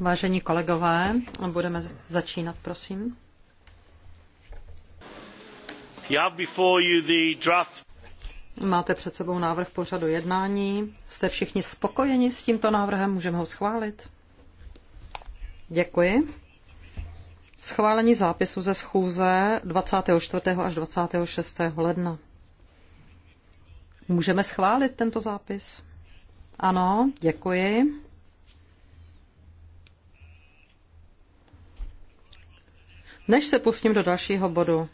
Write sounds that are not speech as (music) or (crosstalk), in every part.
Vážení kolegové, budeme začínat, prosím. Máte před sebou návrh pořadu jednání. Jste všichni spokojeni s tímto návrhem? Můžeme ho schválit? Děkuji. Schválení zápisu ze schůze 24. až 26. ledna. Můžeme schválit tento zápis? Ano, děkuji. Než se pustím do dalšího bodu,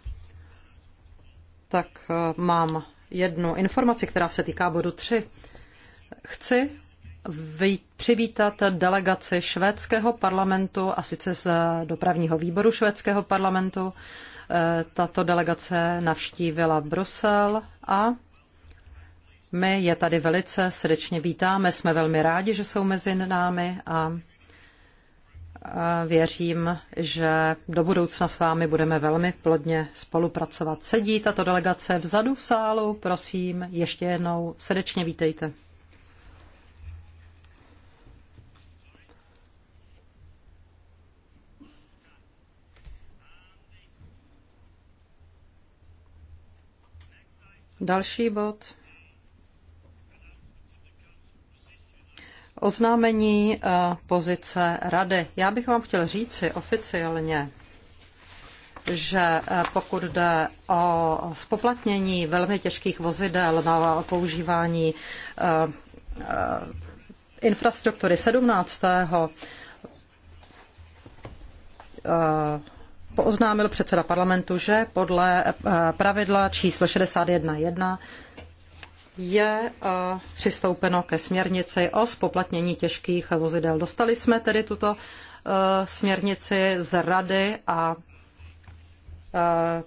tak eh, mám jednu informaci, která se týká bodu 3. Chci přivítat delegaci švédského parlamentu a sice z dopravního výboru švédského parlamentu. Eh, tato delegace navštívila Brusel a my je tady velice srdečně vítáme. Jsme velmi rádi, že jsou mezi námi a Věřím, že do budoucna s vámi budeme velmi plodně spolupracovat. Sedí tato delegace vzadu v sálu, prosím, ještě jednou srdečně vítejte. Další bod. Oznámení eh, pozice rady. Já bych vám chtěl říci oficiálně, že eh, pokud jde o spoplatnění velmi těžkých vozidel na používání eh, infrastruktury 17. Oznámil předseda parlamentu, že podle pravidla číslo 61.1 je eh, přistoupeno ke směrnici o spoplatnění těžkých vozidel. Dostali jsme tedy tuto eh, směrnici z Rady a eh,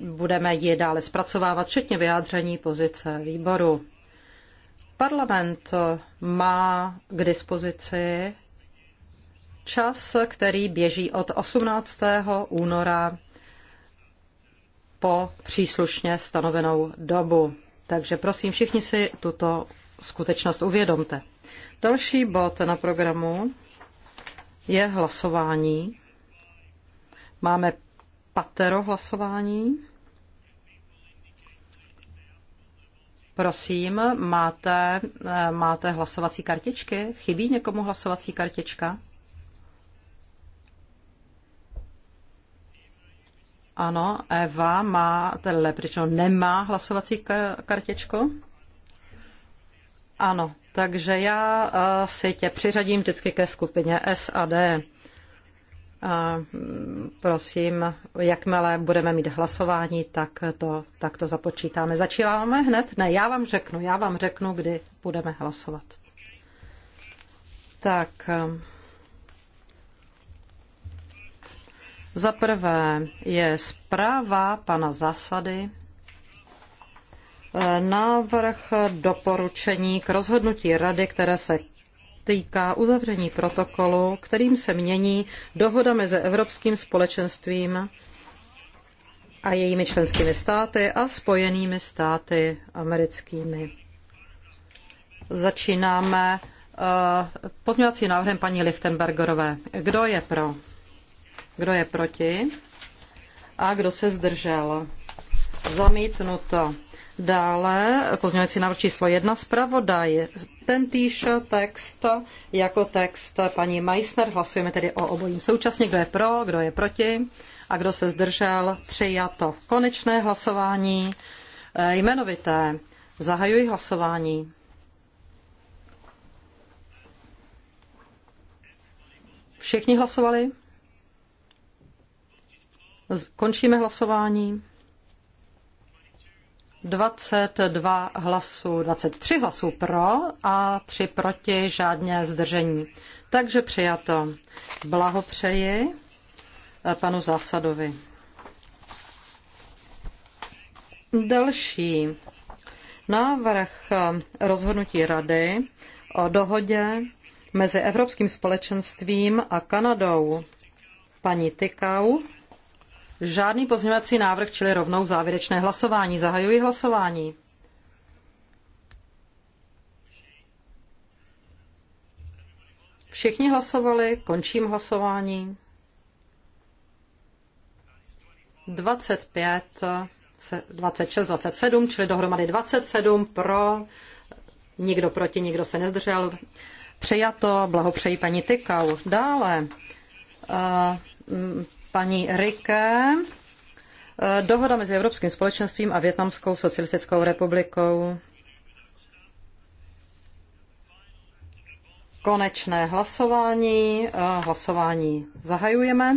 budeme ji dále zpracovávat, včetně vyjádření pozice výboru. Parlament má k dispozici čas, který běží od 18. února po příslušně stanovenou dobu. Takže prosím, všichni si tuto skutečnost uvědomte. Další bod na programu je hlasování. Máme patero hlasování. Prosím, máte, eh, máte hlasovací kartičky? Chybí někomu hlasovací kartička? Ano, Eva má, tedy leprično nemá hlasovací kartičku. Ano, takže já uh, si tě přiřadím vždycky ke skupině S a D. Uh, prosím, jakmile budeme mít hlasování, tak to, tak to započítáme. Začínáme hned? Ne, já vám řeknu, já vám řeknu, kdy budeme hlasovat. Tak. Uh, Za prvé je zpráva pana Zásady, eh, návrh doporučení k rozhodnutí rady, které se týká uzavření protokolu, kterým se mění dohoda mezi Evropským společenstvím a jejími členskými státy a spojenými státy americkými. Začínáme eh, pozměňovacím návrhem paní Lichtenbergerové. Kdo je pro? Kdo je proti? A kdo se zdržel? Zamítnuto. Dále pozměňovací návrh číslo jedna. zpravodaj. Ten týž text jako text paní Meissner. Hlasujeme tedy o obojím současně. Kdo je pro, kdo je proti a kdo se zdržel. Přijato. Konečné hlasování eh, jmenovité. Zahajuji hlasování. Všichni hlasovali? Končíme hlasování. 22 hlasů, 23 hlasů pro a 3 proti, žádné zdržení. Takže přijato. Blahopřeji eh, panu Zásadovi. Další návrh eh, rozhodnutí Rady o dohodě mezi Evropským společenstvím a Kanadou. Paní Tykau Žádný pozměňovací návrh, čili rovnou závěrečné hlasování. Zahajuji hlasování. Všichni hlasovali, končím hlasování. 25, 26, 27, čili dohromady 27 pro, nikdo proti, nikdo se nezdržel. Přijato, blahopřeji paní Tykau. Dále, eh, paní Rike. Eh, dohoda mezi Evropským společenstvím a Větnamskou socialistickou republikou. Konečné hlasování. Eh, hlasování zahajujeme.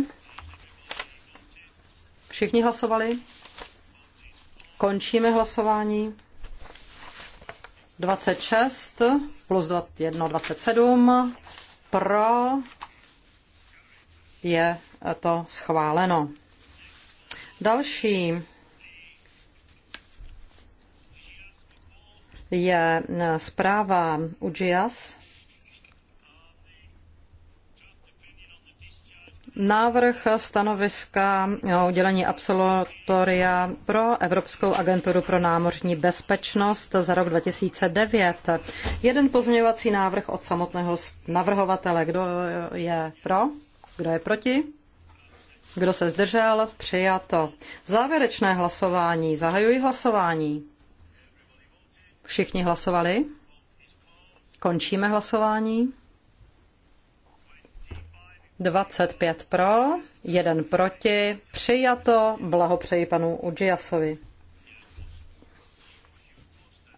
Všichni hlasovali? Končíme hlasování. 26 plus 21, 27 pro je to schváleno. Další je eh, zpráva UGIAS. Návrh stanoviska o udělení absolutoria pro Evropskou agenturu pro námořní bezpečnost za rok 2009. Jeden pozměňovací návrh od samotného navrhovatele. Kdo je pro? Kdo je proti? Kdo se zdržel? Přijato. Závěrečné hlasování. Zahajuji hlasování. Všichni hlasovali? Končíme hlasování. 25 pro, 1 proti, přijato, blahopřeji panu Udžiasovi.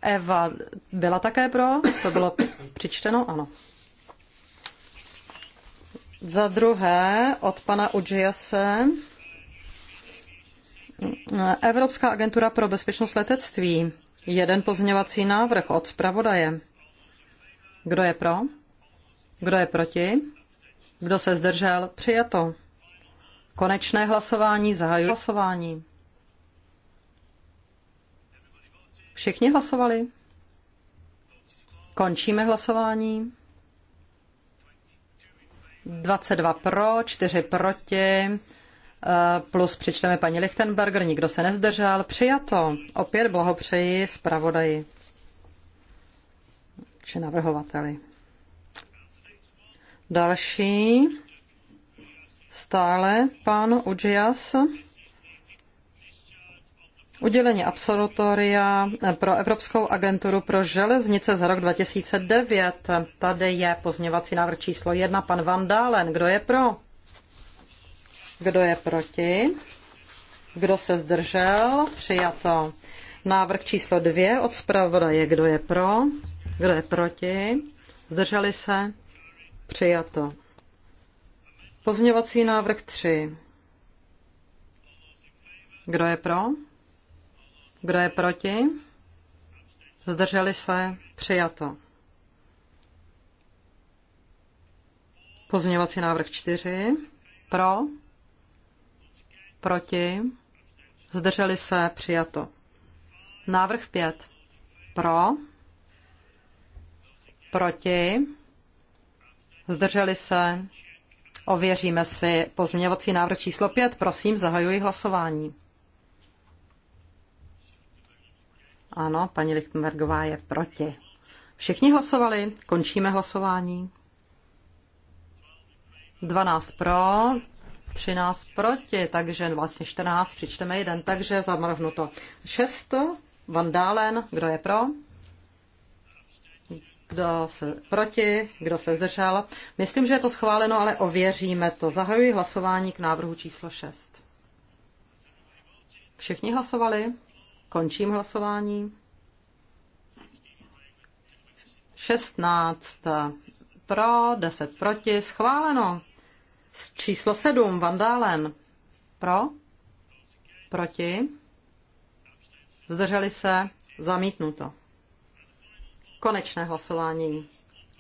Eva byla také pro, to bylo přičteno, ano. Za druhé od pana Udžiase. Evropská agentura pro bezpečnost letectví. Jeden pozměňovací návrh od zpravodaje. Kdo je pro? Kdo je proti? Kdo se zdržel? Přijato. Konečné hlasování zahajuji hlasování. Všichni hlasovali? Končíme hlasování. 22 pro, 4 proti, eh, plus přičteme paní Lichtenberger, nikdo se nezdržel, přijato. Opět blahopřeji zpravodaji či navrhovateli. Další stále pan Ujias udělení absolutoria pro Evropskou agenturu pro železnice za rok 2009. Tady je pozněvací návrh číslo 1, pan Van Dalen. Kdo je pro? Kdo je proti? Kdo se zdržel? Přijato. Návrh číslo 2 od zpravodaje. Kdo je pro? Kdo je proti? Zdrželi se? Přijato. Pozněvací návrh 3. Kdo je pro? Kdo je proti? Zdrželi se? Přijato. Pozměňovací návrh 4. Pro? Proti? Zdrželi se? Přijato. Návrh 5. Pro? Proti? Zdrželi se? Ověříme si pozměňovací návrh číslo 5. Prosím, zahajuji hlasování. Ano, paní Lichtenbergová je proti. Všichni hlasovali, končíme hlasování. 12 pro, 13 proti, takže vlastně 14, přičteme jeden, takže to. 6, Van Dalen, kdo je pro? Kdo se proti, kdo se zdržel? Myslím, že je to schváleno, ale ověříme to. Zahajuji hlasování k návrhu číslo 6. Všichni hlasovali? Končím hlasování. 16 pro, 10 proti, schváleno. Číslo 7, Vandálen. Pro, proti, zdrželi se, zamítnuto. Konečné hlasování.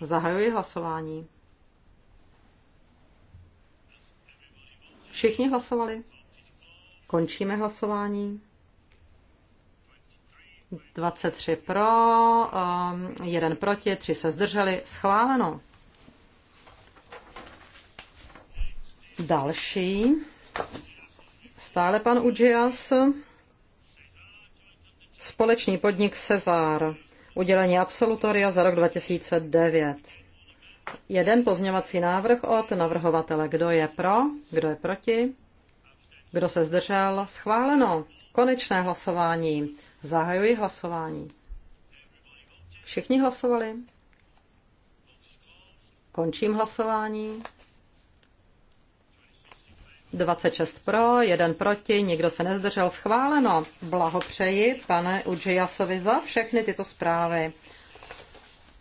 Zahajuji hlasování. Všichni hlasovali? Končíme hlasování. 23 pro, um, jeden proti, tři se zdrželi. Schváleno. Další. Stále pan Ujias Společný podnik Cezár. Udělení absolutoria za rok 2009. Jeden pozměňovací návrh od navrhovatele. Kdo je pro? Kdo je proti? Kdo se zdržel? Schváleno. Konečné hlasování. Zahajuji hlasování. Všichni hlasovali? Končím hlasování. 26 pro, 1 proti, nikdo se nezdržel schváleno. Blahopřeji pane Udžijasovi za všechny tyto zprávy,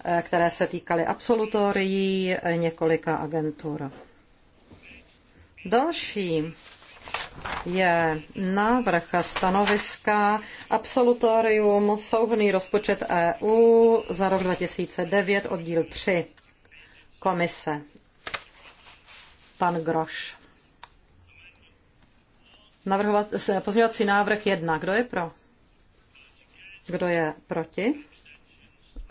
eh, které se týkaly absolutorií eh, několika agentur. Další je návrh stanoviska Absolutorium Souhrný rozpočet EU za rok 2009 oddíl 3 komise. Pan Groš. Navrhovat, pozměňovací návrh 1. Kdo je pro? Kdo je proti?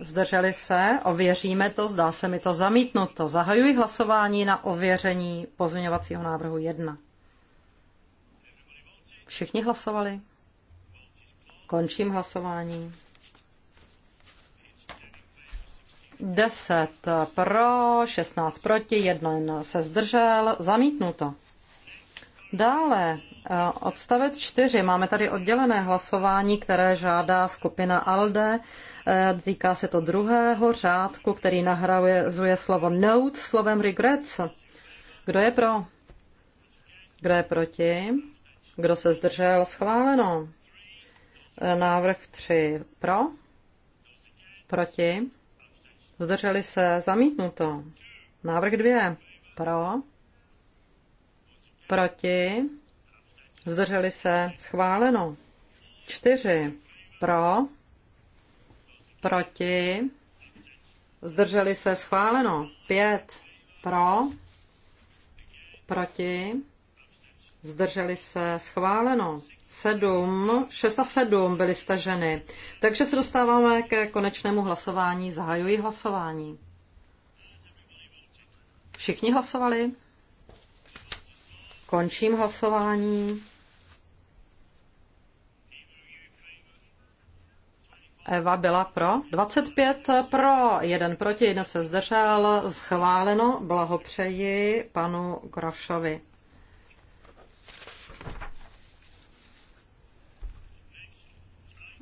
Zdrželi se? Ověříme to. Zdá se mi to zamítnuto. Zahajuji hlasování na ověření pozměňovacího návrhu 1. Všichni hlasovali? Končím hlasování. 10 pro, 16 proti, 1 se zdržel, zamítnuto. Dále eh, odstavec 4. Máme tady oddělené hlasování, které žádá skupina ALDE. Eh, týká se to druhého řádku, který nahrazuje slovo notes slovem regrets. Kdo je pro? Kdo je proti? Kdo se zdržel? Schváleno. E, návrh 3 pro, proti, zdrželi se, zamítnuto. Návrh 2 pro, proti, zdrželi se, schváleno. 4 pro, proti, zdrželi se, schváleno. 5 pro, proti, zdrželi se, schváleno. 7, 6 a 7 byly staženy. Takže se dostáváme ke konečnému hlasování. Zahajuji hlasování. Všichni hlasovali? Končím hlasování. Eva byla pro. 25 pro, jeden proti, jeden se zdržel. Schváleno, blahopřeji panu Grošovi.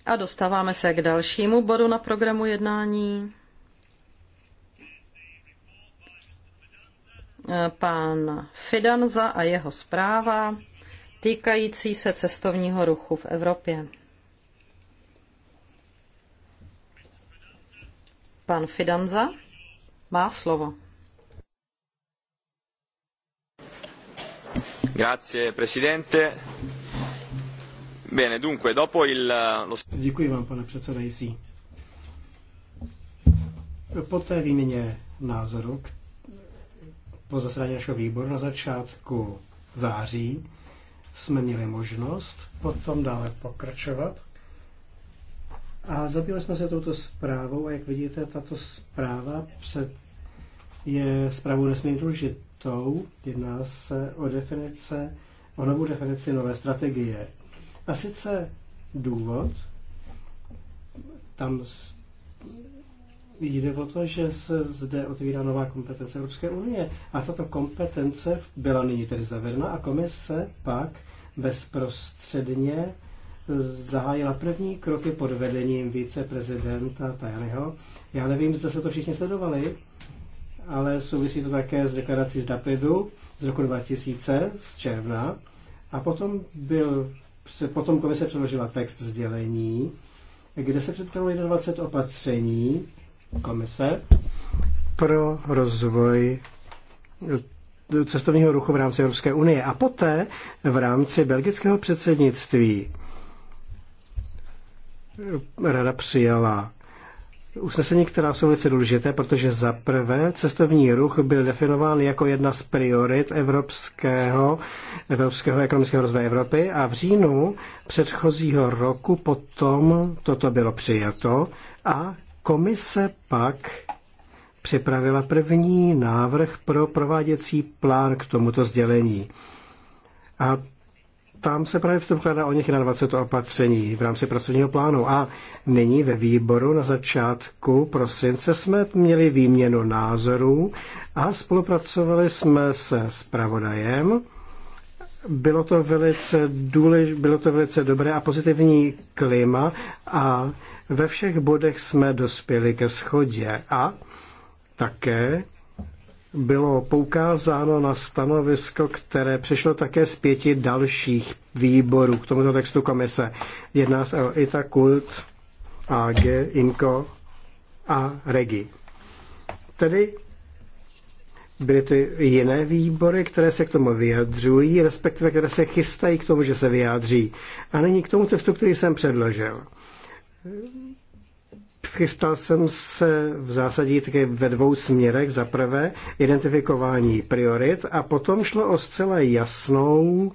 A dostáváme se k dalšímu bodu na programu jednání. Pán Fidanza a jeho zpráva týkající se cestovního ruchu v Evropě. Pan Fidanza má slovo. Grazie, presidente. Bene, dunque, dopo il... Eh, lo... Děkuji vám, pane předsedající. Po té výměně názoru po zasedání našeho výboru na začátku září jsme měli možnost potom dále pokračovat. A zabývali jsme se touto zprávou a jak vidíte, tato zpráva před je zprávou nesmírně důležitou. Jedná se o definice, o novou definici nové strategie a sice důvod, tam jde o to, že se zde otvírá nová kompetence Evropské unie. A tato kompetence byla nyní tedy zavedena a komise pak bezprostředně zahájila první kroky pod vedením viceprezidenta Tajanyho. Já nevím, zda se to všichni sledovali, ale souvisí to také s deklarací z Dapidu z roku 2000, z června. A potom byl potom komise předložila text sdělení, kde se předkladalo 21 opatření komise pro rozvoj eh, cestovního ruchu v rámci Evropské unie. A poté v rámci belgického předsednictví Rada přijala usnesení, která jsou velice důležité, protože za prvé cestovní ruch byl definován jako jedna z priorit evropského, evropského ekonomického rozvoje Evropy a v říjnu předchozího roku potom toto bylo přijato a komise pak připravila první návrh pro prováděcí plán k tomuto sdělení. A tam se právě předpokládá o nich na 20 opatření v rámci pracovního plánu. A nyní ve výboru na začátku prosince jsme měli výměnu názorů a spolupracovali jsme se s pravodajem. Bylo to velice, důlež, bylo to velice dobré a pozitivní klima a ve všech bodech jsme dospěli ke schodě a také bylo poukázáno na stanovisko, které přišlo také z pěti dalších výborů k tomuto textu komise. Jedná se o ITA, KULT, AG, inko a REGI. Tedy byly ty jiné výbory, které se k tomu vyjadřují, respektive které se chystají k tomu, že se vyjádří. A nyní k tomu textu, který jsem předložil. Chystal jsem se v zásadě také ve dvou směrech. Za prvé identifikování priorit a potom šlo o zcela jasnou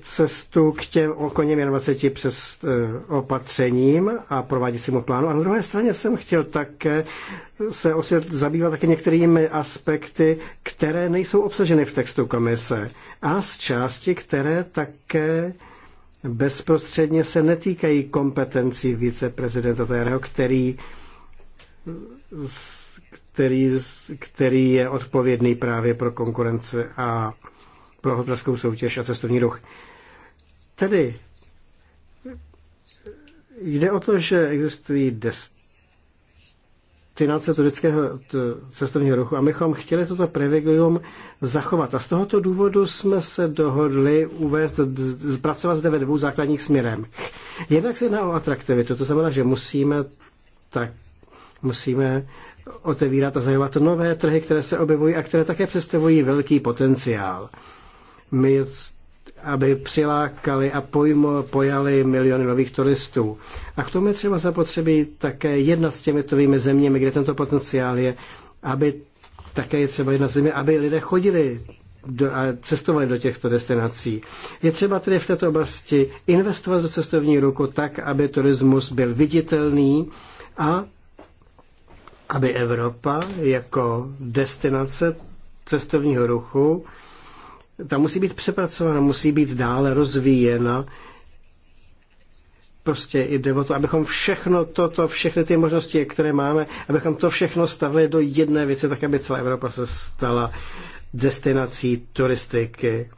cestu k těm okoněm 20 přes eh, opatřením a mu plánu. A na druhé straně jsem chtěl také se osvět, zabývat také některými aspekty, které nejsou obsaženy v textu komise a z části, které také bezprostředně se netýkají kompetencí viceprezidenta Tajaného, který, který, který je odpovědný právě pro konkurenci a pro hospodářskou soutěž a cestovní ruch. Tedy jde o to, že existují des, finance turistického cestovního ruchu a my bychom chtěli toto privilegium zachovat. A z tohoto důvodu jsme se dohodli uvést, zpracovat zde ve dvou základních směrem. Jednak se jedná o atraktivitu, to znamená, že musíme tak musíme otevírat a zajovat nové trhy, které se objevují a které také představují velký potenciál. My aby přilákali a pojmo, pojali miliony nových turistů. A k tomu je třeba zapotřebí také jednat s těmi tovými zeměmi, kde tento potenciál je, aby také je třeba jedna země, aby lidé chodili do, a cestovali do těchto destinací. Je třeba tedy v této oblasti investovat do cestovní ruku tak, aby turismus byl viditelný a aby Evropa jako destinace cestovního ruchu ta musí být přepracována, musí být dále rozvíjena. Prostě jde o to, abychom všechno toto, všechny ty možnosti, které máme, abychom to všechno stavili do jedné věci, tak aby celá Evropa se stala destinací turistiky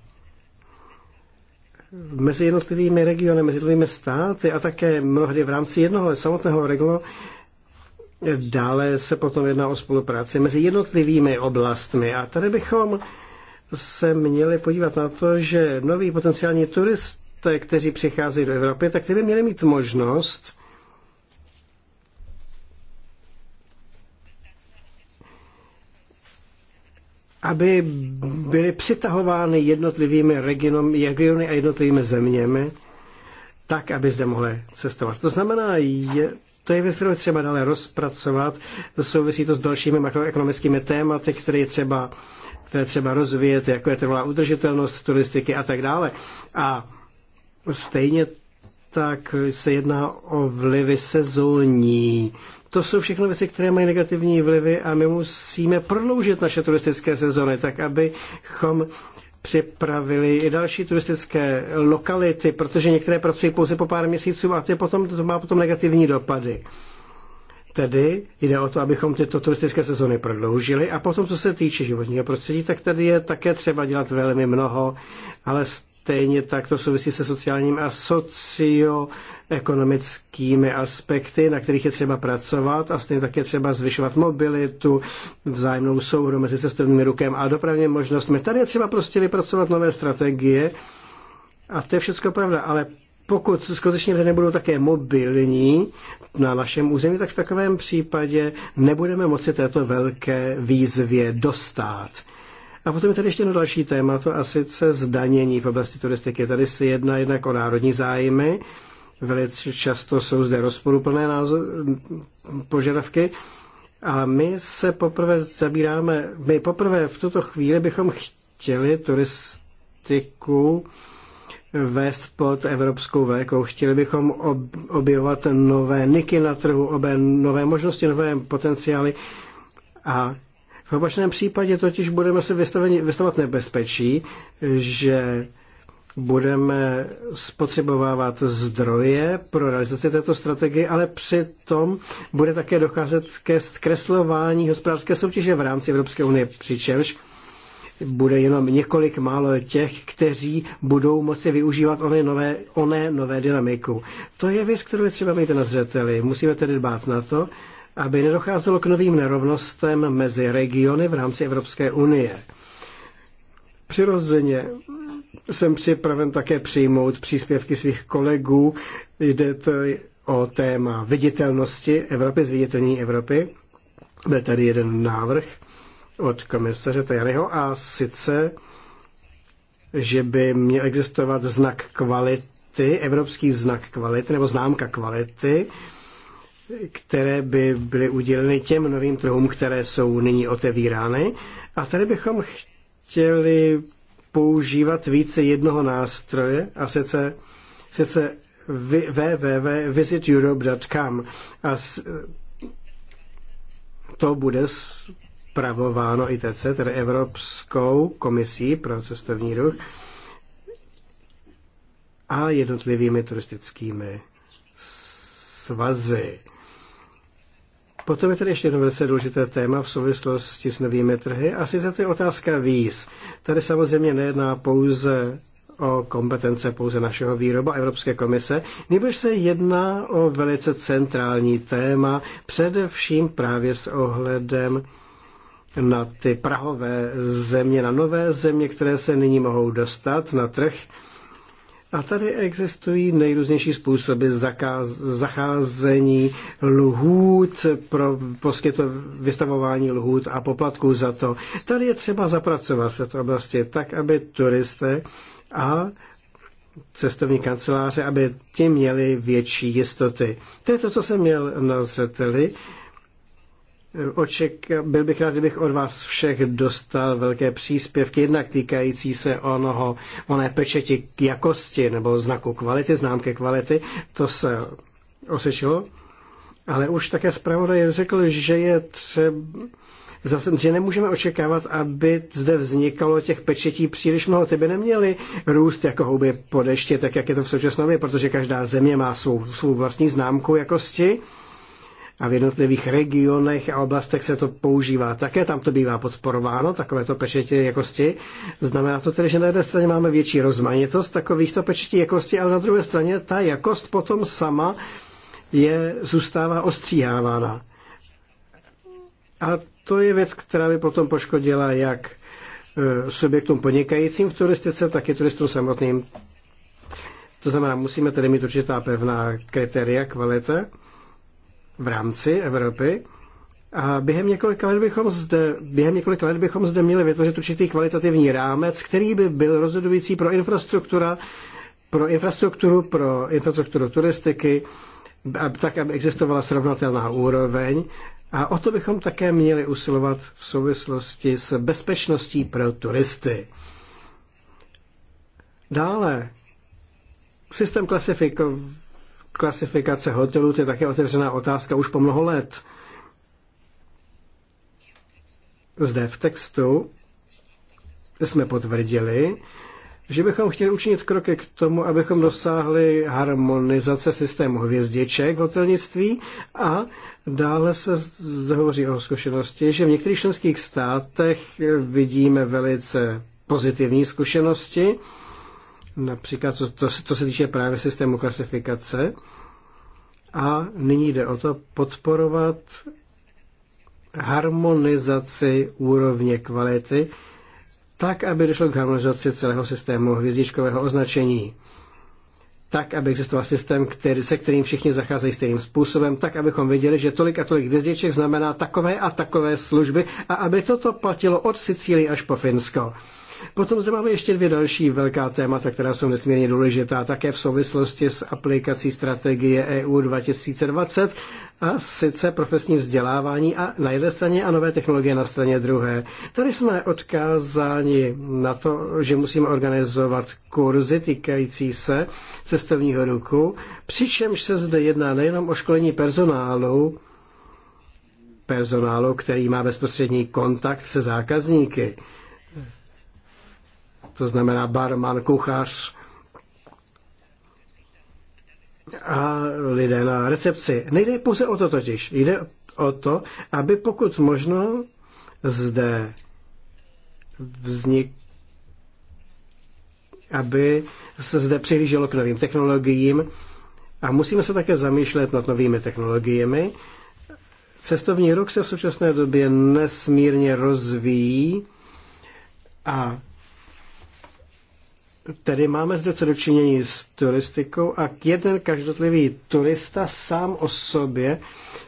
mezi jednotlivými regiony, mezi jednotlivými státy a také mnohdy v rámci jednoho samotného regionu. Dále se potom jedná o spolupráci mezi jednotlivými oblastmi a tady bychom se měli podívat na to, že noví potenciální turisté, kteří přicházejí do Evropy, tak ty by měli mít možnost aby byly přitahovány jednotlivými regiony, regiony a jednotlivými zeměmi, tak, aby zde mohly cestovat. To znamená, je, to je věc, kterou třeba dále rozpracovat. To souvisí to s dalšími makroekonomickými tématy, které je třeba, které třeba rozvíjet, jako je trvalá udržitelnost turistiky a tak dále. A stejně tak se jedná o vlivy sezónní. To jsou všechno věci, které mají negativní vlivy a my musíme prodloužit naše turistické sezony, tak abychom připravili i další turistické lokality, protože některé pracují pouze po pár měsíců a to, je potom, to má potom negativní dopady. Tedy jde o to, abychom tyto turistické sezony prodloužili a potom, co se týče životního prostředí, tak tady je také třeba dělat velmi mnoho, ale stejně tak to souvisí se sociálními a socioekonomickými aspekty, na kterých je třeba pracovat a stejně tak je třeba zvyšovat mobilitu, vzájemnou souhru mezi cestovním rukem a dopravně možnostmi. Tady je třeba prostě vypracovat nové strategie a to je všechno pravda, ale pokud skutečně lidé nebudou také mobilní na našem území, tak v takovém případě nebudeme moci této velké výzvě dostat. A potom je tady ještě jedno další téma, to a sice zdanění v oblasti turistiky. Tady se jedná jednak o národní zájmy, velice často jsou zde rozporuplné názor, požadavky, A my se poprvé zabíráme, my poprvé v tuto chvíli bychom chtěli turistiku vést pod evropskou vlékou. Chtěli bychom ob, objevovat nové niky na trhu, obě nové možnosti, nové potenciály a v opačném případě totiž budeme se vystaveni, vystavovat nebezpečí, že budeme spotřebovávat zdroje pro realizaci této strategie, ale přitom bude také docházet ke zkreslování hospodářské soutěže v rámci Evropské unie, přičemž bude jenom několik málo těch, kteří budou moci využívat oné nové, oné nové dynamiku. To je věc, kterou je třeba mít na zřeteli. Musíme tedy dbát na to, aby nedocházelo k novým nerovnostem mezi regiony v rámci Evropské unie. Přirozeně jsem připraven také přijmout příspěvky svých kolegů. Jde to o téma viditelnosti Evropy, zviditelní Evropy. Byl tady jeden návrh od komisaře Tajanyho a sice, že by měl existovat znak kvality, evropský znak kvality nebo známka kvality, které by byly uděleny těm novým trhům, které jsou nyní otevírány. A tady bychom chtěli používat více jednoho nástroje, a sice, sice www.visiteurope.com a s, to bude spravováno ITC, tedy Evropskou komisí pro cestovní ruch a jednotlivými turistickými svazy. Potom je tady ještě jedno velice důležité téma v souvislosti s novými trhy, Asi za to je otázka víz. Tady samozřejmě nejedná pouze o kompetence pouze našeho výroba Evropské komise, nebož se jedná o velice centrální téma, především právě s ohledem na ty prahové země, na nové země, které se nyní mohou dostat na trh a tady existují nejrůznější způsoby zakáz, zacházení lhůt pro poskyto vystavování lhůt a poplatků za to. Tady je třeba zapracovat v této oblasti tak, aby turisté a cestovní kanceláře, aby ti měli větší jistoty. To je to, co jsem měl na zřeteli, Oček, byl bych rád, kdybych od vás všech dostal velké příspěvky, jednak týkající se onoho, oné pečeti jakosti nebo znaku kvality, známky kvality. To se osvědčilo. Ale už také zpravodaj řekl, že je třeba, zase, že nemůžeme očekávat, aby zde vznikalo těch pečetí příliš mnoho. Ty by neměly růst jako houby po dešti, tak jak je to v současnosti, protože každá země má svou, svou vlastní známku jakosti a v jednotlivých regionech a oblastech se to používá. Také tam to bývá podporováno, takovéto pečetě jakosti. Znamená to tedy, že na jedné straně máme větší rozmanitost takovýchto pečetí jakosti, ale na druhé straně ta jakost potom sama je, zůstává ostříhávána. A to je věc, která by potom poškodila jak e, subjektům podnikajícím v turistice, tak i turistům samotným. To znamená, musíme tedy mít určitá pevná kritéria kvalita v rámci Evropy. A během několika let bychom zde, během několika let bychom zde měli vytvořit určitý kvalitativní rámec, který by byl rozhodující pro infrastruktura, pro infrastrukturu, pro infrastrukturu turistiky, tak, aby existovala srovnatelná úroveň. A o to bychom také měli usilovat v souvislosti s bezpečností pro turisty. Dále, systém klasifikování klasifikace hotelů, to je také otevřená otázka už po mnoho let. Zde v textu jsme potvrdili, že bychom chtěli učinit kroky k tomu, abychom dosáhli harmonizace systému hvězdiček v hotelnictví a dále se hovoří o zkušenosti, že v některých členských státech vidíme velice pozitivní zkušenosti například co, to, co se týče právě systému klasifikace. A nyní jde o to podporovat harmonizaci úrovně kvality, tak, aby došlo k harmonizaci celého systému hvězdičkového označení. Tak, aby existoval systém, který, se kterým všichni zacházejí stejným způsobem, tak, abychom věděli, že tolik a tolik hvězdiček znamená takové a takové služby a aby toto platilo od Sicílie až po Finsko. Potom zde máme ještě dvě další velká témata, která jsou nesmírně důležitá, také v souvislosti s aplikací strategie EU 2020, a sice profesní vzdělávání a na jedné straně a nové technologie na straně druhé. Tady jsme odkázáni na to, že musíme organizovat kurzy týkající se cestovního ruku, přičemž se zde jedná nejenom o školení personálu, personálu, který má bezprostřední kontakt se zákazníky, to znamená barman, kuchař a lidé na recepci. Nejde pouze o to totiž, jde o to, aby pokud možno zde vznik, aby se zde přihlíželo k novým technologiím a musíme se také zamýšlet nad novými technologiemi. Cestovní ruch se v současné době nesmírně rozvíjí a Tedy máme zde co dočinění s turistikou a jeden každotlivý turista sám o sobě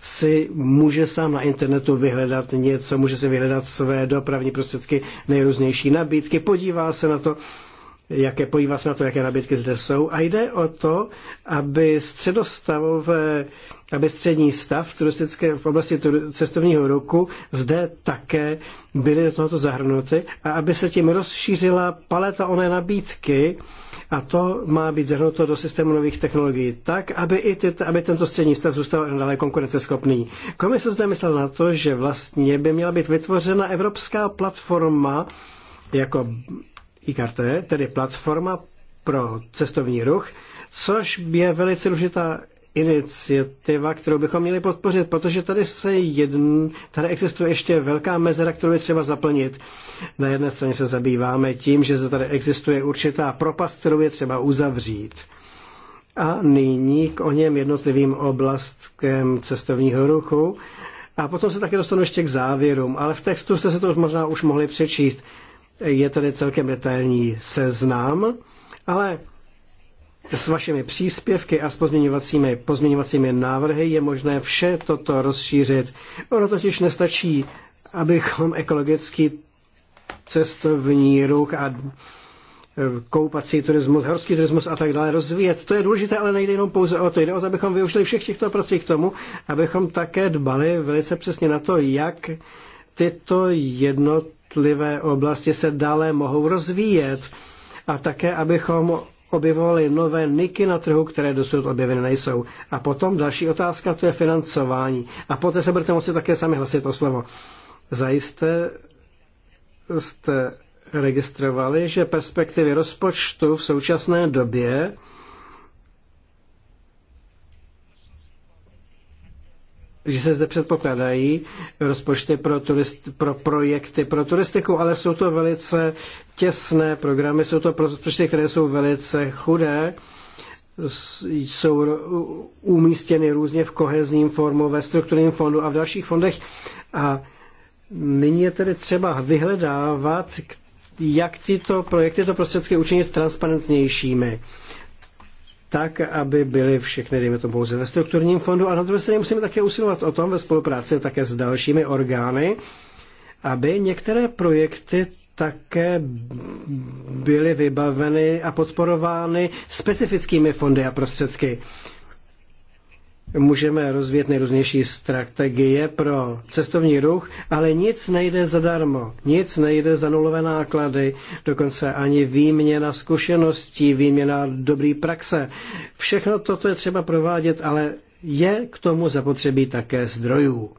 si může sám na internetu vyhledat něco, může si vyhledat své dopravní prostředky, nejrůznější nabídky, podívá se na to, jaké podívat se na to, jaké nabídky zde jsou. A jde o to, aby středostavové aby střední stav turistické, v oblasti cestovního roku zde také byly do tohoto zahrnuty a aby se tím rozšířila paleta oné nabídky a to má být zahrnuto do systému nových technologií tak, aby, i ty, aby tento střední stav zůstal nadále konkurenceschopný. Komise zde myslela na to, že vlastně by měla být vytvořena evropská platforma jako IKT, tedy platforma pro cestovní ruch, což je velice důležitá iniciativa, kterou bychom měli podpořit, protože tady se jedn, tady existuje ještě velká mezera, kterou je třeba zaplnit. Na jedné straně se zabýváme tím, že tady existuje určitá propast, kterou je třeba uzavřít. A nyní k o něm jednotlivým oblastkem cestovního ruchu. A potom se také dostanu ještě k závěrům, ale v textu jste se to možná už mohli přečíst. Je tady celkem detailní seznam, ale s vašimi příspěvky a s pozměňovacími, pozměňovacími návrhy je možné vše toto rozšířit. Ono totiž nestačí, abychom ekologický cestovní ruch a e, koupací turismus, horský turismus a tak dále rozvíjet. To je důležité, ale nejde jenom pouze o to. Jde o to, abychom využili všech těchto prací k tomu, abychom také dbali velice přesně na to, jak tyto jednotlivé jednotlivé oblasti se dále mohou rozvíjet a také, abychom objevovali nové niky na trhu, které dosud objeveny nejsou. A potom další otázka, to je financování. A poté se budete moci také sami hlasit o slovo. Zajisté jste registrovali, že perspektivy rozpočtu v současné době že se zde předpokládají rozpočty pro, turist, pro projekty pro turistiku, ale jsou to velice těsné programy, jsou to rozpočty, které jsou velice chudé, jsou umístěny různě v kohezním formu, ve strukturním fondu a v dalších fondech. A nyní je tedy třeba vyhledávat, jak tyto projekty, tyto prostředky učinit transparentnějšími tak, aby byly všechny, dejme to pouze ve strukturním fondu. A na druhé straně musíme také usilovat o tom ve spolupráci také s dalšími orgány, aby některé projekty také byly vybaveny a podporovány specifickými fondy a prostředky můžeme rozvíjet nejrůznější strategie pro cestovní ruch, ale nic nejde zadarmo, nic nejde za nulové náklady, dokonce ani výměna zkušeností, výměna dobrý praxe. Všechno toto je třeba provádět, ale je k tomu zapotřebí také zdrojů.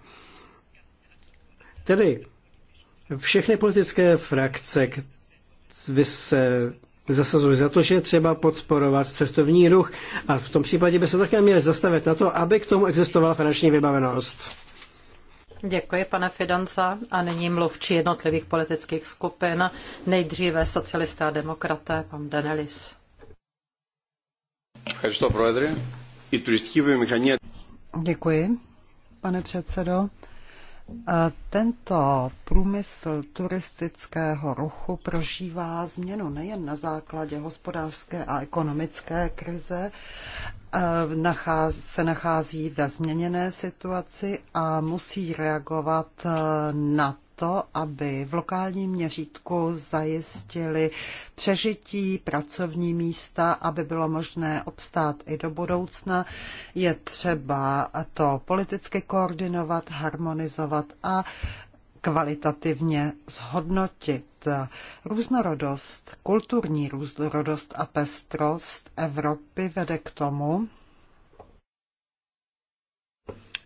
Tedy všechny politické frakce se zasazují za to, že třeba podporovat cestovní ruch a v tom případě by se také měli zastavit na to, aby k tomu existovala finanční vybavenost. Děkuji, pane Fidanza. A nyní mluvčí jednotlivých politických skupin. Nejdříve socialisté a demokraté, pan Danelis. Děkuji, pane předsedo. E, tento průmysl turistického ruchu prožívá změnu nejen na základě hospodářské a ekonomické krize, e, se nachází ve změněné situaci a musí reagovat e, na to, aby v lokálním měřítku zajistili přežití, pracovní místa, aby bylo možné obstát i do budoucna. Je třeba to politicky koordinovat, harmonizovat a kvalitativně zhodnotit. Různorodost, kulturní různorodost a pestrost Evropy vede k tomu,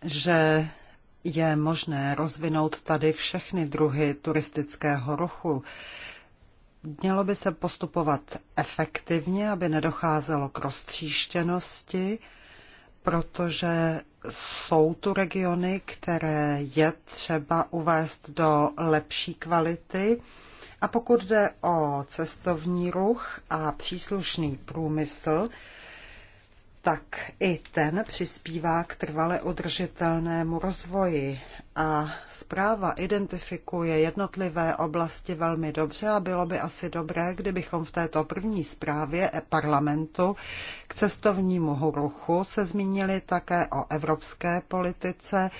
že je možné rozvinout tady všechny druhy turistického ruchu. Mělo by se postupovat efektivně, aby nedocházelo k roztříštěnosti, protože jsou tu regiony, které je třeba uvést do lepší kvality. A pokud jde o cestovní ruch a příslušný průmysl, tak i ten přispívá k trvale udržitelnému rozvoji. A zpráva identifikuje jednotlivé oblasti velmi dobře a bylo by asi dobré, kdybychom v této první zprávě parlamentu k cestovnímu ruchu se zmínili také o evropské politice,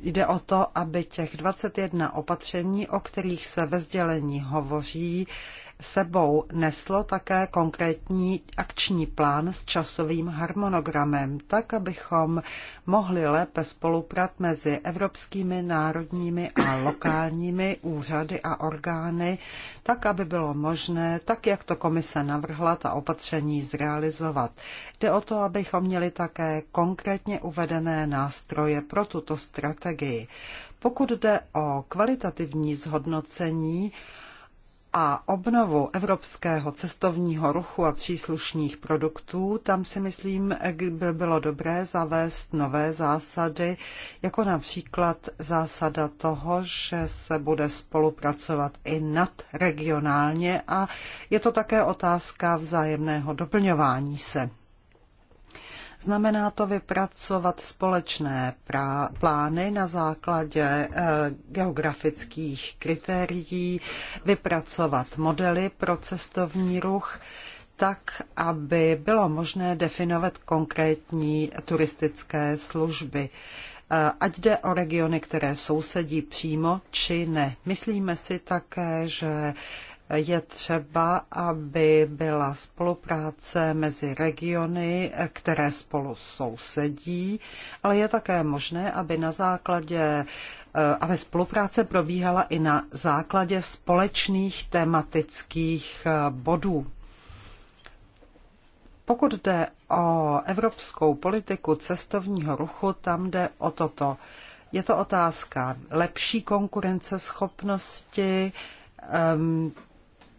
Jde o to, aby těch 21 opatření, o kterých se ve sdělení hovoří, sebou neslo také konkrétní akční plán s časovým harmonogramem, tak abychom mohli lépe spoluprat mezi evropskými, národními a lokálními úřady a orgány, tak aby bylo možné, tak jak to komise navrhla, ta opatření zrealizovat. Jde o to, abychom měli také konkrétně uvedené nástroje pro tuto strategii. Pokud jde o kvalitativní zhodnocení, a obnovu evropského cestovního ruchu a příslušných produktů, tam si myslím, by bylo dobré zavést nové zásady, jako například zásada toho, že se bude spolupracovat i nadregionálně a je to také otázka vzájemného doplňování se. Znamená to vypracovat společné plány na základě eh, geografických kritérií, vypracovat modely pro cestovní ruch, tak, aby bylo možné definovat konkrétní turistické služby eh, ať jde o regiony, které sousedí přímo či ne. Myslíme si také, že je třeba, aby byla spolupráce mezi regiony, které spolu sousedí, ale je také možné, aby na základě eh, aby spolupráce probíhala i na základě společných tematických eh, bodů. Pokud jde o evropskou politiku cestovního ruchu, tam jde o toto. Je to otázka lepší konkurenceschopnosti, ehm,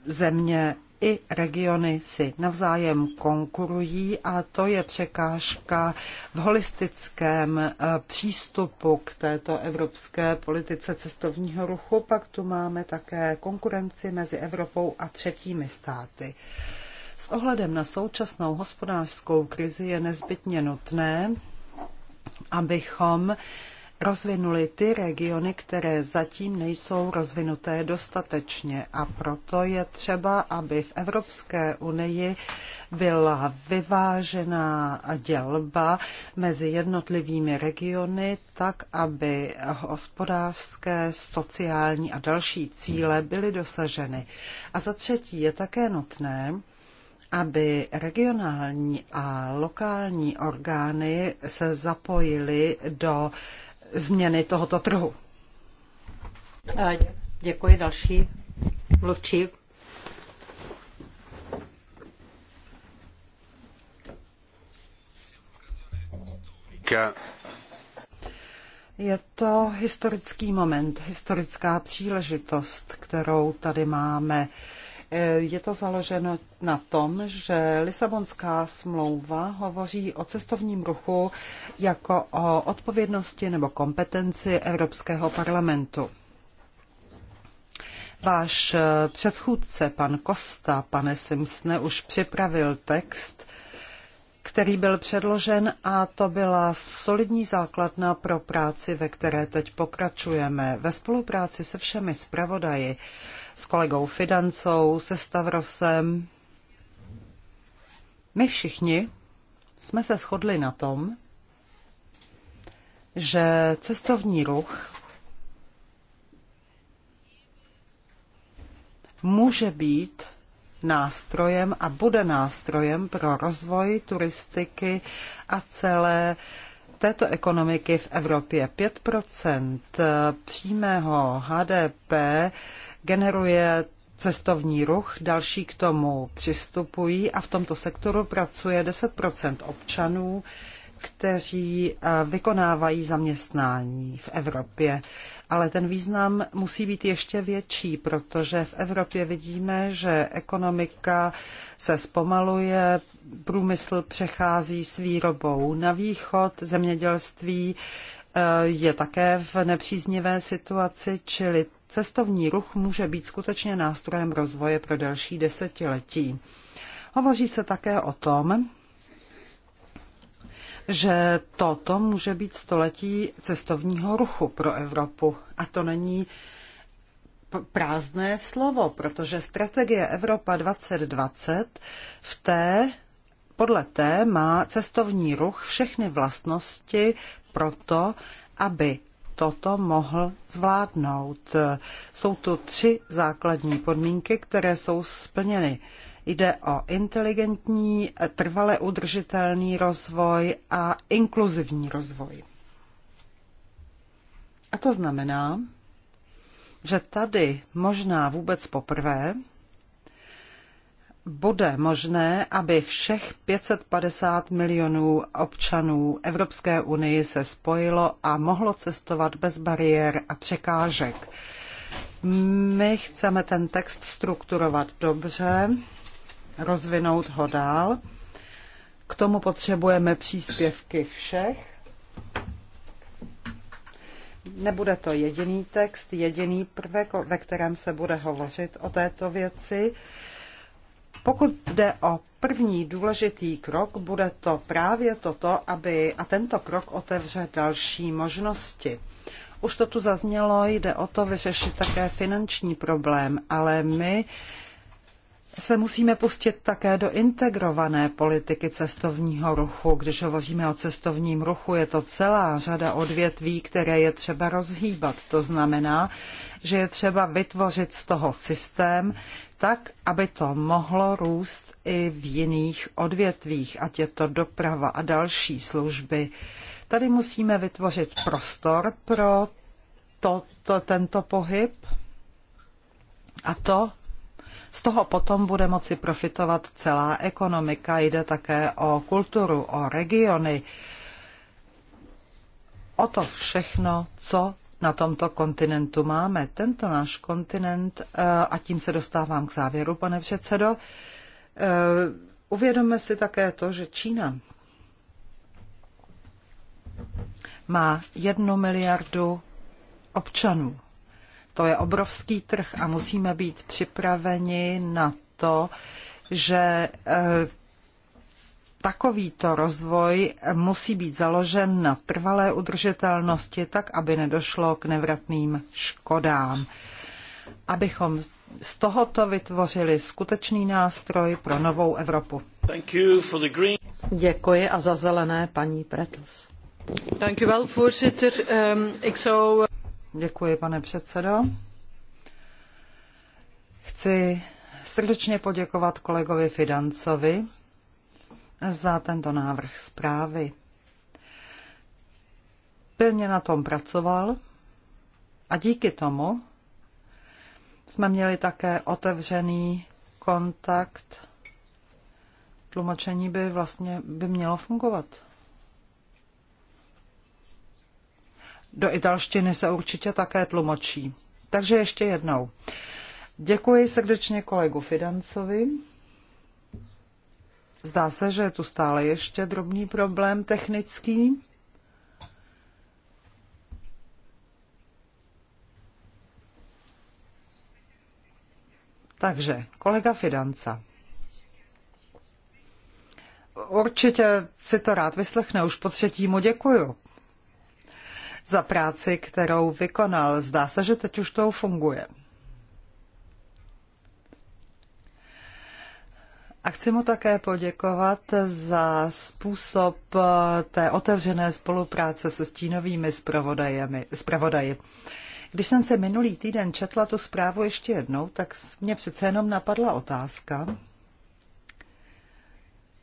země i regiony si navzájem konkurují a to je překážka v holistickém eh, přístupu k této evropské politice cestovního ruchu. Pak tu máme také konkurenci mezi Evropou a třetími státy. S ohledem na současnou hospodářskou krizi je nezbytně nutné, abychom rozvinuli ty regiony, které zatím nejsou rozvinuté dostatečně. A proto je třeba, aby v Evropské unii byla vyvážená dělba mezi jednotlivými regiony, tak aby hospodářské, sociální a další cíle byly dosaženy. A za třetí je také nutné, aby regionální a lokální orgány se zapojily do změny tohoto trhu. Děkuji další mluvčí. Je to historický moment, historická příležitost, kterou tady máme. Uh, Eh, je to založeno na tom, že Lisabonská smlouva hovoří o cestovním ruchu jako o odpovědnosti nebo kompetenci Evropského parlamentu. Váš eh, předchůdce, pan Kosta, pane Simsne, už připravil text, který byl předložen a to byla solidní základna pro práci, ve které teď pokračujeme. Ve spolupráci se všemi zpravodaji s kolegou Fidancou, se Stavrosem. My všichni jsme se shodli na tom, že cestovní ruch může být nástrojem a bude nástrojem pro rozvoj turistiky a celé této ekonomiky v Evropě. 5 přímého HDP generuje cestovní ruch, další k tomu přistupují a v tomto sektoru pracuje 10 občanů, kteří eh, vykonávají zaměstnání v Evropě. Ale ten význam musí být ještě větší, protože v Evropě vidíme, že ekonomika se zpomaluje, průmysl přechází s výrobou na východ, zemědělství eh, je také v nepříznivé situaci, čili cestovní ruch může být skutečně nástrojem rozvoje pro další desetiletí. Hovoří se také o tom, že toto může být století cestovního ruchu pro Evropu. A to není prázdné slovo, protože strategie Evropa 2020 v té podle té má cestovní ruch všechny vlastnosti proto, aby toto mohl zvládnout. Jsou tu tři základní podmínky, které jsou splněny. Jde o inteligentní, trvale udržitelný rozvoj a inkluzivní rozvoj. A to znamená, že tady možná vůbec poprvé bude možné, aby všech 550 milionů občanů Evropské unii se spojilo a mohlo cestovat bez bariér a překážek. My chceme ten text strukturovat dobře, rozvinout ho dál. K tomu potřebujeme příspěvky všech. Nebude to jediný text, jediný prvek, ve kterém se bude hovořit o této věci. Pokud jde o první důležitý krok, bude to právě toto, aby a tento krok otevře další možnosti. Už to tu zaznělo, jde o to vyřešit také finanční problém, ale my se musíme pustit také do integrované politiky cestovního ruchu. Když hovoříme o cestovním ruchu, je to celá řada odvětví, které je třeba rozhýbat. To znamená, že je třeba vytvořit z toho systém tak, aby to mohlo růst i v jiných odvětvích, ať je to doprava a další služby. Tady musíme vytvořit prostor pro to, to, tento pohyb a to z toho potom bude moci profitovat celá ekonomika. Jde také o kulturu, o regiony, o to všechno, co na tomto kontinentu máme. Tento náš kontinent, eh, a tím se dostávám k závěru, pane předsedo, eh, uvědomme si také to, že Čína má jednu miliardu občanů. To je obrovský trh a musíme být připraveni na to, že eh, takovýto rozvoj musí být založen na trvalé udržitelnosti, tak aby nedošlo k nevratným škodám. Abychom z tohoto vytvořili skutečný nástroj pro novou Evropu. Děkuji a za zelené paní Pretels. Ehm, Děkuji, pane předsedo. Chci srdečně poděkovat kolegovi Fidancovi za tento návrh zprávy. Pilně na tom pracoval a díky tomu jsme měli také otevřený kontakt. Tlumočení by vlastně by mělo fungovat. Do italštiny se určitě také tlumočí. Takže ještě jednou. Děkuji srdečně kolegu Fidancovi Zdá se, že je tu stále ještě drobný problém technický. Takže, kolega Fidanca. Určitě si to rád vyslechne, už po třetímu děkuju za práci, kterou vykonal. Zdá se, že teď už to funguje. A chci mu také poděkovat za způsob eh, té otevřené spolupráce se stínovými zpravodaji. Když jsem se minulý týden četla tu zprávu ještě jednou, tak mě přece jenom napadla otázka,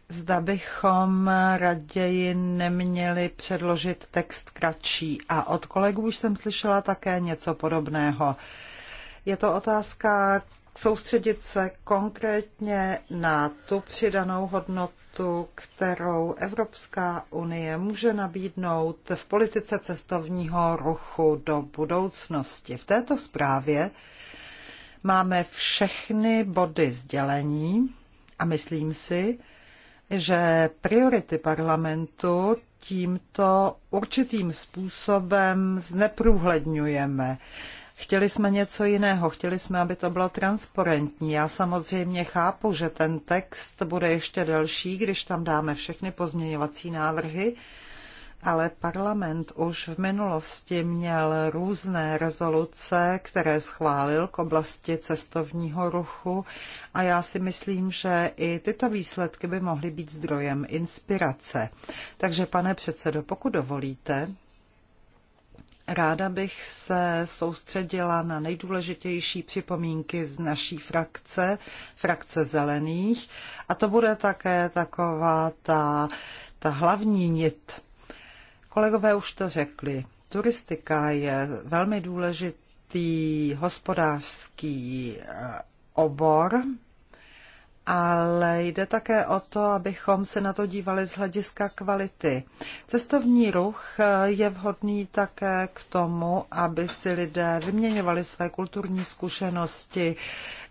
zda bychom raději neměli předložit text kratší. A od kolegů už jsem slyšela také něco podobného. Je to otázka, soustředit se konkrétně na tu přidanou hodnotu, kterou Evropská unie může nabídnout v politice cestovního ruchu do budoucnosti. V této zprávě máme všechny body sdělení a myslím si, že priority parlamentu tímto určitým způsobem zneprůhledňujeme. Chtěli jsme něco jiného, chtěli jsme, aby to bylo transparentní. Já samozřejmě chápu, že ten text bude ještě delší, když tam dáme všechny pozměňovací návrhy, ale parlament už v minulosti měl různé rezoluce, které schválil k oblasti cestovního ruchu a já si myslím, že i tyto výsledky by mohly být zdrojem inspirace. Takže pane předsedo, pokud dovolíte, Ráda bych se soustředila na nejdůležitější připomínky z naší frakce, frakce zelených, a to bude také taková ta, ta hlavní nit. Kolegové už to řekli, turistika je velmi důležitý hospodářský eh, obor, ale jde také o to, abychom se na to dívali z hlediska kvality. Cestovní ruch eh, je vhodný také k tomu, aby si lidé vyměňovali své kulturní zkušenosti,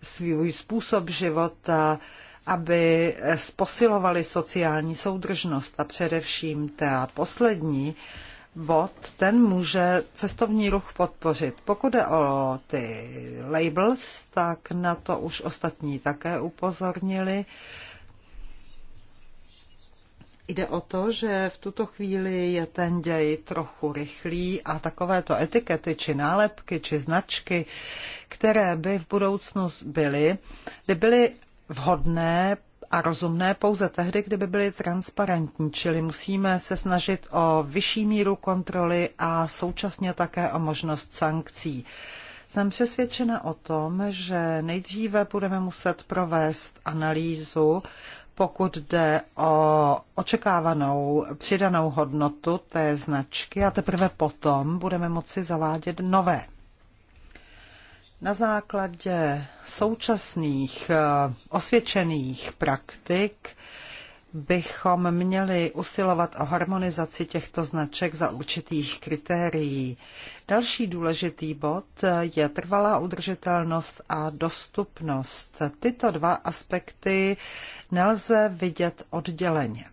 svůj způsob života, aby eh, posilovali sociální soudržnost a především ta poslední, bod, ten může cestovní ruch podpořit. Pokud je o ty labels, tak na to už ostatní také upozornili. Jde o to, že v tuto chvíli je ten děj trochu rychlý a takovéto etikety či nálepky či značky, které by v budoucnu byly, by byly vhodné a rozumné pouze tehdy, kdyby byly transparentní, čili musíme se snažit o vyšší míru kontroly a současně také o možnost sankcí. Jsem přesvědčena o tom, že nejdříve budeme muset provést analýzu, pokud jde o očekávanou přidanou hodnotu té značky a teprve potom budeme moci zavádět nové na základě současných eh, osvědčených praktik bychom měli usilovat o harmonizaci těchto značek za určitých kritérií. Další důležitý bod eh, je trvalá udržitelnost a dostupnost. Tyto dva aspekty nelze vidět odděleně.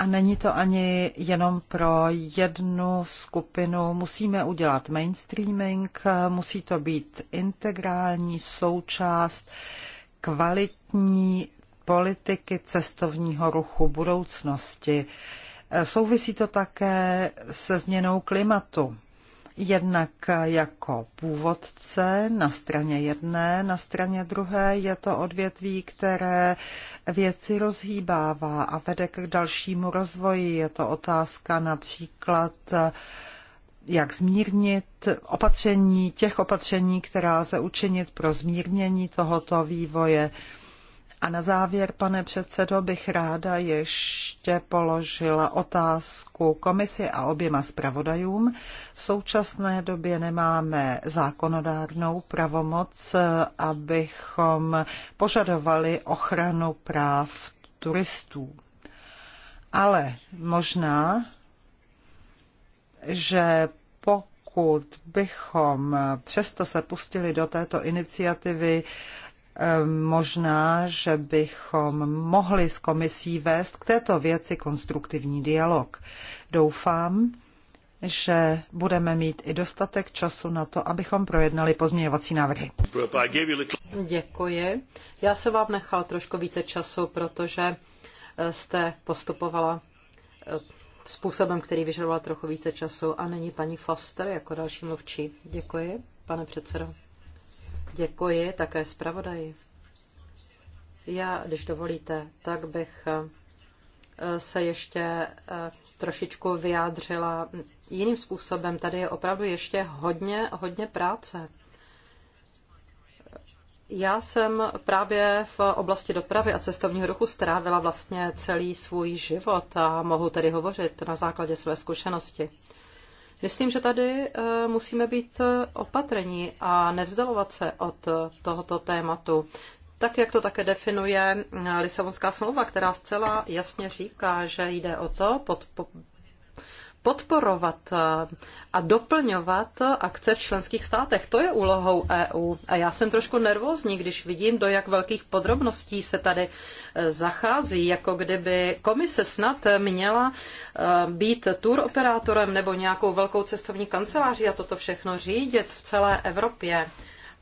A není to ani jenom pro jednu skupinu. Musíme udělat mainstreaming, musí to být integrální součást kvalitní politiky cestovního ruchu budoucnosti. Souvisí to také se změnou klimatu jednak jako původce na straně jedné, na straně druhé je to odvětví, které věci rozhýbává a vede k dalšímu rozvoji. Je to otázka například jak zmírnit opatření, těch opatření, která lze učinit pro zmírnění tohoto vývoje. A na závěr, pane předsedo, bych ráda ještě položila otázku komisi a oběma zpravodajům. V současné době nemáme zákonodárnou pravomoc, abychom požadovali ochranu práv turistů. Ale možná, že pokud bychom přesto se pustili do této iniciativy, Ehm, možná, že bychom mohli s komisí vést k této věci konstruktivní dialog. Doufám, že budeme mít i dostatek času na to, abychom projednali pozměňovací návrhy. Děkuji. Já se vám nechal trošku více času, protože eh, jste postupovala eh, způsobem, který vyžadoval trochu více času a není paní Foster jako další mluvčí. Děkuji, pane předsedo. Děkuji také zpravodaji. Já, když dovolíte, tak bych eh, se ještě eh, trošičku vyjádřila jiným způsobem. Tady je opravdu ještě hodně, hodně práce. Já jsem právě v oblasti dopravy a cestovního ruchu strávila vlastně celý svůj život a mohu tedy hovořit na základě své zkušenosti. Myslím, že tady eh, musíme být eh, opatrní a nevzdalovat se od eh, tohoto tématu. Tak, jak to také definuje Lisabonská smlouva, která zcela jasně říká, že jde o to pod, podporovat eh, a doplňovat akce v členských státech. To je úlohou EU. A já jsem trošku nervózní, když vidím, do jak velkých podrobností se tady eh, zachází, jako kdyby komise snad měla eh, být tour operátorem nebo nějakou velkou cestovní kanceláří a toto všechno řídit v celé Evropě.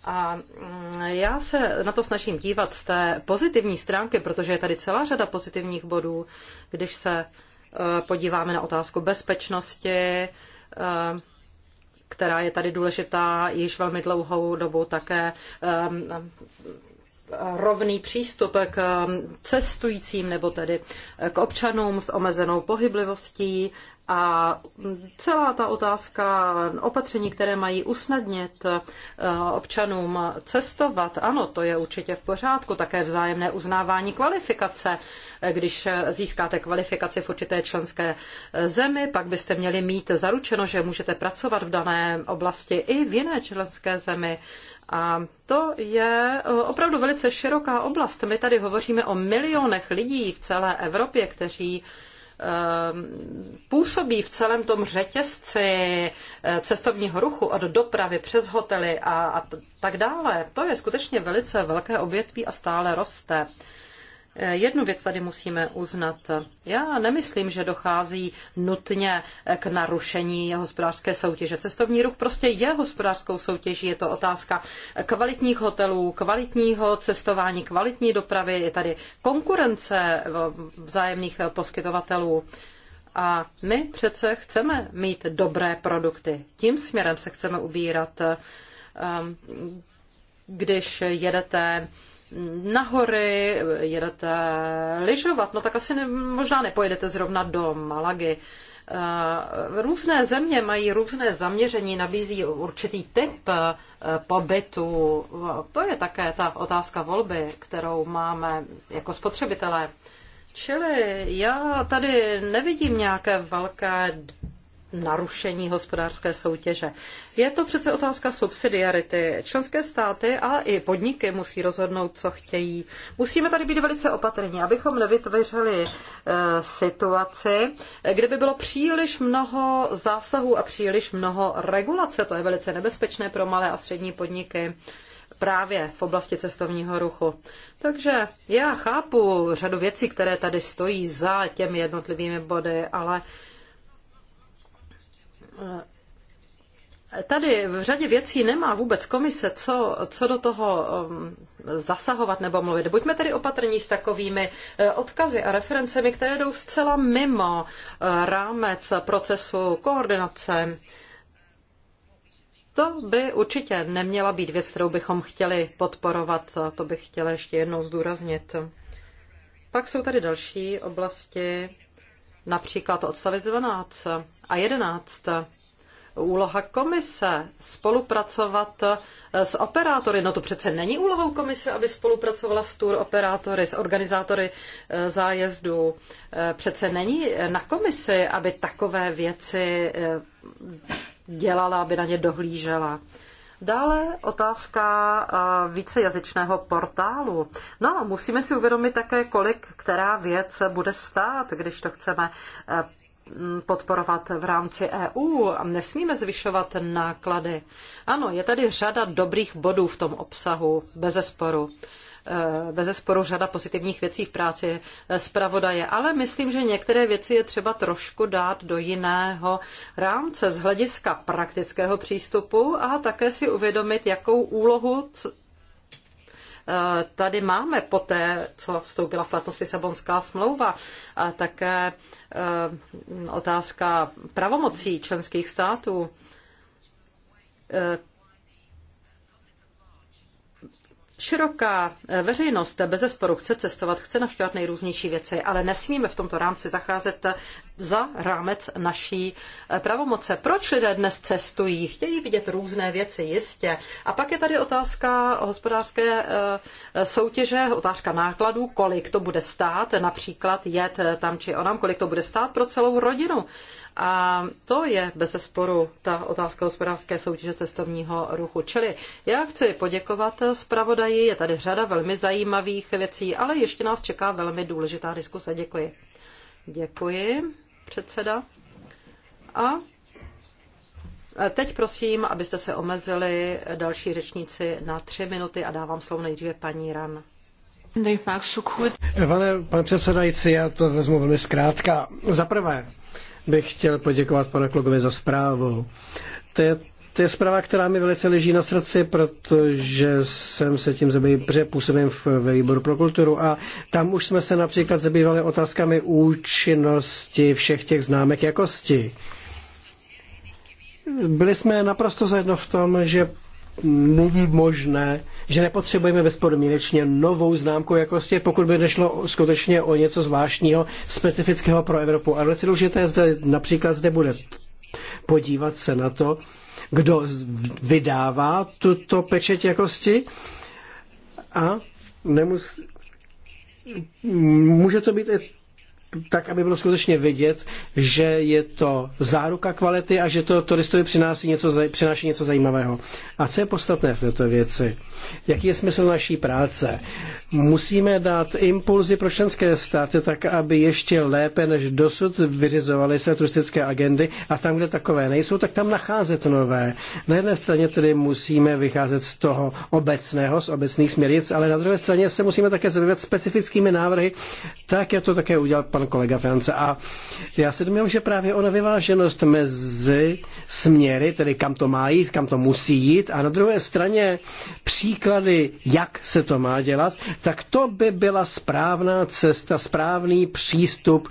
A mm, já se na to snažím dívat z té pozitivní stránky, protože je tady celá řada pozitivních bodů, když se podíváme na otázku bezpečnosti, eh, která je tady důležitá již velmi dlouhou dobu také eh, rovný přístup k cestujícím nebo tedy k občanům s omezenou pohyblivostí a celá ta otázka opatření, které mají usnadnit eh, občanům cestovat, ano, to je určitě v pořádku. Také vzájemné uznávání kvalifikace. Eh, když eh, získáte kvalifikaci v určité členské zemi, pak byste měli mít zaručeno, že můžete pracovat v dané oblasti i v jiné členské zemi. A to je opravdu velice široká oblast. My tady hovoříme o milionech lidí v celé Evropě, kteří Ehm, působí v celém tom řetězci eh, cestovního ruchu od dopravy přes hotely a, a tak dále, to je skutečně velice velké obětví a stále roste. Jednu věc tady musíme uznat. Já nemyslím, že dochází nutně k narušení hospodářské soutěže. Cestovní ruch prostě je hospodářskou soutěží. Je to otázka kvalitních hotelů, kvalitního cestování, kvalitní dopravy. Je tady konkurence vzájemných poskytovatelů. A my přece chceme mít dobré produkty. Tím směrem se chceme ubírat. Ehm, když jedete na hory, jedete lyžovat, no tak asi ne, možná nepojedete zrovna do Malagy. Eh, různé země mají různé zaměření, nabízí určitý typ eh, pobytu. To je také ta otázka volby, kterou máme jako spotřebitelé. Čili já tady nevidím nějaké velké narušení hospodářské soutěže. Je to přece otázka subsidiarity. Členské státy a i podniky musí rozhodnout, co chtějí. Musíme tady být velice opatrní, abychom nevytvořili e, situaci, kde by bylo příliš mnoho zásahů a příliš mnoho regulace. To je velice nebezpečné pro malé a střední podniky právě v oblasti cestovního ruchu. Takže já chápu řadu věcí, které tady stojí za těmi jednotlivými body, ale Tady v řadě věcí nemá vůbec komise co, co do toho um, zasahovat nebo mluvit. Buďme tedy opatrní s takovými eh, odkazy a referencemi, které jdou zcela mimo eh, rámec procesu koordinace. To by určitě neměla být věc, kterou bychom chtěli podporovat. To bych chtěla ještě jednou zdůraznit. Pak jsou tady další oblasti, Například odstavec 12 a 11. Úloha komise spolupracovat s operátory. No to přece není úlohou komise, aby spolupracovala s tour operátory, s organizátory e, zájezdů. E, přece není na komisi, aby takové věci e, dělala, aby na ně dohlížela. Dále otázka eh, vícejazyčného portálu. No, musíme si uvědomit také, kolik která věc bude stát, když to chceme eh, podporovat v rámci EU. Nesmíme zvyšovat náklady. Ano, je tady řada dobrých bodů v tom obsahu, bez zesporu. Eh, bezesporu řada pozitivních věcí v práci eh, zpravodaje, ale myslím, že některé věci je třeba trošku dát do jiného rámce z hlediska praktického přístupu a také si uvědomit, jakou úlohu eh, tady máme poté, co vstoupila v platnost Lisabonská smlouva, a také otázka pravomocí členských států Široká eh, veřejnost bez zesporu chce cestovat, chce navštěvovat nejrůznější věci, ale nesmíme v tomto rámci zacházet eh, za rámec naší eh, pravomoce. Proč lidé dnes cestují? Chtějí vidět různé věci, jistě. A pak je tady otázka hospodářské soutěže, otázka nákladů, kolik to bude stát, například jet tam či onam, kolik to bude stát pro celou rodinu. A to je bez sporu ta otázka hospodářské soutěže cestovního ruchu. Čili já chci poděkovat zpravodaji, je tady řada velmi zajímavých věcí, ale ještě nás čeká velmi důležitá diskuse. Děkuji. Děkuji, předseda. A teď prosím, abyste se omezili další řečníci na tři minuty a dávám slovo nejdříve paní Ran. Pane, pane předsedající, já to vezmu velmi zkrátka. Za prvé, bych chtěl poděkovat panu Klogovi za zprávu. To je, to je zpráva, která mi velice leží na srdci, protože jsem se tím zabýval, protože působím v, ve výboru pro kulturu a tam už jsme se například zabývali otázkami účinnosti všech těch známek jakosti. Byli jsme naprosto zajedno v tom, že není možné že nepotřebujeme bezpodmínečně novou známku jakosti, pokud by nešlo skutečně o něco zvláštního, specifického pro Evropu. A velice důležité zde například zde bude podívat se na to, kdo vydává tuto pečeť jakosti a nemus... může to být i tak, aby bylo skutečně vidět, že je to záruka kvality a že to turistovi přináší něco, přináší něco zajímavého. A co je podstatné v této věci? Jaký je smysl naší práce? Musíme dát impulzy pro členské státy tak, aby ještě lépe než dosud vyřizovaly se turistické agendy a tam, kde takové nejsou, tak tam nacházet nové. Na jedné straně tedy musíme vycházet z toho obecného, z obecných směrnic, ale na druhé straně se musíme také zabývat specifickými návrhy, tak jak to také udělal pan kolega France. A já se domnívám, že právě ona vyváženost mezi směry, tedy kam to má jít, kam to musí jít, a na druhé straně příklady, jak se to má dělat, tak to by byla správná cesta, správný přístup,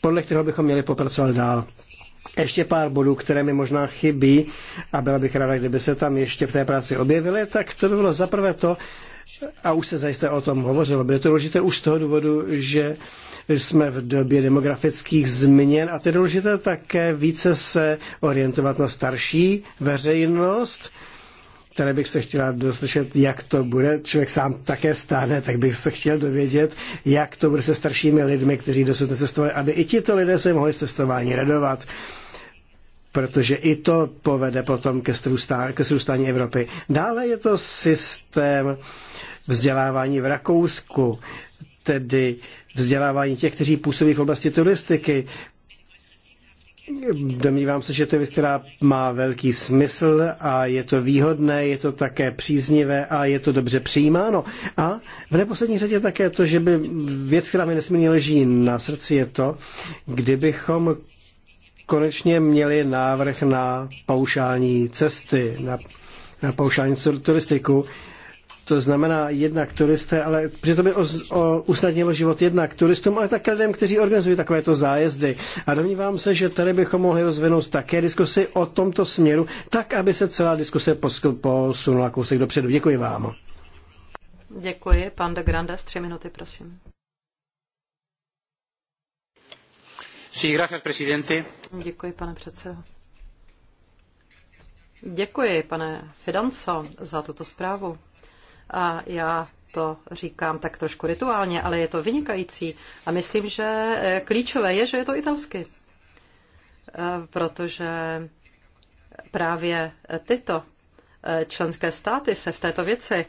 podle kterého bychom měli popracovat dál. Ještě pár bodů, které mi možná chybí a byla bych ráda, kdyby se tam ještě v té práci objevily, tak to by bylo zaprvé to, a už se zajisté o tom hovořilo. Bylo to důležité už z toho důvodu, že jsme v době demografických změn a to je důležité také více se orientovat na starší veřejnost, které bych se chtěla doslyšet, jak to bude. Člověk sám také stane, tak bych se chtěl dovědět, jak to bude se staršími lidmi, kteří dosud necestovali, aby i tito lidé se mohli z cestování radovat protože i to povede potom ke, strůstá, ke strůstání Evropy. Dále je to systém vzdělávání v Rakousku, tedy vzdělávání těch, kteří působí v oblasti turistiky, Domnívám se, že to je věc, která má velký smysl a je to výhodné, je to také příznivé a je to dobře přijímáno. A v neposlední řadě také to, že by věc, která mi nesmírně leží na srdci, je to, kdybychom konečně měli návrh na paušální cesty, na, na paušální turistiku, to znamená jednak turisté, ale přitom by o, o, usnadnilo život jednak turistům, ale také lidem, kteří organizují takovéto zájezdy. A domnívám se, že tady bychom mohli rozvinout také diskusy o tomto směru, tak, aby se celá diskuse posunula kousek dopředu. Děkuji vám. Děkuji. Pan de Grandes, tři minuty, prosím. Sí, gracias, presidente. Děkuji, pane předsedo. Děkuji, pane Fidanco, za tuto zprávu a já to říkám tak trošku rituálně, ale je to vynikající a myslím, že eh, klíčové je, že je to italsky, eh, protože právě tyto eh, členské státy se v této věci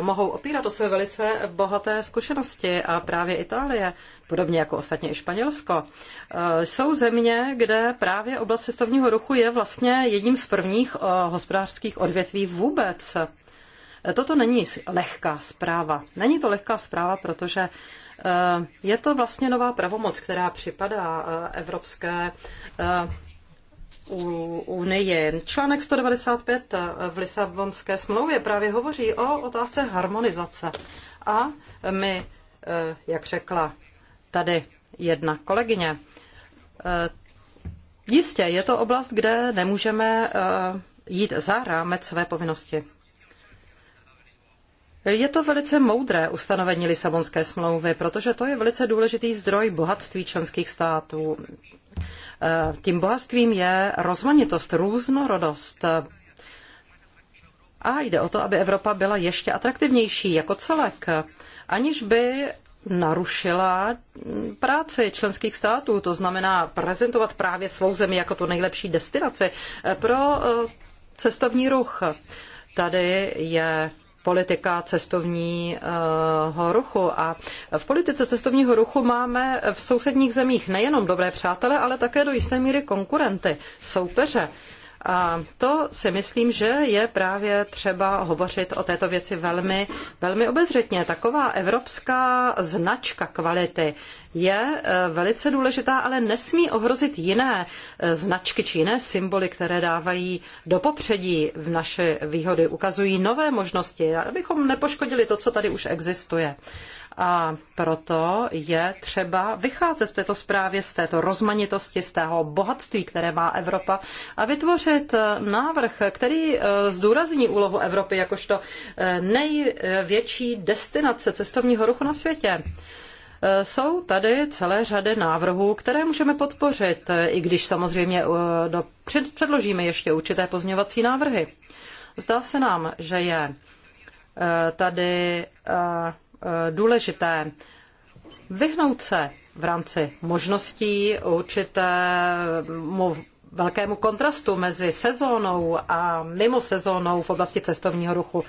mohou opírat o své velice bohaté zkušenosti a právě Itálie, podobně jako ostatně i Španělsko, jsou země, kde právě oblast cestovního ruchu je vlastně jedním z prvních hospodářských odvětví vůbec. Toto není lehká zpráva. Není to lehká zpráva, protože eh, je to vlastně nová pravomoc, která připadá eh, Evropské eh, unii. Článek 195 v Lisabonské smlouvě právě hovoří o otázce harmonizace. A my, jak řekla tady jedna kolegyně, jistě je to oblast, kde nemůžeme jít za rámec své povinnosti. Je to velice moudré ustanovení Lisabonské smlouvy, protože to je velice důležitý zdroj bohatství členských států. E, tím bohatstvím je rozmanitost, různorodost. A jde o to, aby Evropa byla ještě atraktivnější jako celek, aniž by narušila práci členských států, to znamená prezentovat právě svou zemi jako tu nejlepší destinaci pro e, cestovní ruch. Tady je politika cestovního ruchu. A v politice cestovního ruchu máme v sousedních zemích nejenom dobré přátele, ale také do jisté míry konkurenty, soupeře. A to si myslím, že je právě třeba hovořit o této věci velmi, velmi obezřetně. Taková evropská značka kvality je e, velice důležitá, ale nesmí ohrozit jiné e, značky či jiné symboly, které dávají do popředí v naše výhody, ukazují nové možnosti, abychom nepoškodili to, co tady už existuje. A proto je třeba vycházet v této zprávě z této rozmanitosti, z toho bohatství, které má Evropa a vytvořit návrh, který eh, zdůrazní úlohu Evropy jakožto eh, největší destinace cestovního ruchu na světě. Eh, jsou tady celé řady návrhů, které můžeme podpořit, i když samozřejmě předložíme ještě určité pozměňovací návrhy. Zdá se nám, že je tady Eh, důležité vyhnout se v rámci možností určitému velkému kontrastu mezi sezónou a mimo sezónou v oblasti cestovního ruchu.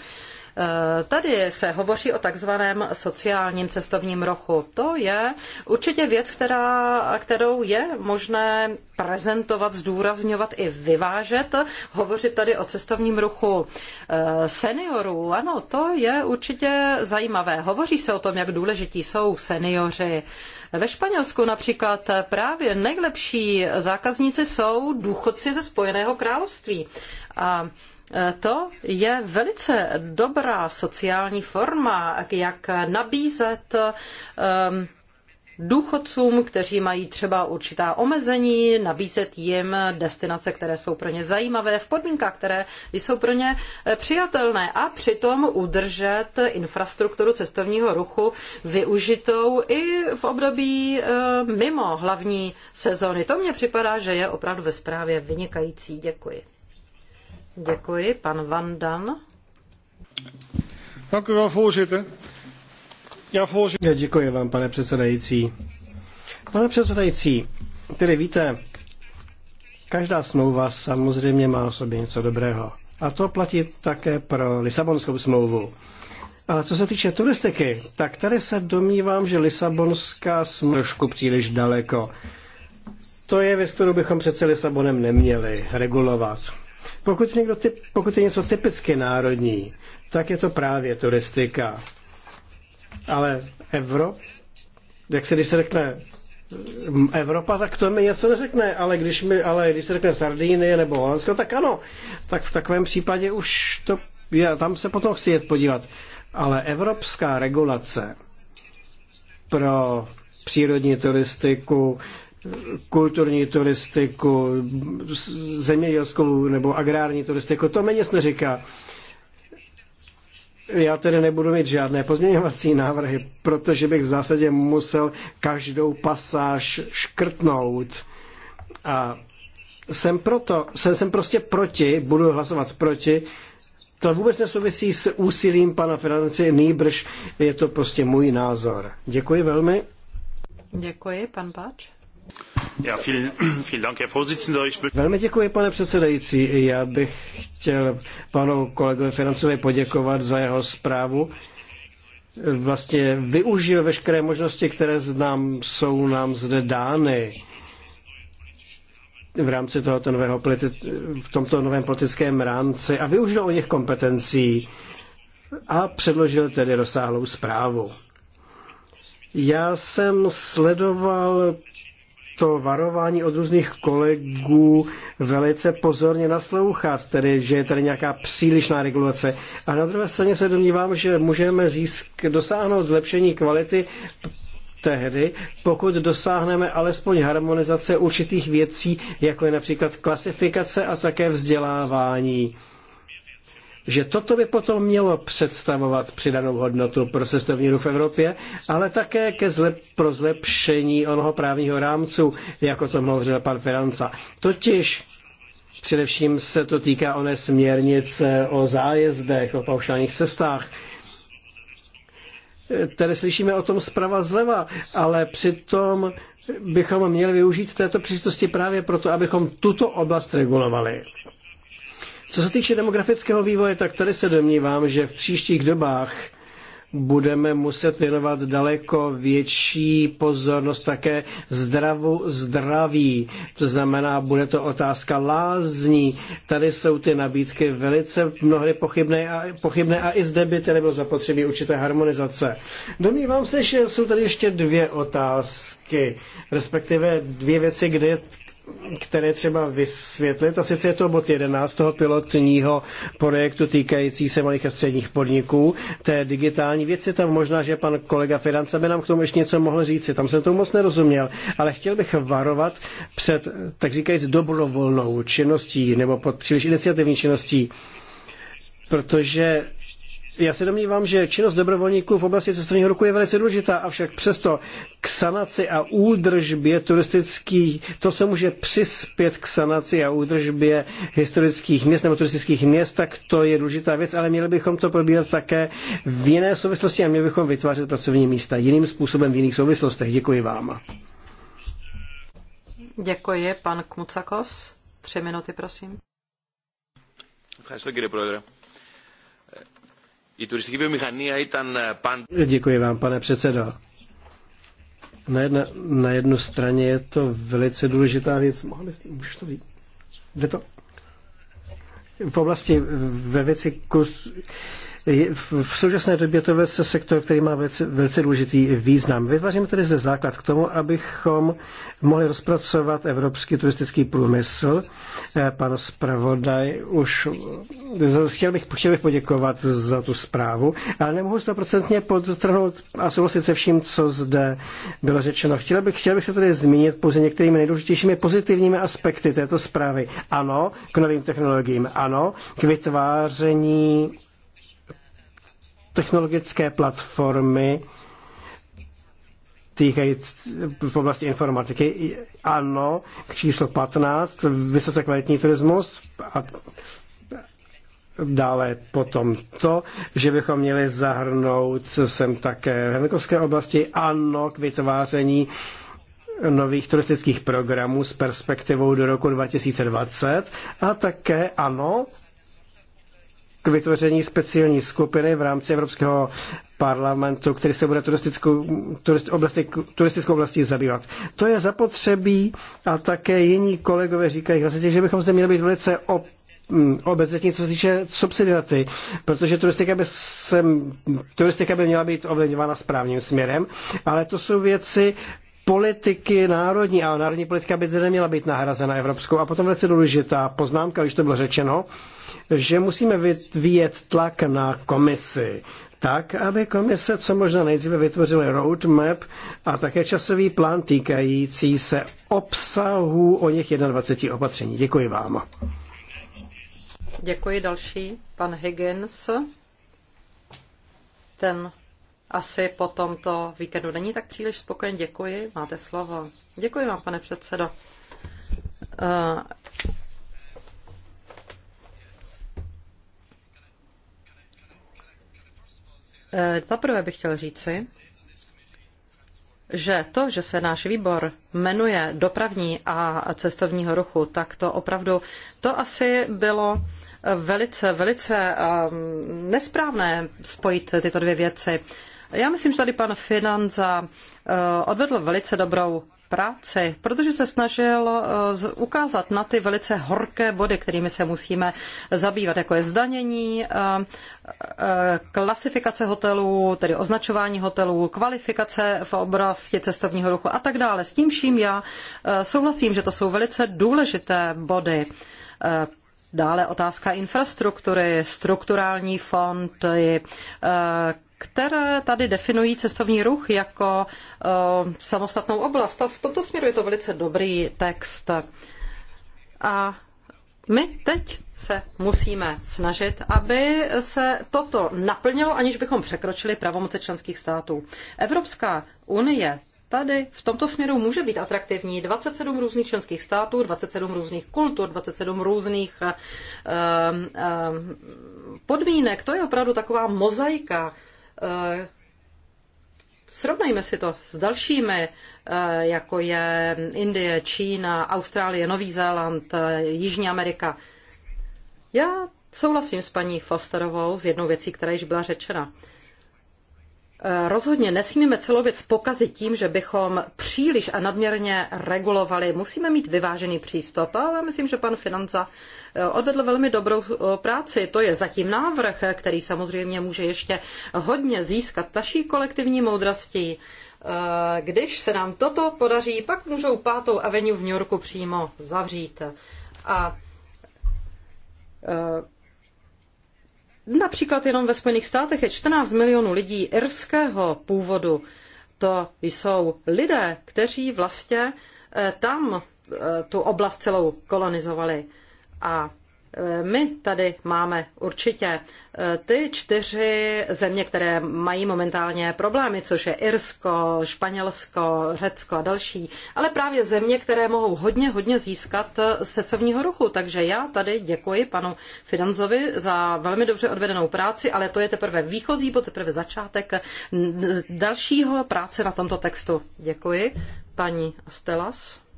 Eh, tady se hovoří o takzvaném sociálním cestovním rochu. To je určitě věc, která, kterou je možné prezentovat, zdůrazňovat i vyvážet. Hovořit tady o cestovním ruchu eh, seniorů, ano, to je určitě zajímavé. Hovoří se o tom, jak důležití jsou seniori. Ve Španělsku například právě nejlepší zákazníci jsou důchodci ze Spojeného království. A to je velice dobrá sociální forma, jak nabízet ehm, důchodcům, kteří mají třeba určitá omezení, nabízet jim destinace, které jsou pro ně zajímavé, v podmínkách, které jsou pro ně eh, přijatelné a přitom udržet infrastrukturu cestovního ruchu využitou i v období eh, mimo hlavní sezóny. To mně připadá, že je opravdu ve zprávě vynikající. Děkuji. Děkuji. Pan Van Dan. Děkuji vám, pane předsedající. Pane předsedající, tedy víte, každá smlouva samozřejmě má o sobě něco dobrého. A to platí také pro Lisabonskou smlouvu. Ale co se týče turistiky, tak tady se domnívám, že Lisabonská smršku příliš daleko. To je věc, kterou bychom přece Lisabonem neměli regulovat. Pokud, někdo typ, pokud je něco typicky národní, tak je to právě turistika. Ale Evropa, jak se když se řekne Evropa, tak to mi něco neřekne, ale když, mi, ale když se řekne Sardíny nebo Holandsko, tak ano, tak v takovém případě už to, já tam se potom chci jet podívat. Ale evropská regulace pro přírodní turistiku, kulturní turistiku, zemědělskou nebo agrární turistiku, to mě nic neříká. Já tedy nebudu mít žádné pozměňovací návrhy, protože bych v zásadě musel každou pasáž škrtnout. A jsem proto, jsem, jsem prostě proti, budu hlasovat proti. To vůbec nesouvisí s úsilím pana financí Nýbrž, je to prostě můj názor. Děkuji velmi. Děkuji, pan Páč. (clears throat) Velmi děkuji, pane předsedající. Já bych chtěl panu kolegovi Financovi poděkovat za jeho zprávu. Vlastně využil veškeré možnosti, které znám, jsou nám zde dány v rámci tohoto nového v tomto novém politickém rámci a využil o nich kompetencí a předložil tedy rozsáhlou zprávu. Já jsem sledoval to varování od různých kolegů velice pozorně naslouchat, tedy že je tady nějaká přílišná regulace. A na druhé straně se domnívám, že můžeme získ, dosáhnout zlepšení kvality tehdy, pokud dosáhneme alespoň harmonizace určitých věcí, jako je například klasifikace a také vzdělávání že toto by potom mělo představovat přidanou hodnotu pro cestovní ruch v Evropě, ale také ke zlep, pro zlepšení onoho právního rámcu, jako to hovořil pan Feranca. Totiž především se to týká oné směrnice o zájezdech, o paušálních cestách, tady slyšíme o tom zprava zleva, ale přitom bychom měli využít této příležitosti právě proto, abychom tuto oblast regulovali. Co se týče demografického vývoje, tak tady se domnívám, že v příštích dobách budeme muset věnovat daleko větší pozornost také zdravu, zdraví. To znamená, bude to otázka lázní. Tady jsou ty nabídky velice mnohdy pochybné a, pochybné a i zde by tedy bylo zapotřebí určité harmonizace. Domnívám se, že jsou tady ještě dvě otázky, respektive dvě věci, kde, které třeba vysvětlit. A sice je to bod 11 toho pilotního projektu týkající se malých a středních podniků, té digitální věci. Tam možná, že pan kolega Finance by nám k tomu ještě něco mohl říci. Tam jsem tomu moc nerozuměl, ale chtěl bych varovat před, tak říkajíc, dobrovolnou činností nebo pod příliš iniciativní činností, protože já se domnívám, že činnost dobrovolníků v oblasti cestovního ruku je velice důležitá, avšak přesto k sanaci a údržbě turistických, to, co může přispět k sanaci a údržbě historických měst nebo turistických měst, tak to je důležitá věc, ale měli bychom to probírat také v jiné souvislosti a měli bychom vytvářet pracovní místa jiným způsobem v jiných souvislostech. Děkuji vám. Děkuji, pan Kmucakos. Tři minuty, prosím. Děkuji, Η τουριστική βιομηχανία ήταν πάντα... vám, pane předsedo. Na, jedna, na jednu straně je to velice důležitá věc. Mohli, můžeš to říct? Jde to? V oblasti ve věci kus, v současné době to je velice sektor, který má velice, velice důležitý význam. Vytváříme tedy zde základ k tomu, abychom mohli rozpracovat evropský turistický průmysl. Eh, pan zpravodaj už eh, chtěl bych, chtěl bych poděkovat za tu zprávu, ale nemohu stoprocentně podtrhnout a souhlasit se vším, co zde bylo řečeno. Chtěl bych, chtěl bych se tedy zmínit pouze některými nejdůležitějšími pozitivními aspekty této zprávy. Ano, k novým technologiím, ano, k vytváření technologické platformy týkající v oblasti informatiky. Ano, číslo 15, vysoce kvalitní turismus a dále potom to, že bychom měli zahrnout sem také Henkovské oblasti, ano, k vytváření nových turistických programů s perspektivou do roku 2020 a také ano, vytvoření speciální skupiny v rámci Evropského parlamentu, který se bude turistickou, turist, oblasti, turistickou oblastí zabývat. To je zapotřebí a také jiní kolegové říkají, vlastně, že bychom zde měli být velice op, mm, obezřetní, co se týče subsidiaty, protože turistika by, se, turistika by měla být ovlivňována správným směrem, ale to jsou věci, politiky národní, ale národní politika by zde neměla být nahrazena evropskou. A potom velice důležitá poznámka, už to bylo řečeno, že musíme vyvíjet tlak na komisi, tak, aby komise co možná nejdříve vytvořila roadmap a také časový plán týkající se obsahu o něch 21 opatření. Děkuji vám. Děkuji další, pan Higgins. Ten asi po tomto víkendu není tak příliš spokojen. Děkuji, máte slovo. Děkuji vám, pane předsedo. Uh, eh, Zaprvé bych chtěl říci, že to, že se náš výbor jmenuje dopravní a cestovního ruchu, tak to opravdu, to asi bylo velice, velice ehm, nesprávné spojit tyto dvě věci. Já myslím, že tady pan Finanza eh, odvedl velice dobrou práci, protože se snažil eh, ukázat na ty velice horké body, kterými se musíme zabývat, jako je zdanění, eh, klasifikace hotelů, tedy označování hotelů, kvalifikace v oblasti cestovního ruchu a tak dále. S tím vším já souhlasím, že to jsou velice důležité body. Dále otázka infrastruktury, strukturální fond, které tady definují cestovní ruch jako eh, samostatnou oblast. A v tomto směru je to velice dobrý text. A my teď se musíme snažit, aby se toto naplnilo, aniž bychom překročili pravomoce členských států. Evropská unie tady v tomto směru může být atraktivní. 27 různých členských států, 27 různých kultur, 27 různých uh, uh, podmínek. To je opravdu taková mozaika Eh, srovnejme si to s dalšími, eh, jako je Indie, Čína, Austrálie, Nový Zéland, eh, Jižní Amerika. Já souhlasím s paní Fosterovou s jednou věcí, která již byla řečena. Rozhodně nesmíme celou věc pokazit tím, že bychom příliš a nadměrně regulovali. Musíme mít vyvážený přístup a já myslím, že pan Financa eh, odvedl velmi dobrou eh, práci. To je zatím návrh, který samozřejmě může ještě hodně získat naší kolektivní moudrosti. Eh, když se nám toto podaří, pak můžou pátou aveniu v New Yorku přímo zavřít. A Například jenom ve Spojených státech je 14 milionů lidí irského původu. To jsou lidé, kteří vlastně eh, tam eh, tu oblast celou kolonizovali. A Eh, my tady máme určitě eh, ty čtyři země, které mají momentálně problémy, což je Irsko, Španělsko, Řecko a další, ale právě země, které mohou hodně, hodně získat z eh, cestovního ruchu. Takže já tady děkuji panu Fidanzovi za velmi dobře odvedenou práci, ale to je teprve výchozí, bo teprve začátek dalšího práce na tomto textu. Děkuji, paní Astelas.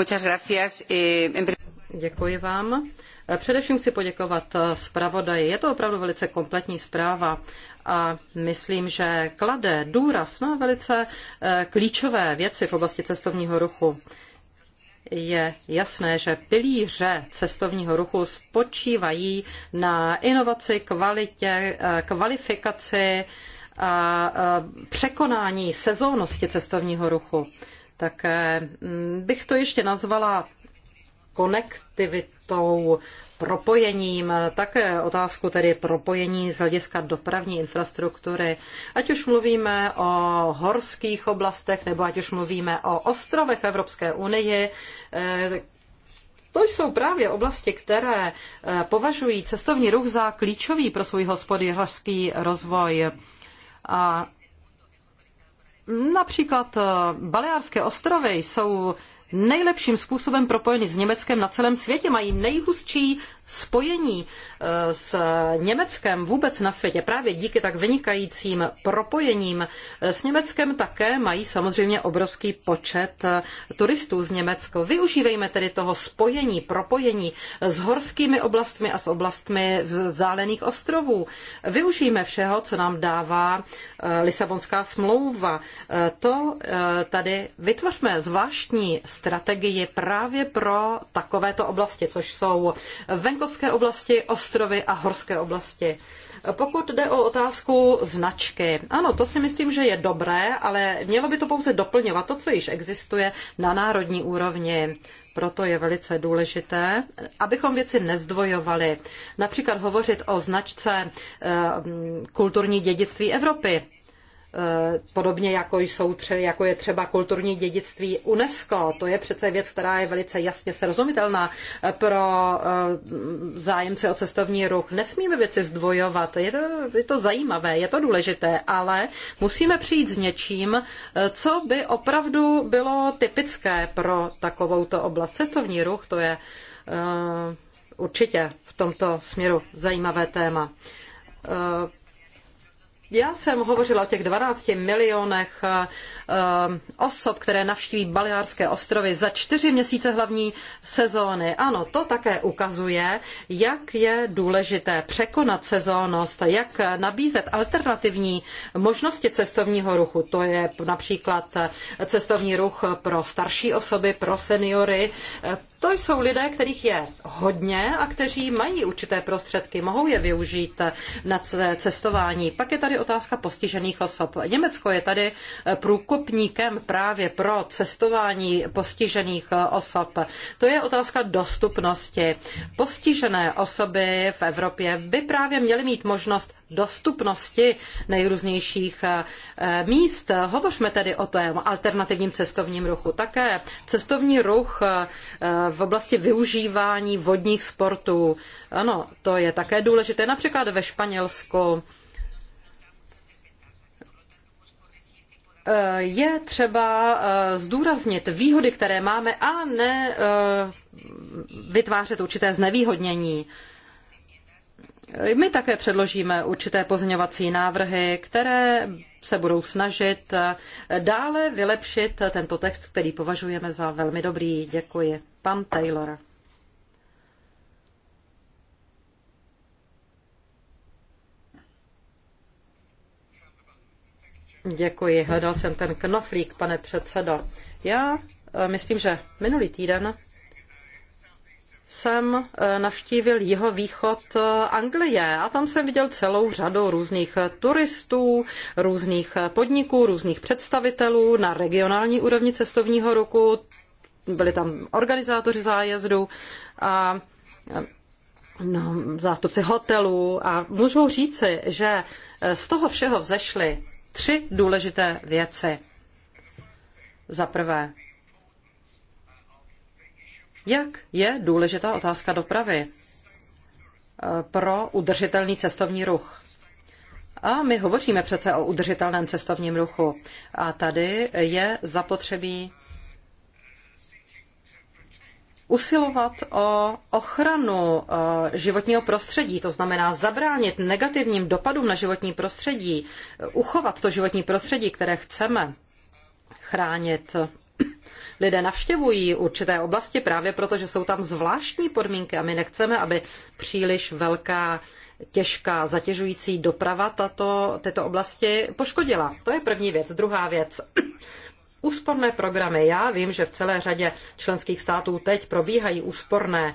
Eh, Děkuji vám. Především chci poděkovat eh, zpravodaji. Je to opravdu velice kompletní zpráva a myslím, že klade důraz na velice eh, klíčové věci v oblasti cestovního ruchu. Je jasné, že pilíře cestovního ruchu spočívají na inovaci, kvalitě, kvalifikaci a překonání sezónnosti cestovního ruchu. Také eh, bych to ještě nazvala konektivitou, propojením, také eh, otázku tedy propojení z hlediska dopravní infrastruktury. Ať už mluvíme o horských oblastech, nebo ať už mluvíme o ostrovech Evropské unii, eh, to jsou právě oblasti, které považují cestovní ruch za klíčový pro svůj hospodářský rozvoj. A Například eh, Baleárské ostrovy jsou nejlepším způsobem propojeny s Německem na celém světě, mají nejhustší spojení s Německem vůbec na světě právě díky tak vynikajícím propojením s Německem také mají samozřejmě obrovský počet turistů z Německa. Využívejme tedy toho spojení, propojení s horskými oblastmi a s oblastmi vzdálených ostrovů. Využijme všeho, co nám dává eh, Lisabonská smlouva. Eh, to eh, tady vytvořme zvláštní strategii právě pro takovéto oblasti, což jsou venkovské oblasti, ostrovy, ostrovy a horské oblasti. Pokud jde o otázku značky, ano, to si myslím, že je dobré, ale mělo by to pouze doplňovat to, co již existuje na národní úrovni. Proto je velice důležité, abychom věci nezdvojovali. Například hovořit o značce eh, kulturní dědictví Evropy. Eh, podobně jako, jsou tře, jako je třeba kulturní dědictví UNESCO. To je přece věc, která je velice jasně srozumitelná eh, pro eh, zájemce o cestovní ruch. Nesmíme věci zdvojovat, je to, je to zajímavé, je to důležité, ale musíme přijít s něčím, co by opravdu bylo typické pro takovouto oblast. Cestovní ruch to je určitě v tomto směru zajímavé téma já jsem hovořila o těch 12 milionech eh, osob, které navštíví Baleárské ostrovy za čtyři měsíce hlavní sezóny. Ano, to také ukazuje, jak je důležité překonat sezónnost, jak nabízet alternativní možnosti cestovního ruchu. To je například cestovní ruch pro starší osoby, pro seniory, to jsou lidé, kterých je hodně a kteří mají určité prostředky, mohou je využít na své cestování. Pak je tady otázka postižených osob. Německo je tady průkopníkem právě pro cestování postižených osob. To je otázka dostupnosti. Postižené osoby v Evropě by právě měly mít možnost dostupnosti nejrůznějších eh, míst. Hovořme tedy o tom alternativním cestovním ruchu. Také cestovní ruch eh, v oblasti využívání vodních sportů. Ano, to je také důležité. Například ve Španělsku eh, je třeba eh, zdůraznit výhody, které máme a ne eh, vytvářet určité znevýhodnění. My také předložíme určité pozměňovací návrhy, které se budou snažit eh, dále vylepšit tento text, který považujeme za velmi dobrý. Děkuji. Pan Taylor. Děkuji. Hledal jsem ten knoflík, pane předsedo. Já eh, myslím, že minulý týden jsem eh, navštívil jeho východ eh, Anglie a tam jsem viděl celou řadu různých eh, turistů, různých podniků, různých představitelů na regionální úrovni cestovního roku. Byli tam organizátoři zájezdu a no, zástupci hotelů a můžu říci, že z toho všeho vzešly tři důležité věci. Za prvé, jak je důležitá otázka dopravy eh, pro udržitelný cestovní ruch? A my hovoříme přece o udržitelném cestovním ruchu. A tady je zapotřebí usilovat o ochranu eh, životního prostředí, to znamená zabránit negativním dopadům na životní prostředí, eh, uchovat to životní prostředí, které chceme chránit lidé navštěvují určité oblasti právě proto, že jsou tam zvláštní podmínky a my nechceme, aby příliš velká těžká, zatěžující doprava tato, tyto oblasti poškodila. To je první věc. Druhá věc. (clears throat) Úsporné programy. Já vím, že v celé řadě členských států teď probíhají úsporné eh,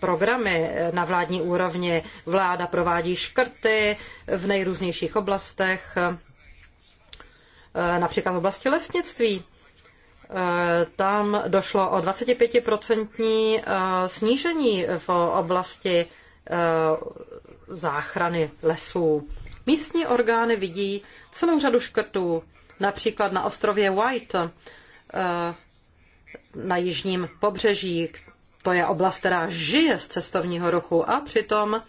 programy na vládní úrovni. Vláda provádí škrty v nejrůznějších oblastech, eh, například v oblasti lesnictví. Eh, tam došlo o 25% eh, snížení v oblasti eh, záchrany lesů. Místní orgány vidí celou řadu škrtů, například na ostrově White na jižním pobřeží. To je oblast, která žije z cestovního ruchu a přitom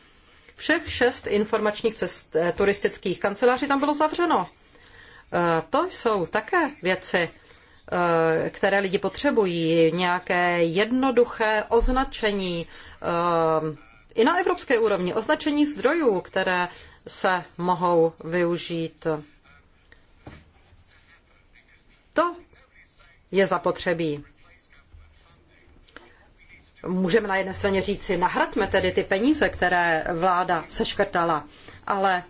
všech šest informačních cest, turistických kanceláří tam bylo zavřeno. To jsou také věci, Eh, které lidi potřebují, nějaké jednoduché označení eh, i na evropské úrovni, označení zdrojů, které se mohou využít. To je zapotřebí. Můžeme na jedné straně říci, nahradme tedy ty peníze, které vláda seškrtala, ale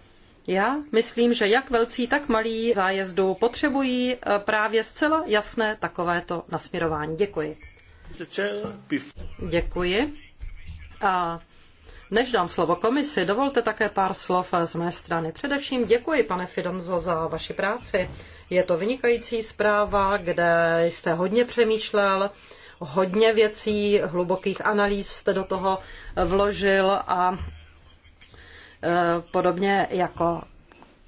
já myslím, že jak velcí, tak malí zájezdu potřebují eh, právě zcela jasné takovéto nasměrování. Děkuji. Děkuji. A než dám slovo komisi, dovolte také pár slov eh, z mé strany. Především děkuji, pane Fidonzo, za vaši práci. Je to vynikající zpráva, kde jste hodně přemýšlel, hodně věcí, hlubokých analýz jste do toho vložil a Eh, podobně jako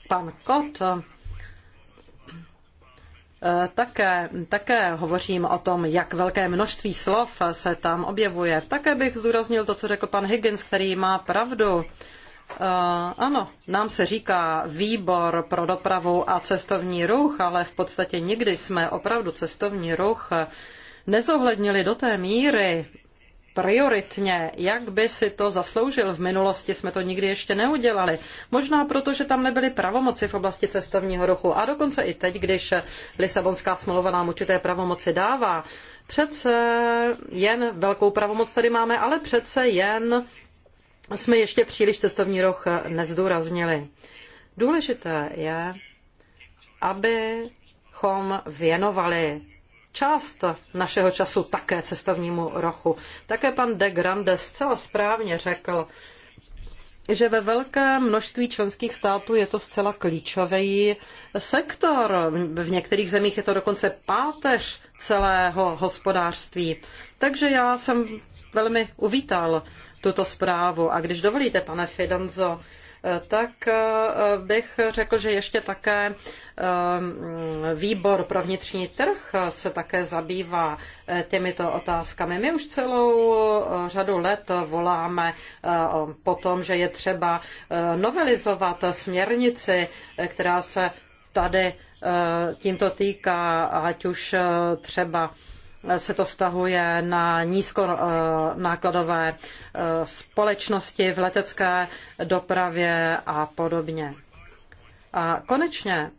pan Kot, eh, také, také hovořím o tom, jak velké množství slov se tam objevuje. Také bych zdůraznil to, co řekl pan Higgins, který má pravdu. Uh, ano, nám se říká výbor pro dopravu a cestovní ruch, ale v podstatě nikdy jsme opravdu cestovní ruch nezohlednili do té míry, prioritně, jak by si to zasloužil. V minulosti jsme to nikdy ještě neudělali. Možná proto, že tam nebyly pravomoci v oblasti cestovního ruchu. A dokonce i teď, když Lisabonská smlouva nám určité pravomoci dává, přece jen velkou pravomoc tady máme, ale přece jen jsme ještě příliš cestovní ruch nezdůraznili. Důležité je, abychom věnovali část našeho času také cestovnímu rochu. Také pan de Grande zcela správně řekl, že ve velkém množství členských států je to zcela klíčový sektor. V některých zemích je to dokonce páteř celého hospodářství. Takže já jsem velmi uvítal tuto zprávu. A když dovolíte, pane Fidanzo, tak eh, bych řekl, že ještě také eh, výbor pro vnitřní trh se také zabývá eh, těmito otázkami. My už celou řadu let voláme po tom, že je třeba novelizovat směrnici, která se tady tímto týká, ať už třeba se to vztahuje na nízkonákladové eh, společnosti v letecké dopravě a podobně. A konečně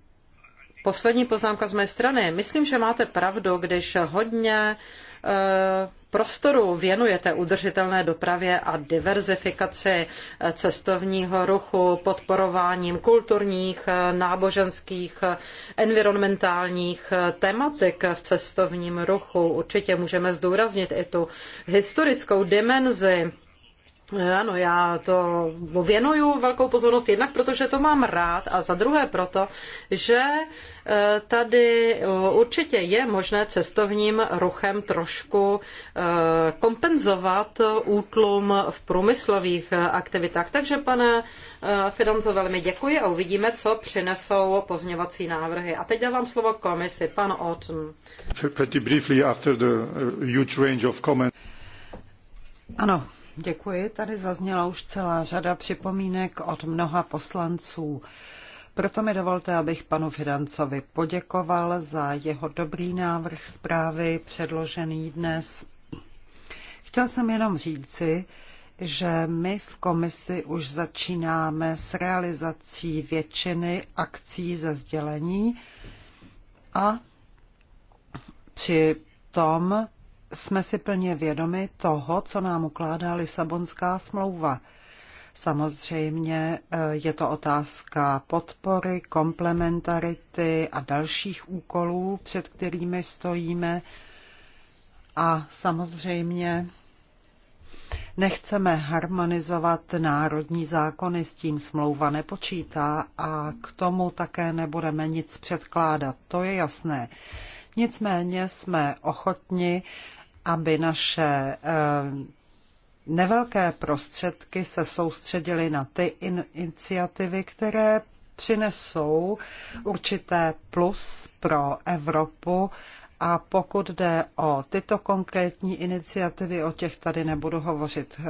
poslední poznámka z mé strany. Myslím, že máte pravdu, když hodně eh, prostoru věnujete udržitelné dopravě a diverzifikaci eh, cestovního ruchu, podporováním kulturních, eh, náboženských, eh, environmentálních tematik v cestovním ruchu. Určitě můžeme zdůraznit i tu historickou dimenzi Eh, ano, já to věnuju velkou pozornost jednak, protože to mám rád a za druhé proto, že eh, tady eh, určitě je možné cestovním ruchem trošku kompenzovat útlum v průmyslových aktivitách. Takže pane Fidonzo, velmi děkuji a uvidíme, co přinesou pozněvací návrhy. A teď dávám slovo komisi, pan Otten. Pretty briefly after the huge range of comments. Ano, Děkuji. Tady zazněla už celá řada připomínek od mnoha poslanců. Proto mi dovolte, abych panu Fidancovi poděkoval za jeho dobrý návrh zprávy předložený dnes. Chtěl jsem jenom říci, že my v komisi už začínáme s realizací většiny akcí ze sdělení a při tom jsme si plně vědomi toho, co nám ukládá Lisabonská smlouva. Samozřejmě eh, je to otázka podpory, komplementarity a dalších úkolů, před kterými stojíme. A samozřejmě Nechceme harmonizovat národní zákony, s tím smlouva nepočítá a k tomu také nebudeme nic předkládat, to je jasné. Nicméně jsme ochotni aby naše eh, nevelké prostředky se soustředily na ty iniciativy, které přinesou určité plus pro Evropu a pokud jde o tyto konkrétní iniciativy, o těch tady nebudu hovořit eh,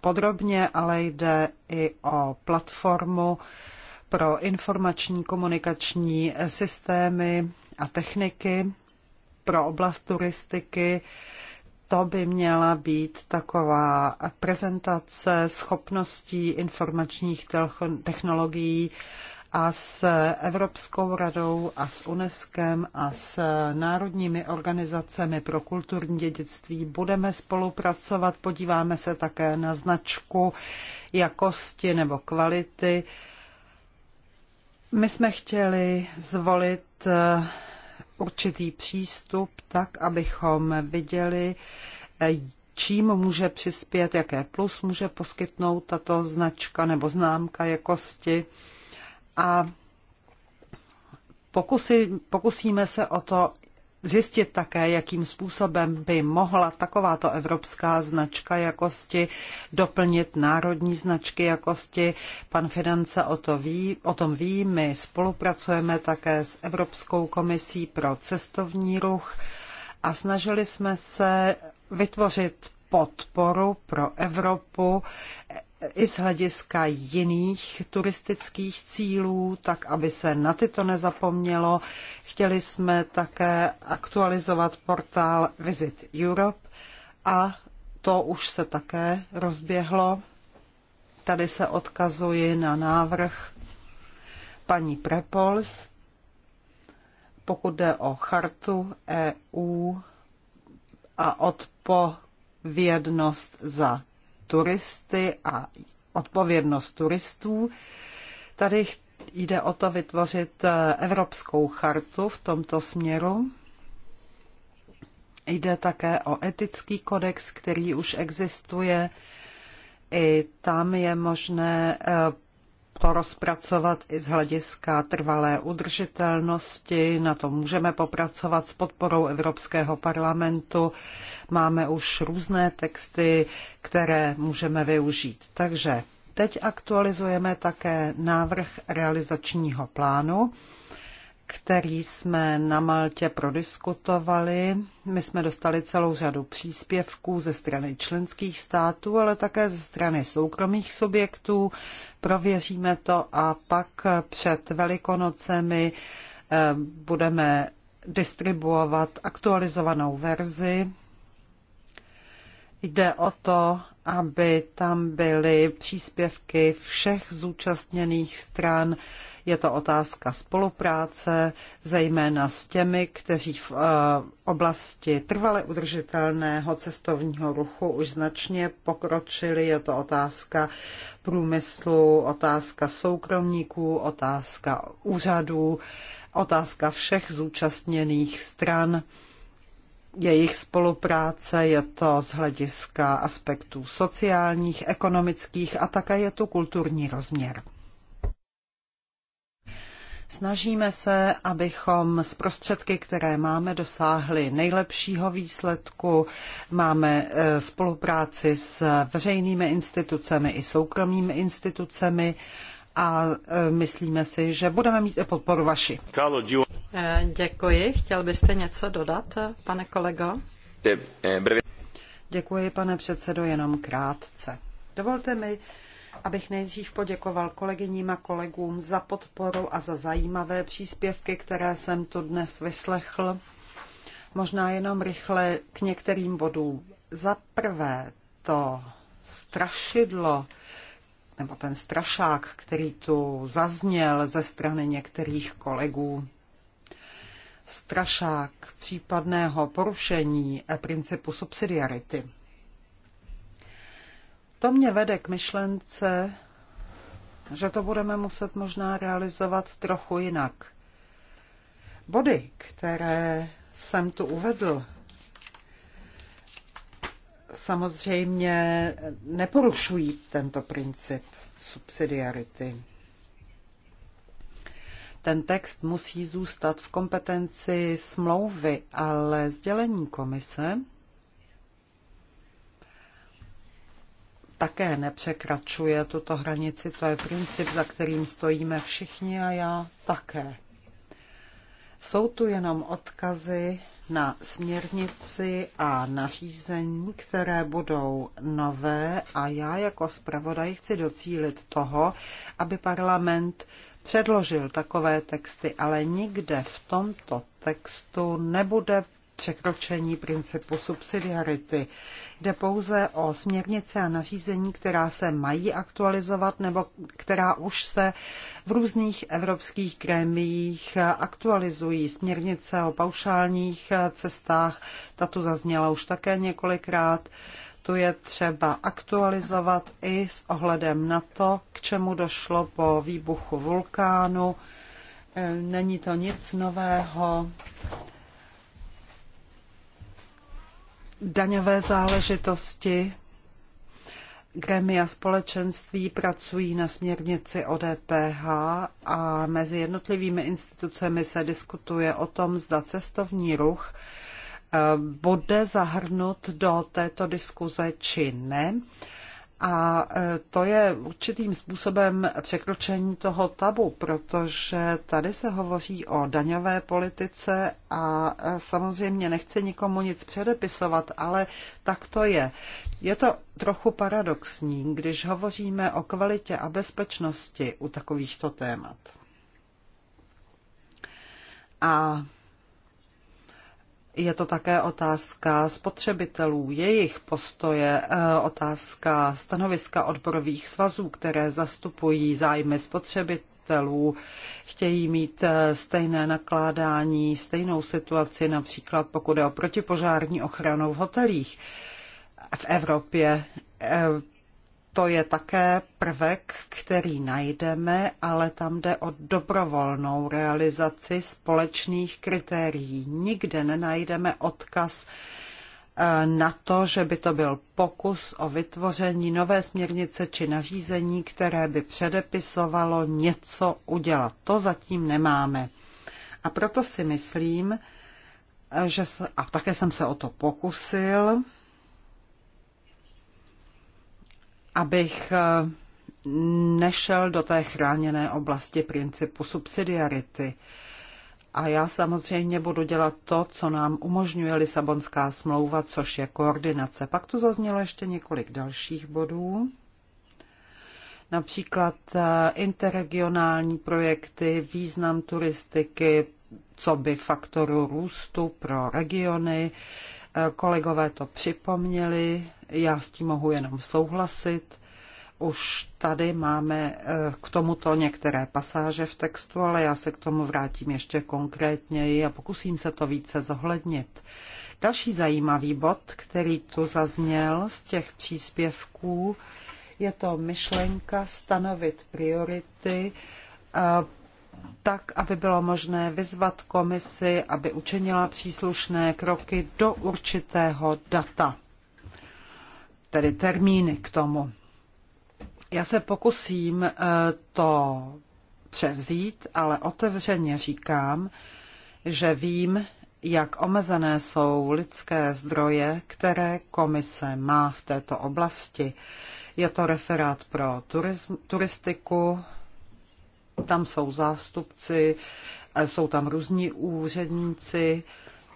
podrobně, ale jde i o platformu pro informační komunikační systémy a techniky, pro oblast turistiky. To by měla být taková prezentace schopností informačních technologií a s Evropskou radou a s UNESCO a s národními organizacemi pro kulturní dědictví budeme spolupracovat. Podíváme se také na značku jakosti nebo kvality. My jsme chtěli zvolit určitý přístup tak, abychom viděli, eh, čím může přispět, jaké plus může poskytnout tato značka nebo známka jakosti. A pokusí, pokusíme se o to zjistit také, jakým způsobem by mohla takováto evropská značka jakosti doplnit národní značky jakosti. Pan Finance o, to ví, o tom ví, my spolupracujeme také s Evropskou komisí pro cestovní ruch a snažili jsme se vytvořit podporu pro Evropu i z hlediska jiných turistických cílů, tak aby se na tyto nezapomnělo. Chtěli jsme také aktualizovat portál Visit Europe a to už se také rozběhlo. Tady se odkazuji na návrh paní Prepols, pokud jde o chartu EU a odpovědnost za turisty a odpovědnost turistů. Tady jde o to vytvořit eh, Evropskou chartu v tomto směru. Jde také o etický kodex, který už existuje. I tam je možné eh, to rozpracovat i z hlediska trvalé udržitelnosti. Na to můžeme popracovat s podporou Evropského parlamentu. Máme už různé texty, které můžeme využít. Takže teď aktualizujeme také návrh realizačního plánu který jsme na Maltě prodiskutovali. My jsme dostali celou řadu příspěvků ze strany členských států, ale také ze strany soukromých subjektů. Prověříme to a pak před Velikonocemi eh, budeme distribuovat aktualizovanou verzi Jde o to, aby tam byly příspěvky všech zúčastněných stran. Je to otázka spolupráce, zejména s těmi, kteří v eh, oblasti trvale udržitelného cestovního ruchu už značně pokročili. Je to otázka průmyslu, otázka soukromníků, otázka úřadů, otázka všech zúčastněných stran jejich spolupráce, je to z hlediska aspektů sociálních, ekonomických a také je to kulturní rozměr. Snažíme se, abychom z prostředky, které máme, dosáhli nejlepšího výsledku. Máme eh, spolupráci s veřejnými institucemi i soukromými institucemi a eh, myslíme si, že budeme mít i podporu vaši. Carlo, Eh, děkuji. Chtěl byste něco dodat, eh, pane kolego? Děkuji, pane předsedo, jenom krátce. Dovolte mi, abych nejdřív poděkoval kolegyním a kolegům za podporu a za zajímavé příspěvky, které jsem tu dnes vyslechl. Možná jenom rychle k některým bodům. Za prvé to strašidlo, nebo ten strašák, který tu zazněl ze strany některých kolegů, strašák případného porušení eh, principu subsidiarity. To mě vede k myšlence, že to budeme muset možná realizovat trochu jinak. Body, které jsem tu uvedl, samozřejmě neporušují tento princip subsidiarity. Ten text musí zůstat v kompetenci smlouvy, ale sdělení komise také nepřekračuje tuto hranici. To je princip, za kterým stojíme všichni a já také. Jsou tu jenom odkazy na směrnici a nařízení, které budou nové a já jako zpravodaj chci docílit toho, aby parlament předložil takové texty, ale nikde v tomto textu nebude překročení principu subsidiarity. Jde pouze o směrnice a nařízení, která se mají aktualizovat nebo která už se v různých evropských grémiích aktualizují. Směrnice o paušálních cestách, ta tu zazněla už také několikrát tu je třeba aktualizovat i s ohledem na to, k čemu došlo po výbuchu vulkánu. E, není to nic nového. Daňové záležitosti. Gremia společenství pracují na směrnici o DPH a mezi jednotlivými institucemi se diskutuje o tom, zda cestovní ruch Eh, bude zahrnut do této diskuze či ne. A eh, to je určitým způsobem překročení toho tabu, protože tady se hovoří o daňové politice a eh, samozřejmě nechci nikomu nic předepisovat, ale tak to je. Je to trochu paradoxní, když hovoříme o kvalitě a bezpečnosti u takovýchto témat. A je to také otázka spotřebitelů, jejich postoje, eh, otázka stanoviska odborových svazů, které zastupují zájmy spotřebitelů, chtějí mít eh, stejné nakládání, stejnou situaci, například pokud je o protipožární ochranu v hotelích. V Evropě eh, to je také prvek, který najdeme, ale tam jde o dobrovolnou realizaci společných kritérií. Nikde nenajdeme odkaz eh, na to, že by to byl pokus o vytvoření nové směrnice či nařízení, které by předepisovalo něco udělat. To zatím nemáme. A proto si myslím, eh, že se, a také jsem se o to pokusil, abych eh, nešel do té chráněné oblasti principu subsidiarity. A já samozřejmě budu dělat to, co nám umožňuje Lisabonská smlouva, což je koordinace. Pak tu zaznělo ještě několik dalších bodů. Například eh, interregionální projekty, význam turistiky, co by faktoru růstu pro regiony, Kolegové to připomněli, já s tím mohu jenom souhlasit. Už tady máme eh, k tomuto některé pasáže v textu, ale já se k tomu vrátím ještě konkrétněji a pokusím se to více zohlednit. Další zajímavý bod, který tu zazněl z těch příspěvků, je to myšlenka stanovit priority eh, tak, aby bylo možné vyzvat komisi, aby učinila příslušné kroky do určitého data, tedy termíny k tomu. Já se pokusím eh, to převzít, ale otevřeně říkám, že vím, jak omezené jsou lidské zdroje, které komise má v této oblasti. Je to referát pro turistiku, tam jsou zástupci, eh, jsou tam různí úředníci,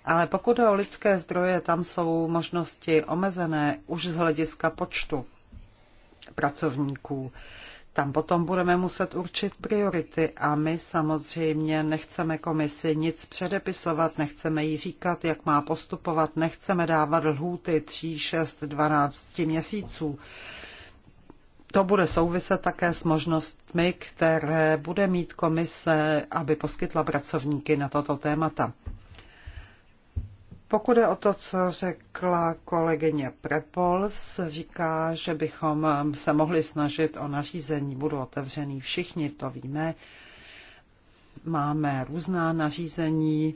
ale pokud jde o lidské zdroje, tam jsou možnosti omezené už z hlediska počtu pracovníků. Tam potom budeme muset určit priority a my samozřejmě nechceme komisi nic předepisovat, nechceme jí říkat, jak má postupovat, nechceme dávat lhůty 3, 6, 12 měsíců. To bude souviset také s možností možnostmi, které bude mít komise, aby poskytla pracovníky na tato témata. Pokud je o to, co řekla kolegyně Prepols, říká, že bychom se mohli snažit o nařízení, budu otevřený všichni, to víme. Máme různá nařízení,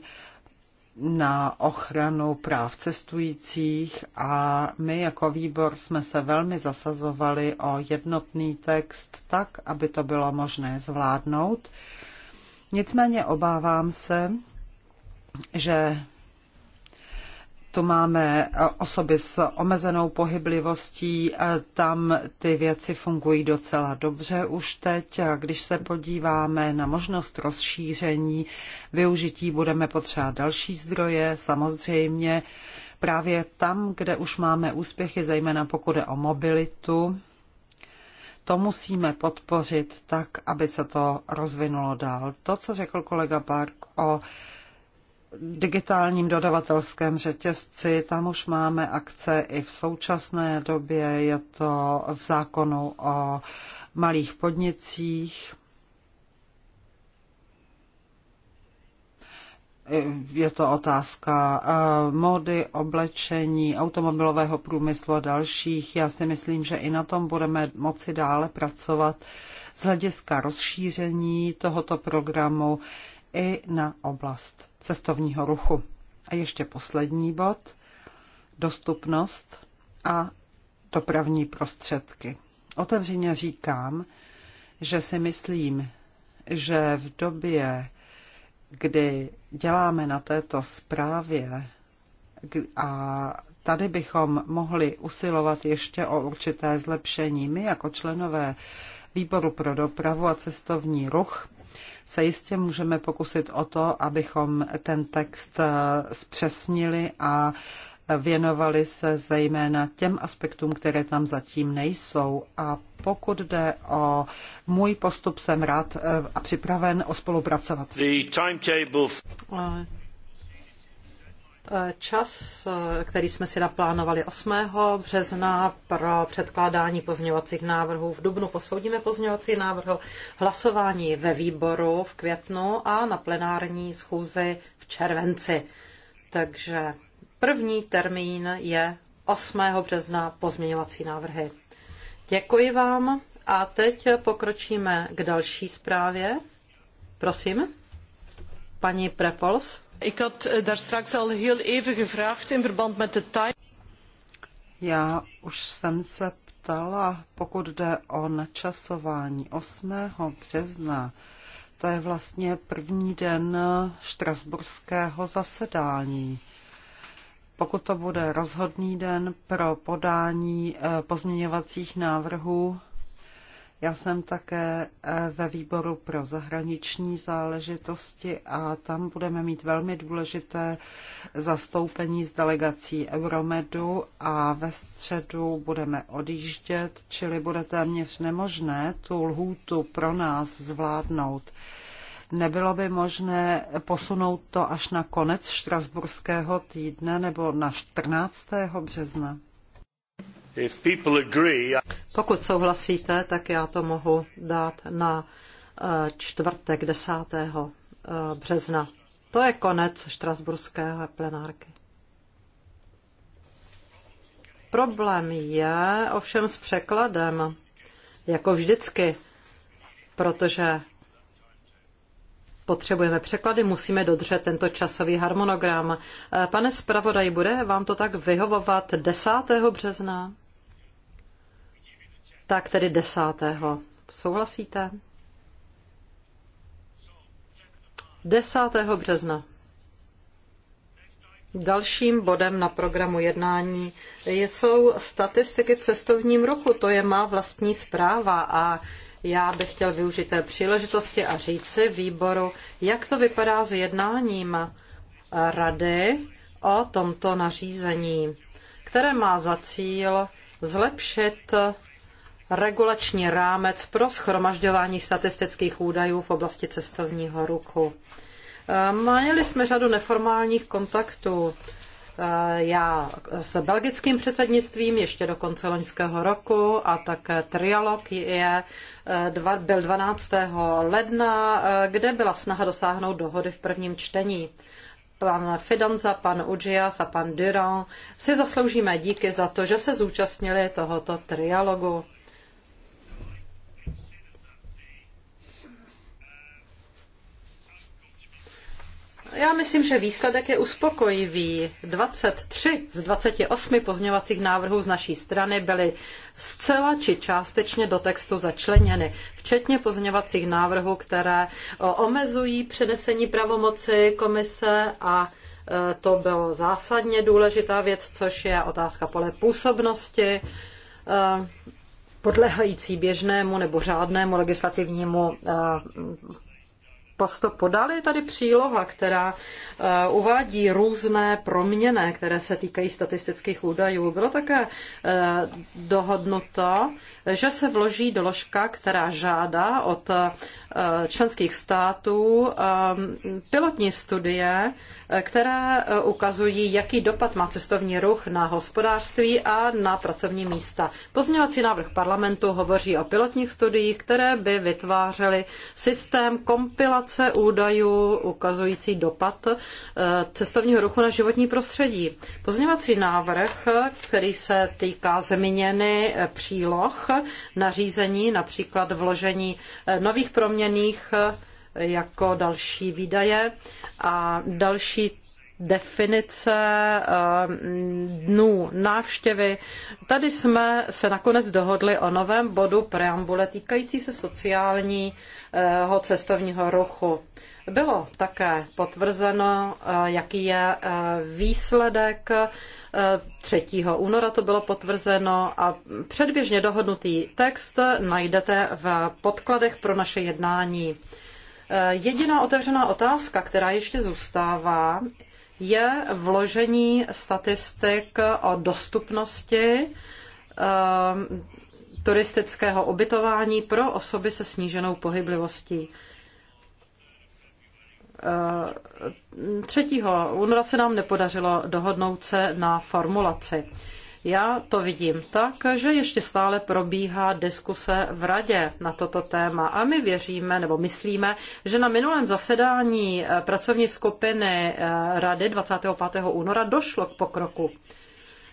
na ochranu práv cestujících a my jako výbor jsme se velmi zasazovali o jednotný text tak, aby to bylo možné zvládnout. Nicméně obávám se, že tu máme e, osoby s omezenou pohyblivostí, e, tam ty věci fungují docela dobře už teď. Když se podíváme na možnost rozšíření využití, budeme potřebovat další zdroje, samozřejmě. Právě tam, kde už máme úspěchy, zejména pokud je o mobilitu, to musíme podpořit tak, aby se to rozvinulo dál. To, co řekl kolega Park o digitálním dodavatelském řetězci. Tam už máme akce i v současné době. Je to v zákonu o malých podnicích. Je to otázka eh, módy, oblečení, automobilového průmyslu a dalších. Já si myslím, že i na tom budeme moci dále pracovat z hlediska rozšíření tohoto programu i na oblast cestovního ruchu. A ještě poslední bod, dostupnost a dopravní prostředky. Otevřeně říkám, že si myslím, že v době, kdy děláme na této zprávě a tady bychom mohli usilovat ještě o určité zlepšení. My jako členové výboru pro dopravu a cestovní ruch se jistě můžeme pokusit o to, abychom ten text eh, zpřesnili a věnovali se zejména těm aspektům, které tam zatím nejsou. A pokud jde o můj postup, jsem rád eh, a připraven o spolupracovat. The timetable. Eh, Čas, který jsme si naplánovali 8. března pro předkládání pozměňovacích návrhů v Dubnu, posoudíme pozměňovací návrh hlasování ve výboru v květnu a na plenární schůzi v červenci. Takže první termín je 8. března pozměňovací návrhy. Děkuji vám a teď pokročíme k další zprávě. Prosím, paní Prepols. Ik had eh, daar straks al heel even gevraagd in verband met de timing. Já už jsem se ptala, pokud jde o načasování 8. března, to je vlastně první den štrasburského zasedání. Pokud to bude rozhodný den pro podání eh, pozměňovacích návrhů, já jsem také eh, ve výboru pro zahraniční záležitosti a tam budeme mít velmi důležité zastoupení s delegací Euromedu a ve středu budeme odjíždět, čili bude téměř nemožné tu lhůtu pro nás zvládnout. Nebylo by možné posunout to až na konec štrasburského týdne nebo na 14. března? Pokud souhlasíte, tak já to mohu dát na eh, čtvrtek 10. Eh, března. To je konec štrasburské plenárky. Problém je ovšem s překladem, jako vždycky, protože potřebujeme překlady, musíme dodržet tento časový harmonogram. Eh, pane zpravodaj, bude vám to tak vyhovovat 10. března? tak tedy desátého. Souhlasíte? 10. března. Dalším bodem na programu jednání jsou statistiky v cestovním ruchu. To je má vlastní zpráva a já bych chtěl využít té příležitosti a říci výboru, jak to vypadá s jednáním rady o tomto nařízení, které má za cíl zlepšit regulační rámec pro schromažďování statistických údajů v oblasti cestovního ruchu. Ehm, měli jsme řadu neformálních kontaktů. Ehm, já s belgickým předsednictvím ještě do konce loňského roku a také trialog je, eh, dva byl 12. ledna, eh, kde byla snaha dosáhnout dohody v prvním čtení. Pan Fidanza, pan Ujias a pan Durand si zasloužíme díky za to, že se zúčastnili tohoto trialogu. já myslím, že výsledek je uspokojivý. 23 z 28 pozměňovacích návrhů z naší strany byly zcela či částečně do textu začleněny, včetně pozměňovacích návrhů, které omezují přenesení pravomoci komise a e, to byla zásadně důležitá věc, což je otázka pole působnosti e, podlehající běžnému nebo řádnému legislativnímu e, postup podali tady příloha, která eh, uvádí různé proměny, které se týkají statistických údajů. Bylo také eh, dohodnuto, že se vloží doložka, která žádá od eh, členských států eh, pilotní studie, eh, které ukazují, jaký dopad má cestovní ruch na hospodářství a na pracovní místa. Pozměňovací návrh parlamentu hovoří o pilotních studiích, které by vytvářely systém kompilace údajů ukazující dopad cestovního ruchu na životní prostředí. Pozměňovací návrh, který se týká zmíněny příloh, nařízení, například vložení eh, nových proměných eh, jako další výdaje a další definice eh, dnů návštěvy. Tady jsme se nakonec dohodli o novém bodu preambule týkající se sociálního cestovního ruchu. Bylo také potvrzeno, eh, jaký je eh, výsledek 3. Eh, února, to bylo potvrzeno a předběžně dohodnutý text najdete v podkladech pro naše jednání. Jediná otevřená otázka, která ještě zůstává, je vložení statistik o dostupnosti turistického ubytování pro osoby se sníženou pohyblivostí. 3. Eh, února se nám nepodařilo dohodnout se na formulaci. Já to vidím tak, že ještě stále probíhá diskuse v radě na toto téma a my věříme nebo myslíme, že na minulém zasedání eh, pracovní skupiny eh, rady 25. února došlo k pokroku.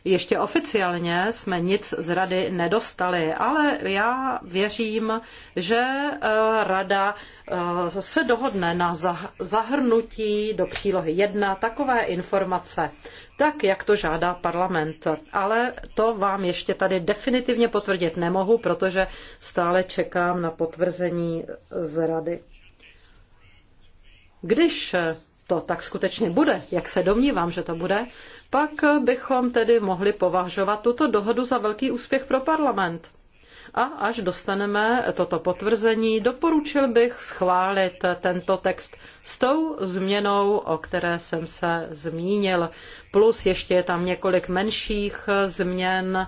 Ještě oficiálně jsme nic z rady nedostali, ale já věřím, že eh, rada eh, se dohodne na zahrnutí do přílohy 1 takové informace, tak jak to žádá parlament. Ale to vám ještě tady definitivně potvrdit nemohu, protože stále čekám na potvrzení z rady. Když eh, to tak skutečně bude, jak se domnívám, že to bude, pak bychom tedy mohli považovat tuto dohodu za velký úspěch pro parlament. A až dostaneme toto potvrzení, doporučil bych schválit tento text s tou změnou, o které jsem se zmínil. Plus ještě je tam několik menších změn,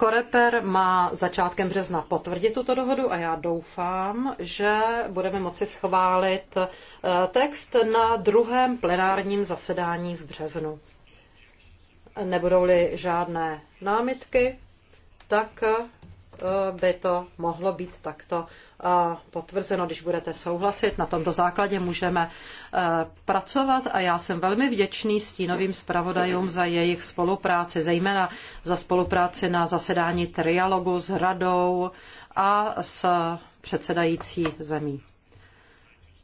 Koreper má začátkem března potvrdit tuto dohodu a já doufám, že budeme moci schválit eh, text na druhém plenárním zasedání v březnu. Nebudou-li žádné námitky, tak eh, by to mohlo být takto eh, potvrzeno, když budete souhlasit. Na tomto základě můžeme eh, pracovat a já jsem velmi vděčný stínovým zpravodajům za jejich spolupráci, zejména za spolupráci na zasedání trialogu s radou a s předsedající zemí.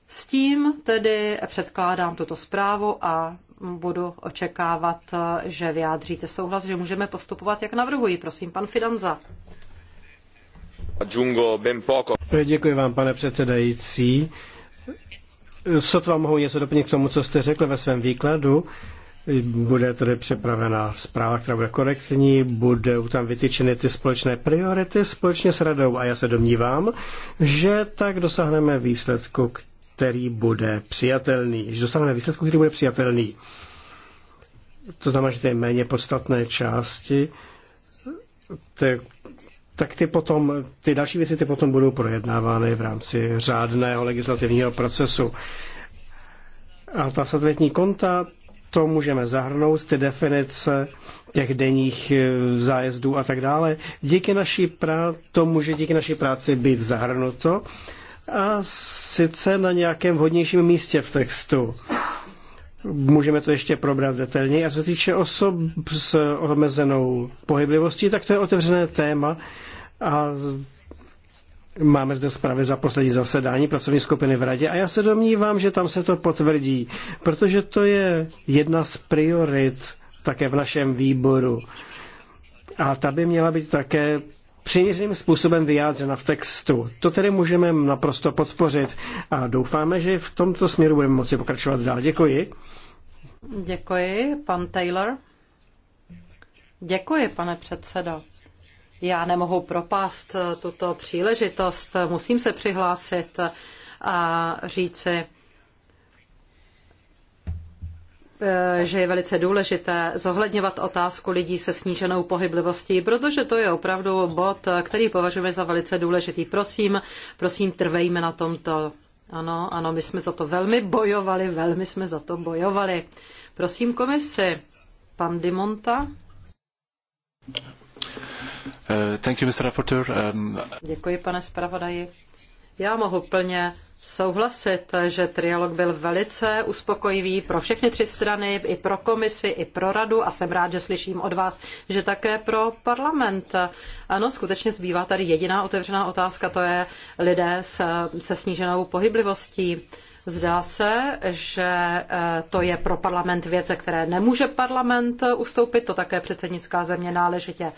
S tím tedy předkládám tuto zprávu a budu očekávat, eh, že vyjádříte souhlas, že můžeme postupovat, jak navrhuji. Prosím, pan Fidanza. Děkuji vám, pane předsedající. Sotva mohu něco doplnit k tomu, co jste řekl ve svém výkladu. Bude tedy připravena zpráva, která bude korektní, budou tam vytyčeny ty společné priority společně s radou a já se domnívám, že tak dosáhneme výsledku, který bude přijatelný. Že dosáhneme výsledku, který bude přijatelný. To znamená, že ty méně podstatné části, ty tak ty potom, ty další věci ty potom budou projednávány v rámci řádného legislativního procesu. A ta satelitní konta, to můžeme zahrnout, ty definice těch denních eh, zájezdů a tak dále. Díky naší prá- to může díky naší práci být zahrnuto a sice na nějakém vhodnějším místě v textu. Můžeme to ještě probrat detailněji. A co se týče osob s omezenou pohyblivostí, tak to je otevřené téma a Máme zde zprávy za poslední zasedání pracovní skupiny v Radě a já se domnívám, že tam se to potvrdí, protože to je jedna z priorit také v našem výboru. A ta by měla být také přiměřeným způsobem vyjádřena v textu. To tedy můžeme naprosto podpořit a doufáme, že v tomto směru budeme moci pokračovat dál. Děkuji. Děkuji, pan Taylor. Děkuji, pane předsedo. Já nemohu propást tuto příležitost, musím se přihlásit a říci, Eh, že je velice důležité zohledňovat otázku lidí se sníženou pohyblivostí, protože to je opravdu bod, eh, který považujeme za velice důležitý. Prosím, prosím, trvejme na tomto. Ano, ano, my jsme za to velmi bojovali, velmi jsme za to bojovali. Prosím komisi, pan Dimonta. Uh, eh, thank you, Mr. Um... Děkuji, pane zpravodaji. Já mohu plně souhlasit, že trialog byl velice uspokojivý pro všechny tři strany, i pro komisi, i pro radu a jsem rád, že slyším od vás, že také pro parlament. Ano, skutečně zbývá tady jediná otevřená otázka, to je lidé se, se sníženou pohyblivostí. Zdá se, že eh, to je pro parlament věc, ze které nemůže parlament ustoupit, to také předsednická země náležitě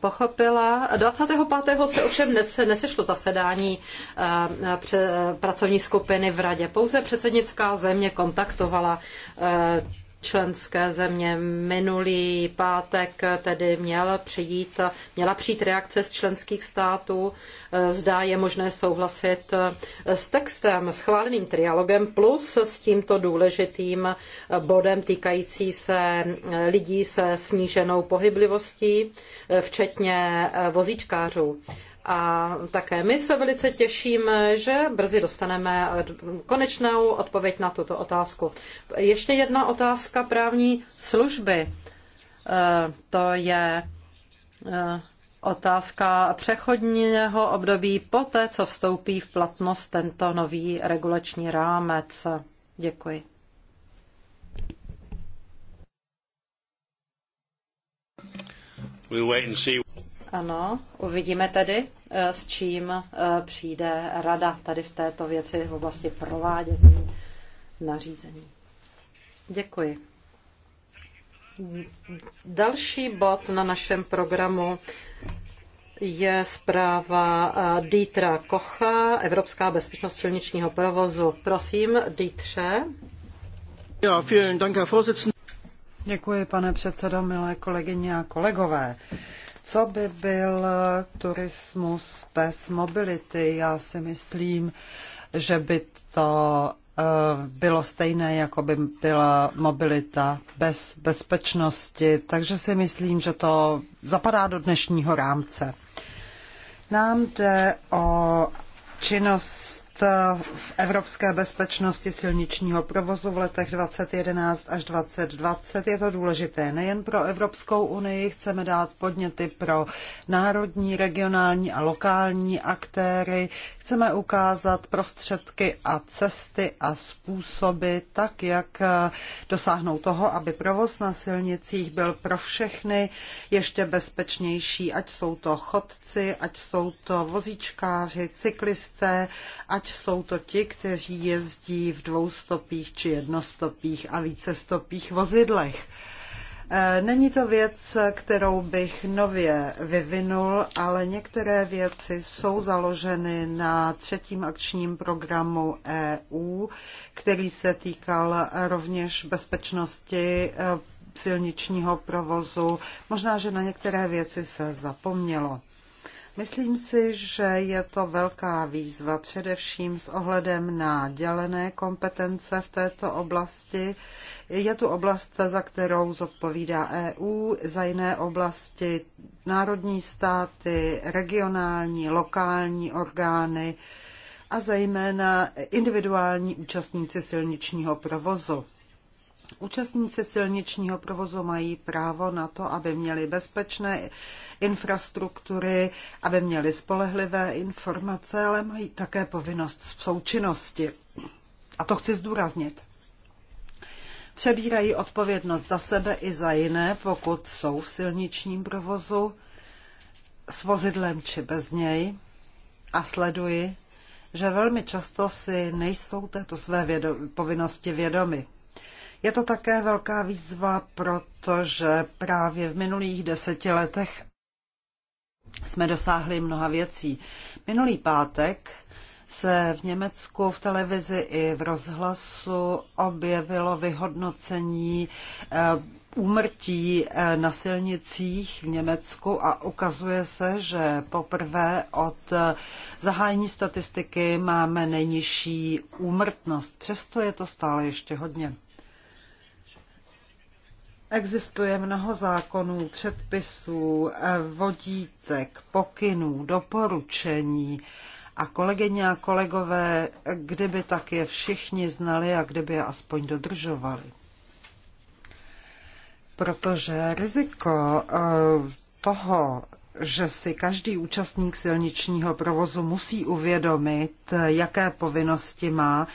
pochopila. 25. se ovšem nesešlo zasedání eh, pracovní skupiny v radě. Pouze předsednická země kontaktovala eh, členské země. Minulý pátek tedy měla přijít, měla přijít reakce z členských států. Zdá je možné souhlasit s textem, schváleným trialogem plus s tímto důležitým bodem týkající se lidí se sníženou pohyblivostí, včetně vozíčkářů. A také my se velice těšíme, že brzy dostaneme konečnou odpověď na tuto otázku. Ještě jedna otázka právní služby. E, to je e, otázka přechodního období poté, co vstoupí v platnost tento nový regulační rámec. Děkuji. We'll wait and see. Ano, uvidíme tedy, eh, s čím eh, přijde rada tady v této věci v oblasti provádění nařízení. Děkuji. Další bod na našem programu je zpráva eh, Dítra Kocha, Evropská bezpečnost silničního provozu. Prosím, Dítře. Ja, vielen Dank, Herr Vorsitzender. Děkuji, pane předsedo, milé kolegyně a kolegové. Co by byl eh, turismus bez mobility? Já si myslím, že by to eh, bylo stejné, jako by byla mobilita bez bezpečnosti, takže si myslím, že to zapadá do dnešního rámce. Nám jde o činnost v evropské bezpečnosti silničního provozu v letech 2011 až 2020. Je to důležité nejen pro Evropskou unii, chceme dát podněty pro národní, regionální a lokální aktéry, chceme ukázat prostředky a cesty a způsoby, tak jak eh, dosáhnout toho, aby provoz na silnicích byl pro všechny ještě bezpečnější, ať jsou to chodci, ať jsou to vozíčkáři, cyklisté, ať ať jsou to ti, kteří jezdí v dvoustopých či jednostopých a vícestopých vozidlech. E, není to věc, kterou bych nově vyvinul, ale některé věci jsou založeny na třetím akčním programu EU, který se týkal rovněž bezpečnosti e, silničního provozu. Možná, že na některé věci se zapomnělo. Myslím si, že je to velká výzva, především s ohledem na dělené kompetence v této oblasti. Je tu oblast, za kterou zodpovídá EU, za jiné oblasti národní státy, regionální, lokální orgány a zejména individuální účastníci silničního provozu. Účastníci silničního provozu mají právo na to, aby měli bezpečné infrastruktury, aby měli spolehlivé informace, ale mají také povinnost součinnosti. A to chci zdůraznit. Přebírají odpovědnost za sebe i za jiné, pokud jsou v silničním provozu, s vozidlem či bez něj. A sleduji, že velmi často si nejsou této své vědo- povinnosti vědomi. Je to také velká výzva, protože právě v minulých deseti letech jsme dosáhli mnoha věcí. Minulý pátek se v Německu v televizi i v rozhlasu objevilo vyhodnocení eh, úmrtí eh, na silnicích v Německu a ukazuje se, že poprvé od eh, zahájení statistiky máme nejnižší úmrtnost. Přesto je to stále ještě hodně. Existuje mnoho zákonů, předpisů, eh, vodítek, pokynů, doporučení. A kolegyně a kolegové, kdyby tak je všichni znali a kdyby je aspoň dodržovali. Protože riziko eh, toho, že si každý účastník silničního provozu musí uvědomit, jaké povinnosti má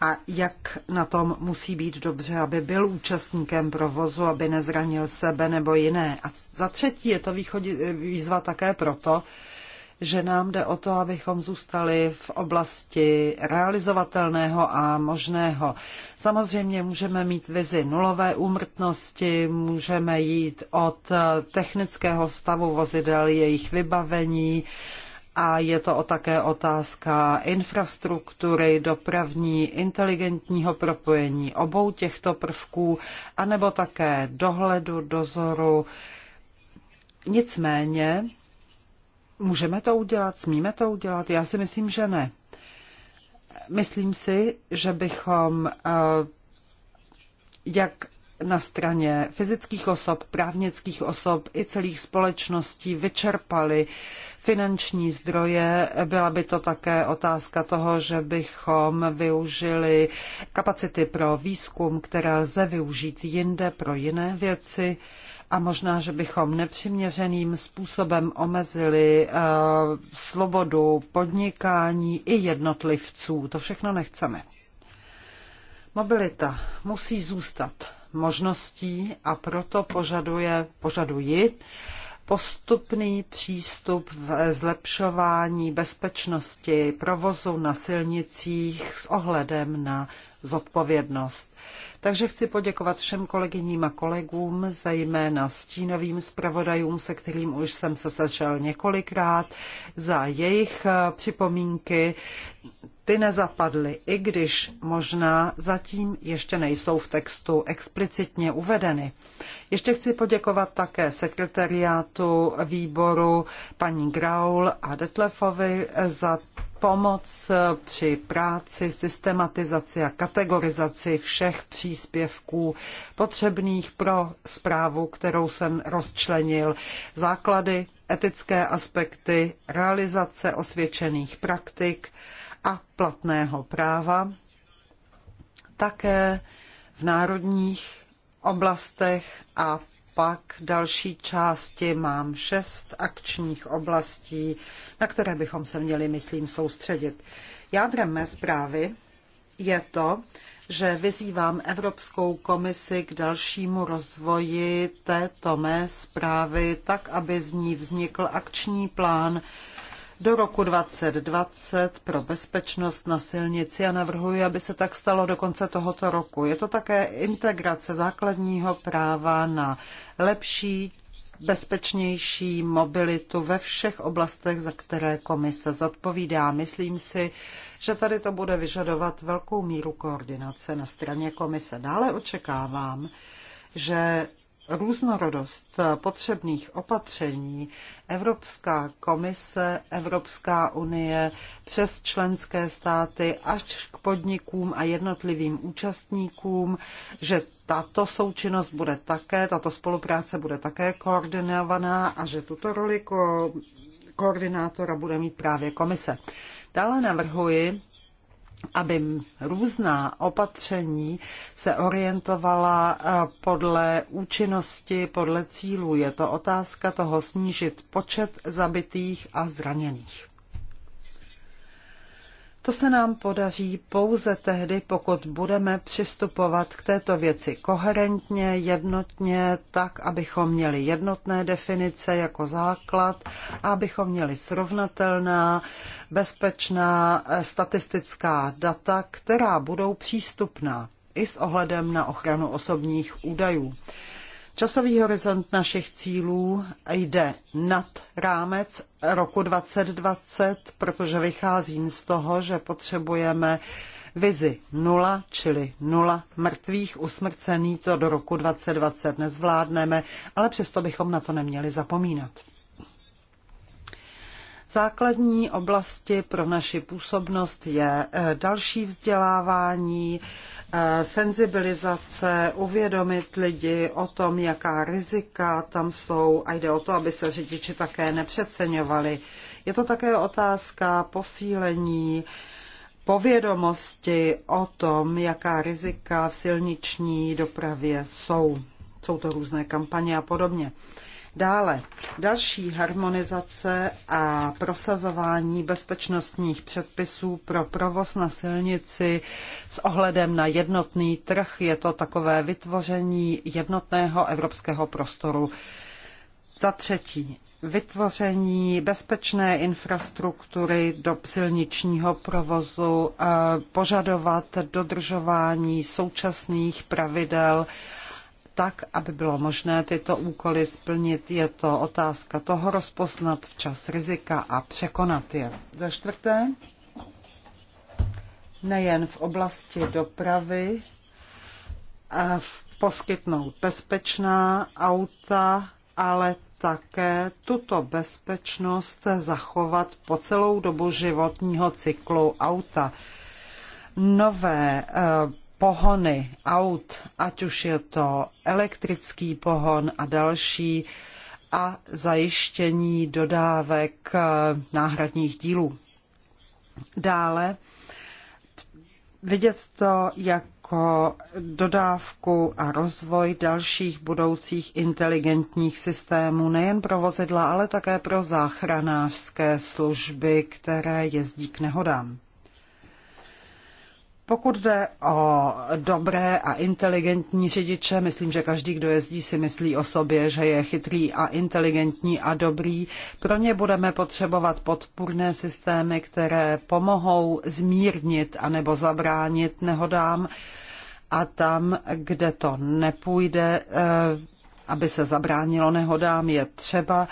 a jak na tom musí být dobře, aby byl účastníkem provozu, aby nezranil sebe nebo jiné. A za třetí je to výzva také proto, že nám jde o to, abychom zůstali v oblasti realizovatelného a možného. Samozřejmě můžeme mít vizi nulové úmrtnosti, můžeme jít od technického stavu vozidel, jejich vybavení, a je to o také otázka infrastruktury, dopravní, inteligentního propojení obou těchto prvků, anebo také dohledu, dozoru. Nicméně Můžeme to udělat? Smíme to udělat? Já si myslím, že ne. Myslím si, že bychom eh, jak na straně fyzických osob, právnických osob i celých společností vyčerpali finanční zdroje. Byla by to také otázka toho, že bychom využili kapacity pro výzkum, které lze využít jinde pro jiné věci. Uh, a možná, že bychom nepřiměřeným způsobem omezili eh, svobodu podnikání i jednotlivců. To všechno nechceme. Mobilita musí zůstat možností a proto požaduje, požaduji, postupný přístup v eh, zlepšování bezpečnosti provozu na silnicích s ohledem na zodpovědnost. Takže chci poděkovat všem kolegyním a kolegům, zejména stínovým zpravodajům, se kterým už jsem se sešel několikrát, za jejich eh, připomínky ty nezapadly, i když možná zatím ještě nejsou v textu explicitně uvedeny. Ještě chci poděkovat také sekretariátu výboru paní Graul a Detlefovi za pomoc při práci, systematizaci a kategorizaci všech příspěvků potřebných pro zprávu, kterou jsem rozčlenil. Základy, etické aspekty, realizace osvědčených praktik, a platného práva, také v národních oblastech a pak další části mám šest akčních oblastí, na které bychom se měli, myslím, soustředit. Jádrem mé zprávy je to, že vyzývám Evropskou komisi k dalšímu rozvoji této mé zprávy, tak aby z ní vznikl akční plán, do roku 2020 pro bezpečnost na silnici a navrhuji, aby se tak stalo do konce tohoto roku. Je to také integrace základního práva na lepší, bezpečnější mobilitu ve všech oblastech, za které komise zodpovídá. Myslím si, že tady to bude vyžadovat velkou míru koordinace na straně komise. Dále očekávám, že různorodost potřebných opatření Evropská komise, Evropská unie přes členské státy až k podnikům a jednotlivým účastníkům, že tato součinnost bude také, tato spolupráce bude také koordinovaná a že tuto roli ko- koordinátora bude mít právě komise. Dále navrhuji, aby různá opatření se orientovala eh, podle účinnosti, podle cílů. Je to otázka toho snížit počet zabitých a zraněných. To se nám podaří pouze tehdy, pokud budeme přistupovat k této věci koherentně, jednotně, tak, abychom měli jednotné definice jako základ a abychom měli srovnatelná, bezpečná eh, statistická data, která budou přístupná i s ohledem na ochranu osobních údajů. Časový horizont našich cílů jde nad rámec roku 2020, protože vycházím z toho, že potřebujeme vizi nula, čili nula mrtvých usmrcený, to do roku 2020 nezvládneme, ale přesto bychom na to neměli zapomínat. Základní oblasti pro naši působnost je eh, další vzdělávání, Eh, senzibilizace, uvědomit lidi o tom, jaká rizika tam jsou a jde o to, aby se řidiči také nepřeceňovali. Je to také otázka posílení povědomosti o tom, jaká rizika v silniční dopravě jsou. Jsou to různé kampaně a podobně. Dále další harmonizace a prosazování bezpečnostních předpisů pro provoz na silnici s ohledem na jednotný trh. Je to takové vytvoření jednotného evropského prostoru. Za třetí, vytvoření bezpečné infrastruktury do silničního provozu, eh, požadovat dodržování současných pravidel tak, aby bylo možné tyto úkoly splnit. Je to otázka toho rozpoznat včas rizika a překonat je. Za čtvrté, nejen v oblasti dopravy, poskytnout bezpečná auta, ale také tuto bezpečnost zachovat po celou dobu životního cyklu auta. Nové eh, pohony aut, ať už je to elektrický pohon a další, a zajištění dodávek eh, náhradních dílů. Dále vidět to jako dodávku a rozvoj dalších budoucích inteligentních systémů nejen pro vozidla, ale také pro záchranářské služby, které jezdí k nehodám. Pokud jde o dobré a inteligentní řidiče, myslím, že každý, kdo jezdí, si myslí o sobě, že je chytrý a inteligentní a dobrý. Pro ně budeme potřebovat podpůrné systémy, které pomohou zmírnit anebo zabránit nehodám. A tam, kde to nepůjde, eh, aby se zabránilo nehodám, je třeba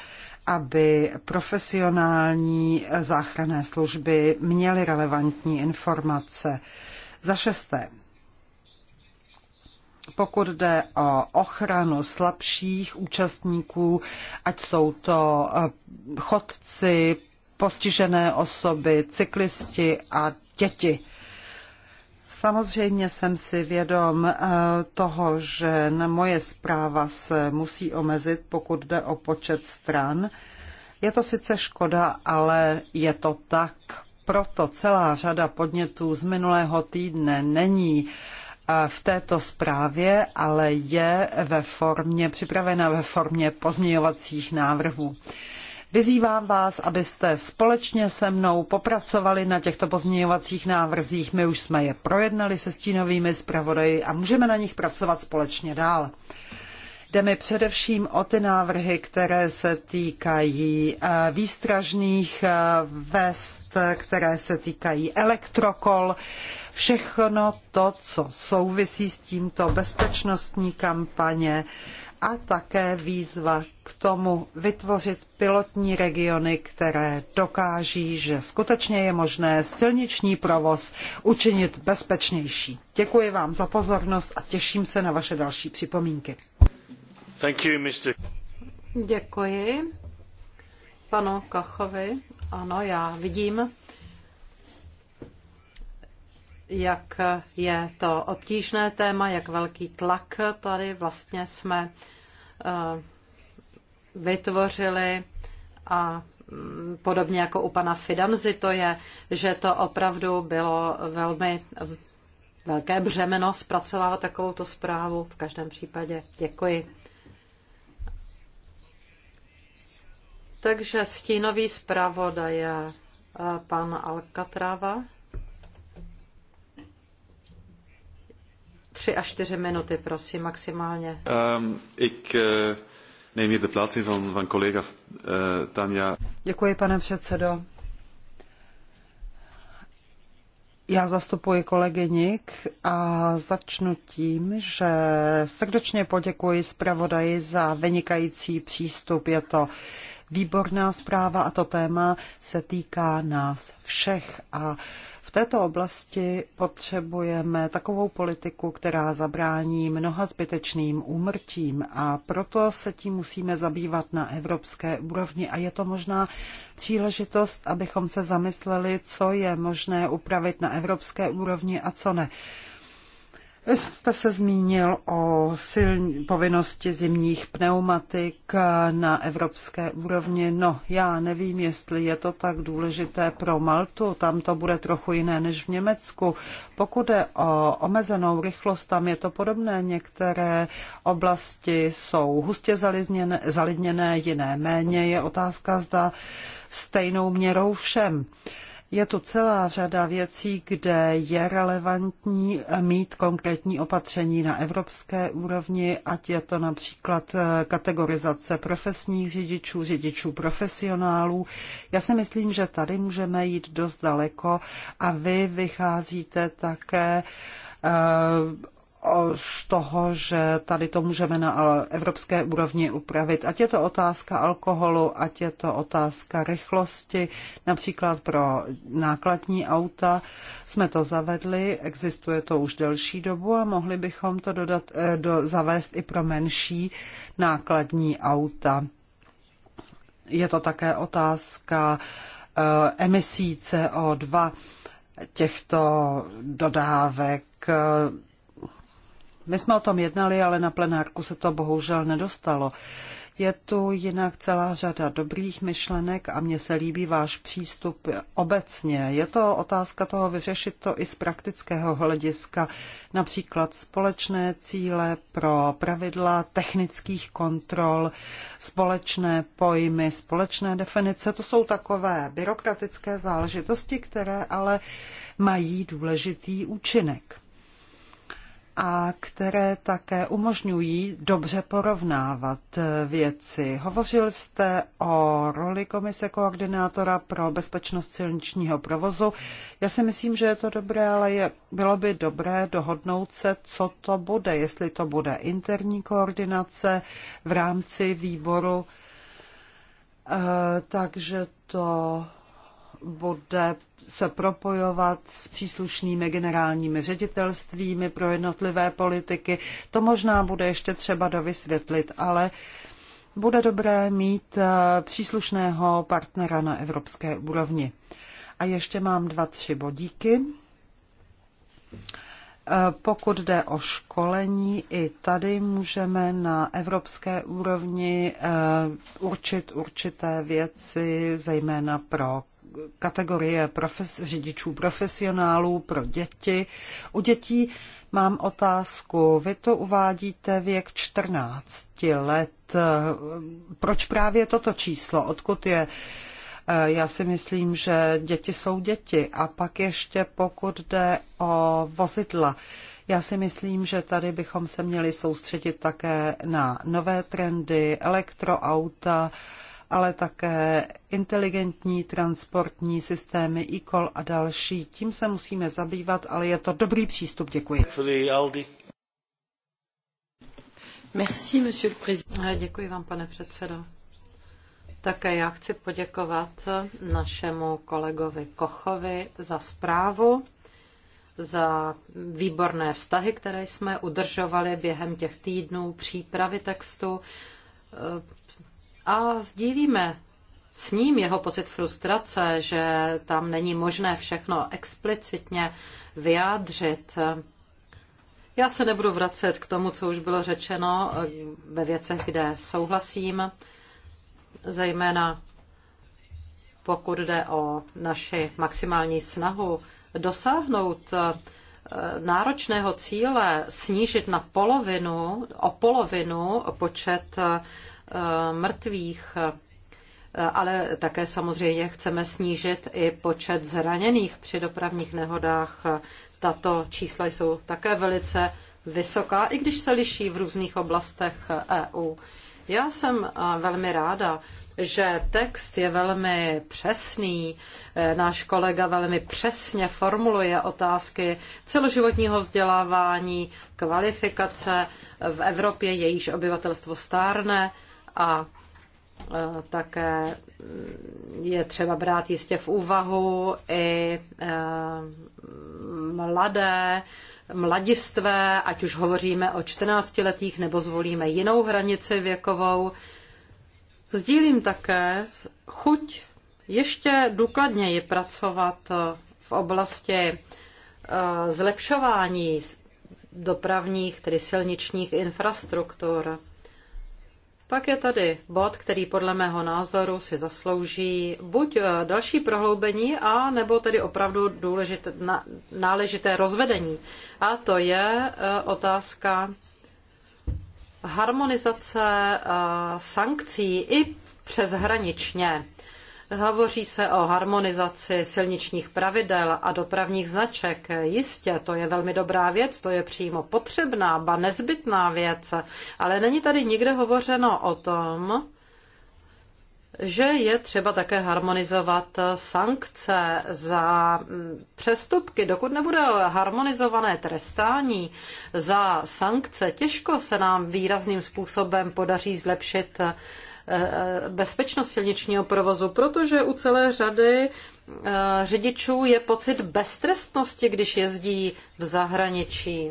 aby profesionální záchranné služby měly relevantní informace. Za šesté, pokud jde o ochranu slabších účastníků, ať jsou to eh, chodci, postižené osoby, cyklisti a děti. Samozřejmě jsem si vědom eh, toho, že na moje zpráva se musí omezit, pokud jde o počet stran. Je to sice škoda, ale je to tak proto celá řada podnětů z minulého týdne není eh, v této zprávě, ale je ve formě, připravena ve formě pozměňovacích návrhů. Vyzývám vás, abyste společně se mnou popracovali na těchto pozměňovacích návrzích. My už jsme je projednali se stínovými zpravodaji a můžeme na nich pracovat společně dál. Jde mi především o ty návrhy, které se týkají eh, výstražných eh, vest, které se týkají elektrokol, všechno to, co souvisí s tímto bezpečnostní kampaně a také výzva k tomu vytvořit pilotní regiony, které dokáží, že skutečně je možné silniční provoz učinit bezpečnější. Děkuji vám za pozornost a těším se na vaše další připomínky. Děkuji panu Kachovi. Ano, já vidím, jak je to obtížné téma, jak velký tlak tady vlastně jsme eh, vytvořili a mm, podobně jako u pana Fidanzi to je, že to opravdu bylo velmi eh, velké břemeno zpracovávat takovouto zprávu. V každém případě děkuji. Takže stínový je eh, pan Alkatrava. Tři až čtyři minuty, prosím, maximálně. Um, ik, uh, neem hier de plaats in van, van collega uh, Tanja. Děkuji, pane předsedo. Já zastupuji Nik a začnu tím, že srdečně poděkuji zpravodaji za vynikající přístup. Je to výborná zpráva a to téma se týká nás všech a v této oblasti potřebujeme takovou politiku, která zabrání mnoha zbytečným úmrtím a proto se tím musíme zabývat na evropské úrovni a je to možná příležitost, abychom se zamysleli, co je možné upravit na evropské úrovni a co ne jste se zmínil o silní povinnosti zimních pneumatik na evropské úrovni. No, já nevím, jestli je to tak důležité pro Maltu, tam to bude trochu jiné než v Německu. Pokud je o omezenou rychlost, tam je to podobné. Některé oblasti jsou hustě zalidněné, jiné méně. Je otázka, zda stejnou měrou všem. Uh, je tu celá řada věcí, kde je relevantní mít konkrétní opatření na evropské úrovni, ať je to například eh, kategorizace profesních řidičů, řidičů profesionálů. Já si myslím, že tady můžeme jít dost daleko a vy vycházíte také eh, z toho, že tady to můžeme na evropské úrovni upravit. Ať je to otázka alkoholu, ať je to otázka rychlosti, například pro nákladní auta. Jsme to zavedli, existuje to už delší dobu a mohli bychom to dodat, eh, do, zavést i pro menší nákladní auta. Je to také otázka eh, emisí CO2 těchto dodávek my jsme o tom jednali, ale na plenárku se to bohužel nedostalo. Je tu jinak celá řada dobrých myšlenek a mně se líbí váš přístup obecně. Je to otázka toho vyřešit to i z praktického hlediska, například společné cíle pro pravidla technických kontrol, společné pojmy, společné definice. To jsou takové byrokratické záležitosti, které ale mají důležitý účinek a které také umožňují dobře porovnávat eh, věci. Hovořil jste o roli komise koordinátora pro bezpečnost silničního provozu. Já si myslím, že je to dobré, ale je, bylo by dobré dohodnout se, co to bude, jestli to bude interní koordinace v rámci výboru. E, takže to bude se propojovat s příslušnými generálními ředitelstvími pro jednotlivé politiky. To možná bude ještě třeba dovysvětlit, ale bude dobré mít eh, příslušného partnera na evropské úrovni. A ještě mám dva, tři bodíky. Eh, pokud jde o školení, i tady můžeme na evropské úrovni eh, určit určité věci, zejména pro kategorie profes, řidičů profesionálů, pro děti. U dětí mám otázku. Vy to uvádíte věk 14 let. Eh, proč právě toto číslo? Odkud je? Uh, E, já si myslím, že děti jsou děti. A pak ještě pokud jde o vozidla. Já si myslím, že tady bychom se měli soustředit také na nové trendy, elektroauta, ale také inteligentní transportní systémy, e-call a další. Tím se musíme zabývat, ale je to dobrý přístup. Děkuji. Merci, Děkuji vám, pane předsedo. Také já chci poděkovat našemu kolegovi Kochovi za zprávu, za výborné vztahy, které jsme udržovali během těch týdnů přípravy textu a sdílíme s ním jeho pocit frustrace, že tam není možné všechno explicitně vyjádřit. Já se nebudu vracet k tomu, co už bylo řečeno eh, ve věcech, kde souhlasím zejména pokud jde o naši maximální snahu dosáhnout eh, náročného cíle snížit na polovinu, o polovinu počet eh, mrtvých, eh, ale také samozřejmě chceme snížit i počet zraněných při dopravních nehodách. Tato čísla jsou také velice vysoká, i když se liší v různých oblastech EU. Já jsem eh, velmi ráda, že text je velmi přesný, eh, náš kolega velmi přesně formuluje otázky celoživotního vzdělávání, kvalifikace v Evropě, jejíž obyvatelstvo stárne a eh, také je třeba brát jistě v úvahu i mladé mladistvé, ať už hovoříme o 14-letých nebo zvolíme jinou hranici věkovou. Sdílím také chuť ještě důkladněji pracovat v oblasti eh, zlepšování dopravních, tedy silničních infrastruktur. Pak je tady bod, který podle mého názoru si zaslouží buď eh, další prohloubení, a nebo tedy opravdu důležité, náležité rozvedení. A to je eh, otázka harmonizace eh, sankcí i přeshraničně. Hovoří se o harmonizaci silničních pravidel a dopravních značek. Jistě, to je velmi dobrá věc, to je přímo potřebná, ba nezbytná věc, ale není tady nikde hovořeno o tom, že je třeba také harmonizovat sankce za přestupky. Dokud nebude harmonizované trestání za sankce, těžko se nám výrazným způsobem podaří zlepšit Eh, bezpečnost silničního provozu, protože u celé řady eh, řidičů je pocit beztrestnosti, když jezdí v zahraničí.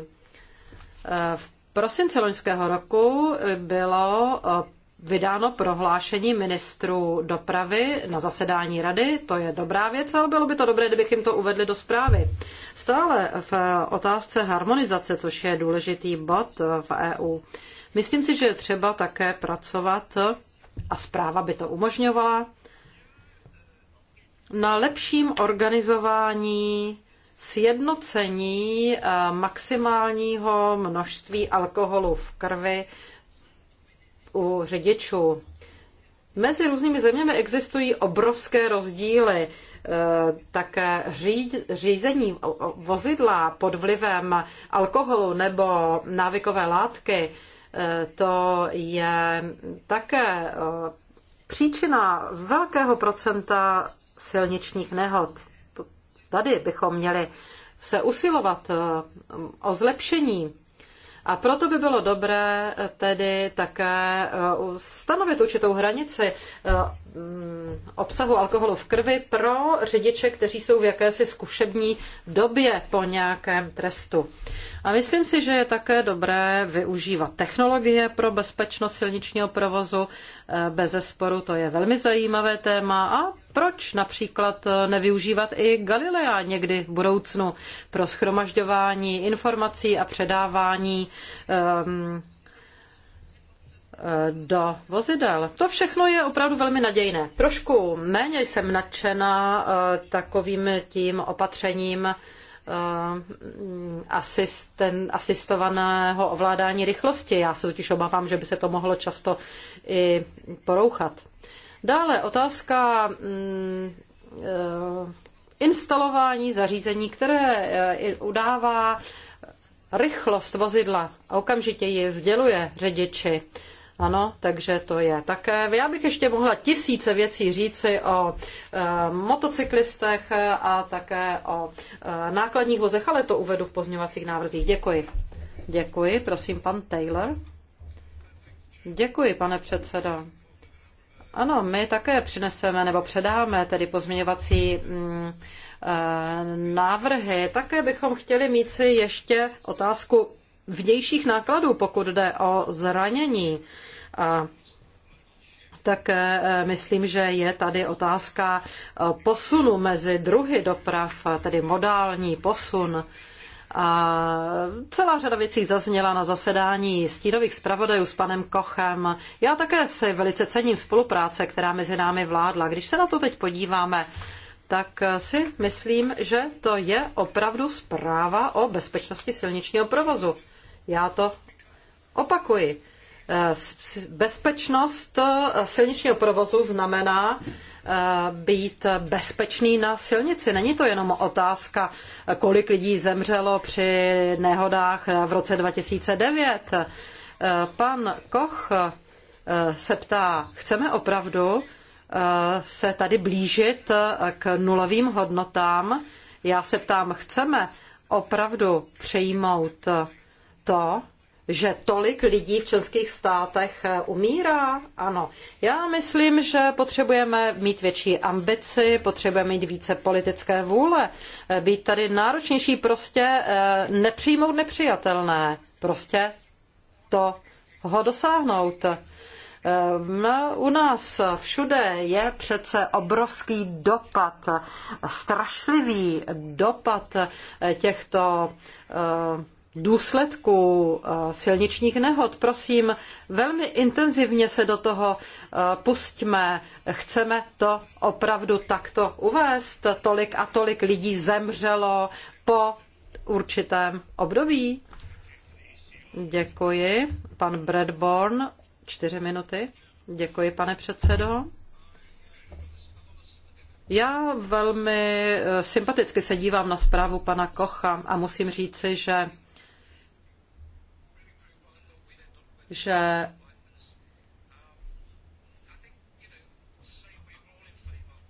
Eh, v prosinci loňského roku bylo vydáno prohlášení ministrů dopravy na zasedání rady, to je dobrá věc, ale bylo by to dobré, kdybych jim to uvedli do zprávy. Stále v otázce harmonizace, což je důležitý bod v EU, myslím si, že je třeba také pracovat a zpráva by to umožňovala, na lepším organizování sjednocení eh, maximálního množství alkoholu v krvi u řidičů. Mezi různými zeměmi existují obrovské rozdíly. Eh, také řízení vozidla pod vlivem alkoholu nebo návykové látky to je také eh, příčina velkého procenta silničních nehod. Tady bychom měli se usilovat eh, o zlepšení a proto by bylo dobré eh, tedy také eh, stanovit určitou hranici eh, mm, obsahu alkoholu v krvi pro řidiče, kteří jsou v jakési zkušební době po nějakém trestu. A myslím si, že je také dobré využívat technologie pro bezpečnost silničního provozu. Bez zesporu to je velmi zajímavé téma a proč například eh, nevyužívat i Galilea někdy v budoucnu pro schromažďování informací a předávání um, do vozidel. To všechno je opravdu velmi nadějné. Trošku méně jsem nadšená eh, takovým tím opatřením asisten, asistovaného ovládání rychlosti. Já se totiž obávám, že by se to mohlo často i porouchat. Dále otázka mm, eh, instalování zařízení, které eh, udává rychlost vozidla a okamžitě ji sděluje řidiči. Ano, takže to je také. Já bych ještě mohla tisíce věcí říci o e, motocyklistech a také o e, nákladních vozech, ale to uvedu v pozměňovacích návrzích. Děkuji. Děkuji, prosím, pan Taylor. Děkuji, pane předsedo. Ano, my také přineseme nebo předáme tedy pozměňovací mm, eh, návrhy. Také bychom chtěli mít si ještě otázku vnějších nákladů, pokud jde o zranění. A tak eh, myslím, že je tady otázka eh, posunu mezi druhy doprav, tedy modální posun. A celá řada věcí zazněla na zasedání stínových zpravodajů s panem Kochem. Já také si velice cením spolupráce, která mezi námi vládla. Když se na to teď podíváme, tak si myslím, že to je opravdu zpráva o bezpečnosti silničního provozu. Já to opakuji. Eh, bezpečnost eh, silničního provozu znamená Eh, být bezpečný na silnici. Není to jenom otázka, kolik lidí zemřelo při nehodách v roce 2009. Eh, pan Koch eh, se ptá, chceme opravdu se tady blížit k nulovým hodnotám? Já se ptám, chceme opravdu přejmout to, že tolik lidí v členských státech eh, umírá? Ano. Já myslím, že potřebujeme mít větší ambici, potřebujeme mít více politické vůle, eh, být tady náročnější, prostě eh, nepřijmout nepřijatelné. Prostě to ho dosáhnout. U nás všude je přece obrovský dopad, strašlivý dopad těchto důsledků eh, silničních nehod. Prosím, velmi intenzivně se do toho eh, pustíme. Chceme to opravdu takto uvést. Tolik a tolik lidí zemřelo po určitém období. Děkuji. Pan Bradborn, čtyři minuty. Děkuji, pane předsedo. Já velmi eh, sympaticky se dívám na zprávu pana Kocha a musím říci, že že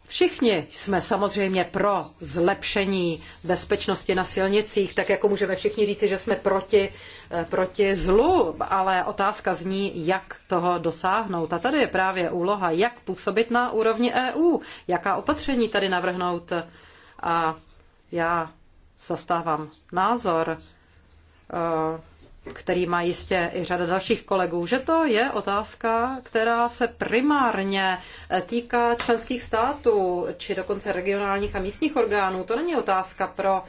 Všichni jsme samozřejmě pro zlepšení bezpečnosti na silnicích, tak jako můžeme všichni říci, že jsme proti, eh, proti zlu, ale otázka zní, jak toho dosáhnout. A tady je právě úloha, jak působit na úrovni EU, jaká opatření tady navrhnout. A já zastávám názor, eh, který má jistě i řada dalších kolegů, že to je otázka, která se primárně týká členských států, či dokonce regionálních a místních orgánů. To není otázka pro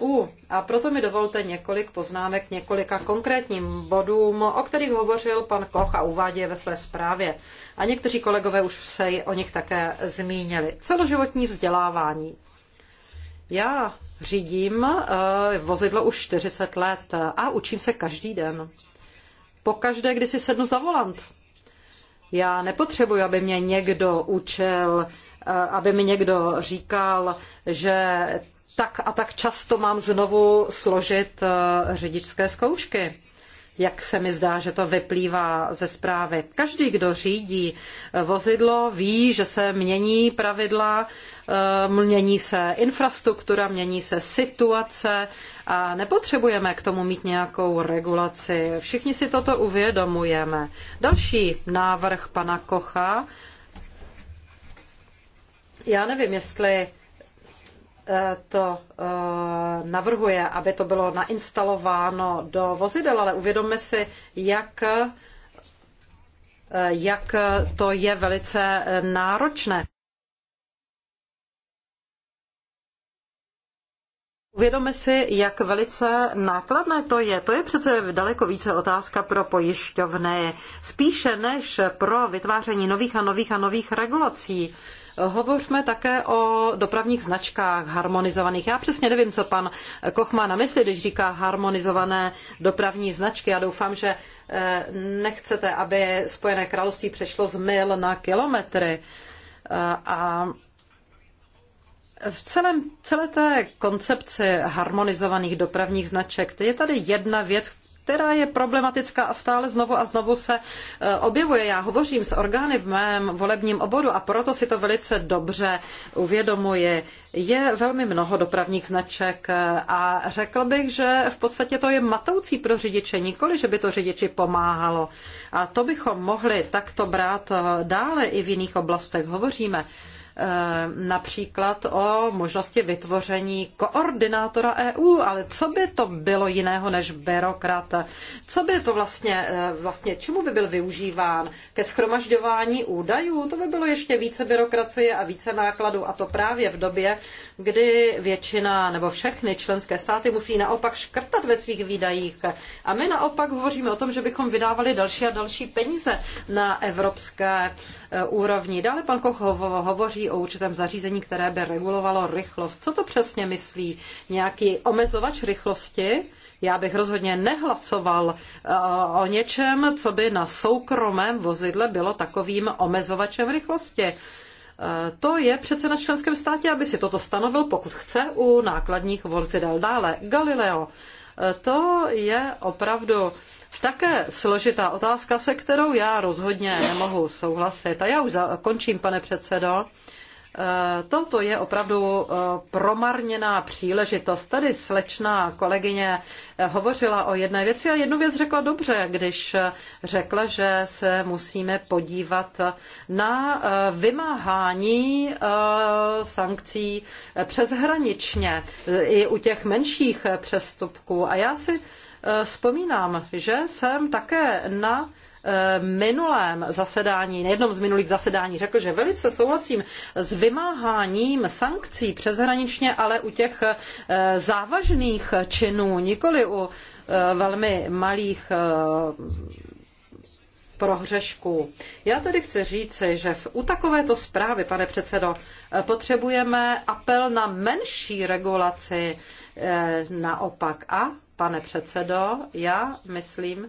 EU. Eh, e a proto mi dovolte několik poznámek několika konkrétním bodům, o kterých hovořil pan Koch a uvádí je ve své zprávě. A někteří kolegové už se o nich také zmínili. Celoživotní vzdělávání. Já Řídím eh, vozidlo už 40 let a učím se každý den. Po každé, když si sednu za volant. Já nepotřebuji, aby mě někdo učil, eh, aby mi někdo říkal, že tak a tak často mám znovu složit eh, řidičské zkoušky jak se mi zdá, že to vyplývá ze zprávy. Každý, kdo řídí eh, vozidlo, ví, že se mění pravidla, eh, mění se infrastruktura, mění se situace a nepotřebujeme k tomu mít nějakou regulaci. Všichni si toto uvědomujeme. Další návrh pana Kocha. Já nevím, jestli Eh, to eh, navrhuje, aby to bylo nainstalováno do vozidel, ale uvědomme si, jak eh, jak to je velice náročné. Uvědomme si, jak velice nákladné to je. To je přece daleko více otázka pro pojišťovny, spíše než pro vytváření nových a nových a nových regulací. Hovořme také o dopravních značkách harmonizovaných. Já přesně nevím, co pan Koch má na mysli, když říká harmonizované dopravní značky. Já doufám, že eh, nechcete, aby Spojené království přešlo z mil na kilometry. Eh, a v celém, celé té koncepci harmonizovaných dopravních značek je tady jedna věc, která je problematická a stále znovu a znovu se eh, objevuje. Já hovořím s orgány v mém volebním obvodu a proto si to velice dobře uvědomuji. Je velmi mnoho dopravních značek eh, a řekl bych, že v podstatě to je matoucí pro řidiče, nikoli, že by to řidiči pomáhalo. A to bychom mohli takto brát eh, dále i v jiných oblastech. Hovoříme Eh, například o možnosti vytvoření koordinátora EU, ale co by to bylo jiného než byrokrat? Co by to vlastně, eh, vlastně čemu by byl využíván? Ke schromažďování údajů? To by bylo ještě více byrokracie a více nákladů a to právě v době, kdy většina nebo všechny členské státy musí naopak škrtat ve svých výdajích. A my naopak hovoříme o tom, že bychom vydávali další a další peníze na evropské eh, úrovni. Dále pan Koch hovoří o určitém zařízení, které by regulovalo rychlost. Co to přesně myslí? Nějaký omezovač rychlosti? Já bych rozhodně nehlasoval eh, o něčem, co by na soukromém vozidle bylo takovým omezovačem rychlosti. Eh, to je přece na členském státě, aby si toto stanovil, pokud chce, u nákladních vozidel. Dále, Galileo. Eh, to je opravdu také složitá otázka, se kterou já rozhodně nemohu souhlasit. A já už končím, pane předsedo. Eh, Toto je opravdu eh, promarněná příležitost. Tady slečná kolegyně eh, hovořila o jedné věci a jednu věc řekla dobře, když řekla, že se musíme podívat na vymáhání sankcí přeshraničně i u těch menších přestupků. A já si vzpomínám, že jsem také na Eh, minulém zasedání, na jednom z minulých zasedání, řekl, že velice souhlasím s vymáháním sankcí přeshraničně, ale u těch eh, závažných činů, nikoli u eh, velmi malých prohřešků. Já tedy chci říci, že v, u takovéto zprávy, pane předsedo, potřebujeme apel na menší regulaci e, naopak. A, pane předsedo, já myslím,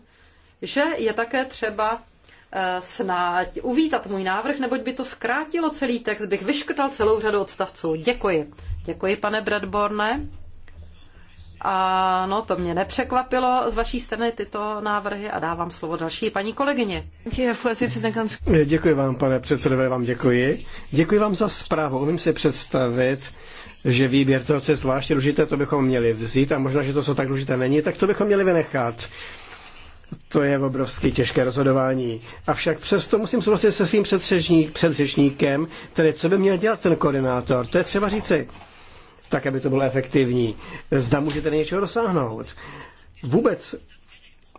že je také třeba eh, snad uvítat můj návrh, neboť by to zkrátilo celý text, bych vyškrtal celou řadu odstavců. Děkuji. Děkuji, pane Bradborne. A no, to mě nepřekvapilo z vaší strany tyto návrhy a dávám slovo další paní kolegyně. Děkuji vám, pane předsedové, vám děkuji. Děkuji vám za zprávu. Umím si představit, že výběr toho, co je zvláště důležité, to bychom měli vzít a možná, že to, co tak důležité není, tak to bychom měli vynechat. To je obrovsky těžké rozhodování. Avšak přesto musím souhlasit se svým předřečníkem, tedy co by měl dělat ten koordinátor. To je třeba říci, tak aby to bylo efektivní. Zda můžete něčeho dosáhnout. Vůbec.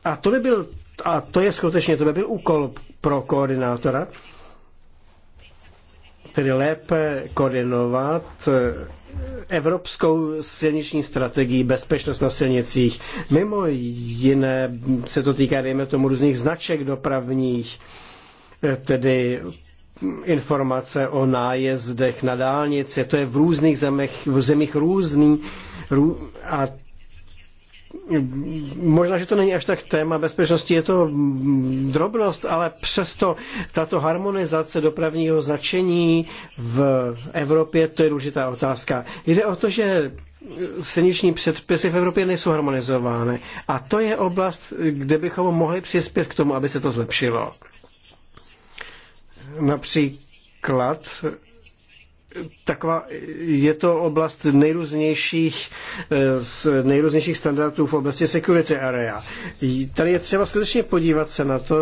A to by byl, a to je skutečně, to by byl úkol pro koordinátora, tedy lépe koordinovat eh, evropskou silniční strategii, bezpečnost na silnicích. Mimo jiné se to týká, dejme tomu, různých značek dopravních, eh, tedy informace o nájezdech na dálnici, to je v různých zemích, v zemích různý, a Možná, že to není až tak téma bezpečnosti, je to drobnost, ale přesto tato harmonizace dopravního značení v Evropě, to je důležitá otázka. Jde o to, že silniční předpisy v Evropě nejsou harmonizovány. A to je oblast, kde bychom mohli přispět k tomu, aby se to zlepšilo. Například taková, je to oblast nejrůznějších, z eh, nejrůznějších standardů v oblasti security area. Tady je třeba skutečně podívat se na to,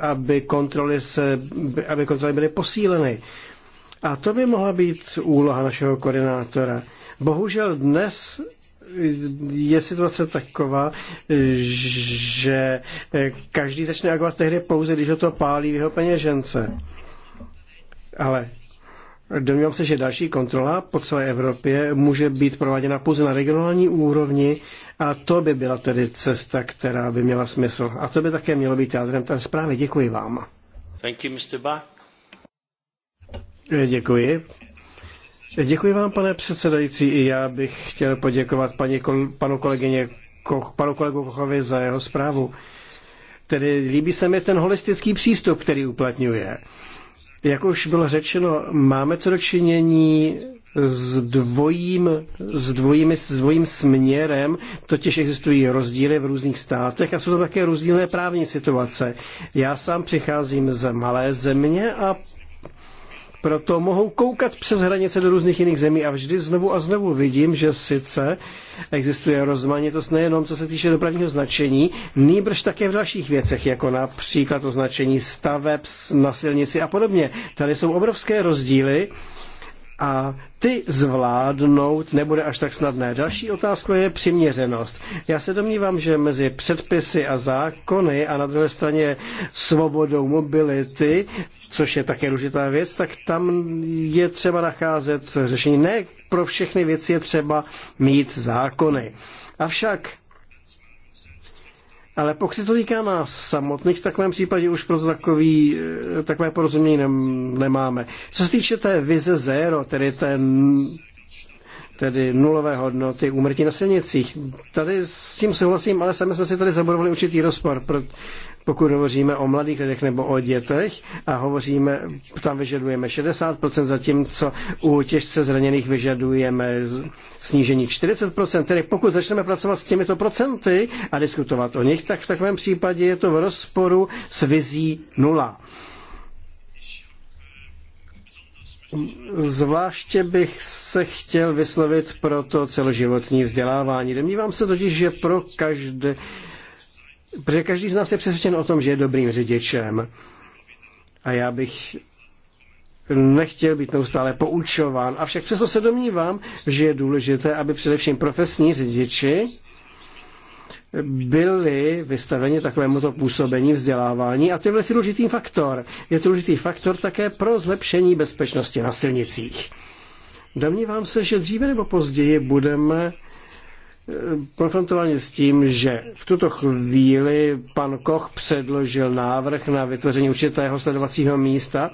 aby kontroly, se, aby kontroly byly posíleny. A to by mohla být úloha našeho koordinátora. Bohužel dnes je situace taková, že eh, každý začne agovat tehdy pouze, když ho to pálí v jeho peněžence. Ale Domnívám se, že další kontrola po celé Evropě může být prováděna pouze na regionální úrovni a to by byla tedy cesta, která by měla smysl. A to by také mělo být jádrem té zprávy. Děkuji vám. Thank you, Mr. Ba. Děkuji. Děkuji vám, pane předsedající. I já bych chtěl poděkovat paní, panu, kolegyně, Koch, panu kolegu Kochovi za jeho zprávu. Tedy líbí se mi ten holistický přístup, který uplatňuje. Jak už bylo řečeno, máme co dočinění s dvojím, s, dvojím, s dvojím směrem, totiž existují rozdíly v různých státech a jsou tam také rozdílné právní situace. Já sám přicházím z malé země a proto mohou koukat přes hranice do různých jiných zemí a vždy znovu a znovu vidím, že sice existuje rozmanitost nejenom co se týče dopravního značení, nýbrž také v dalších věcech, jako například označení staveb na silnici a podobně. Tady jsou obrovské rozdíly a ty zvládnout nebude až tak snadné. Další otázka je přiměřenost. Já se domnívám, že mezi předpisy a zákony a na druhé straně svobodou mobility, což je také důležitá věc, tak tam je třeba nacházet řešení. Ne pro všechny věci je třeba mít zákony. Avšak ale pokud se to týká nás samotných, v takovém případě už pro takový, eh, takové porozumění nem, nemáme. Co se týče té vize zero, tedy té tedy nulové hodnoty úmrtí na silnicích. Tady s tím souhlasím, ale sami jsme si tady zabudovali určitý rozpor, Pro pokud hovoříme o mladých lidech nebo o dětech a hovoříme, tam vyžadujeme 60%, zatímco u těžce zraněných vyžadujeme snížení 40%, tedy pokud začneme pracovat s těmito procenty a diskutovat o nich, tak v takovém případě je to v rozporu s vizí nula. Zvláště bych se chtěl vyslovit pro to celoživotní vzdělávání. Domnívám se totiž, že pro každé, protože každý z nás je přesvědčen o tom, že je dobrým řidičem. A já bych nechtěl být neustále poučován. Avšak přesto se domnívám, že je důležité, aby především profesní řidiči byli vystaveni takovémuto působení vzdělávání a to je důležitý faktor. Je to důležitý faktor také pro zlepšení bezpečnosti na silnicích. Domnívám se, že dříve nebo později budeme konfrontováni s tím, že v tuto chvíli pan Koch předložil návrh na vytvoření určitého sledovacího místa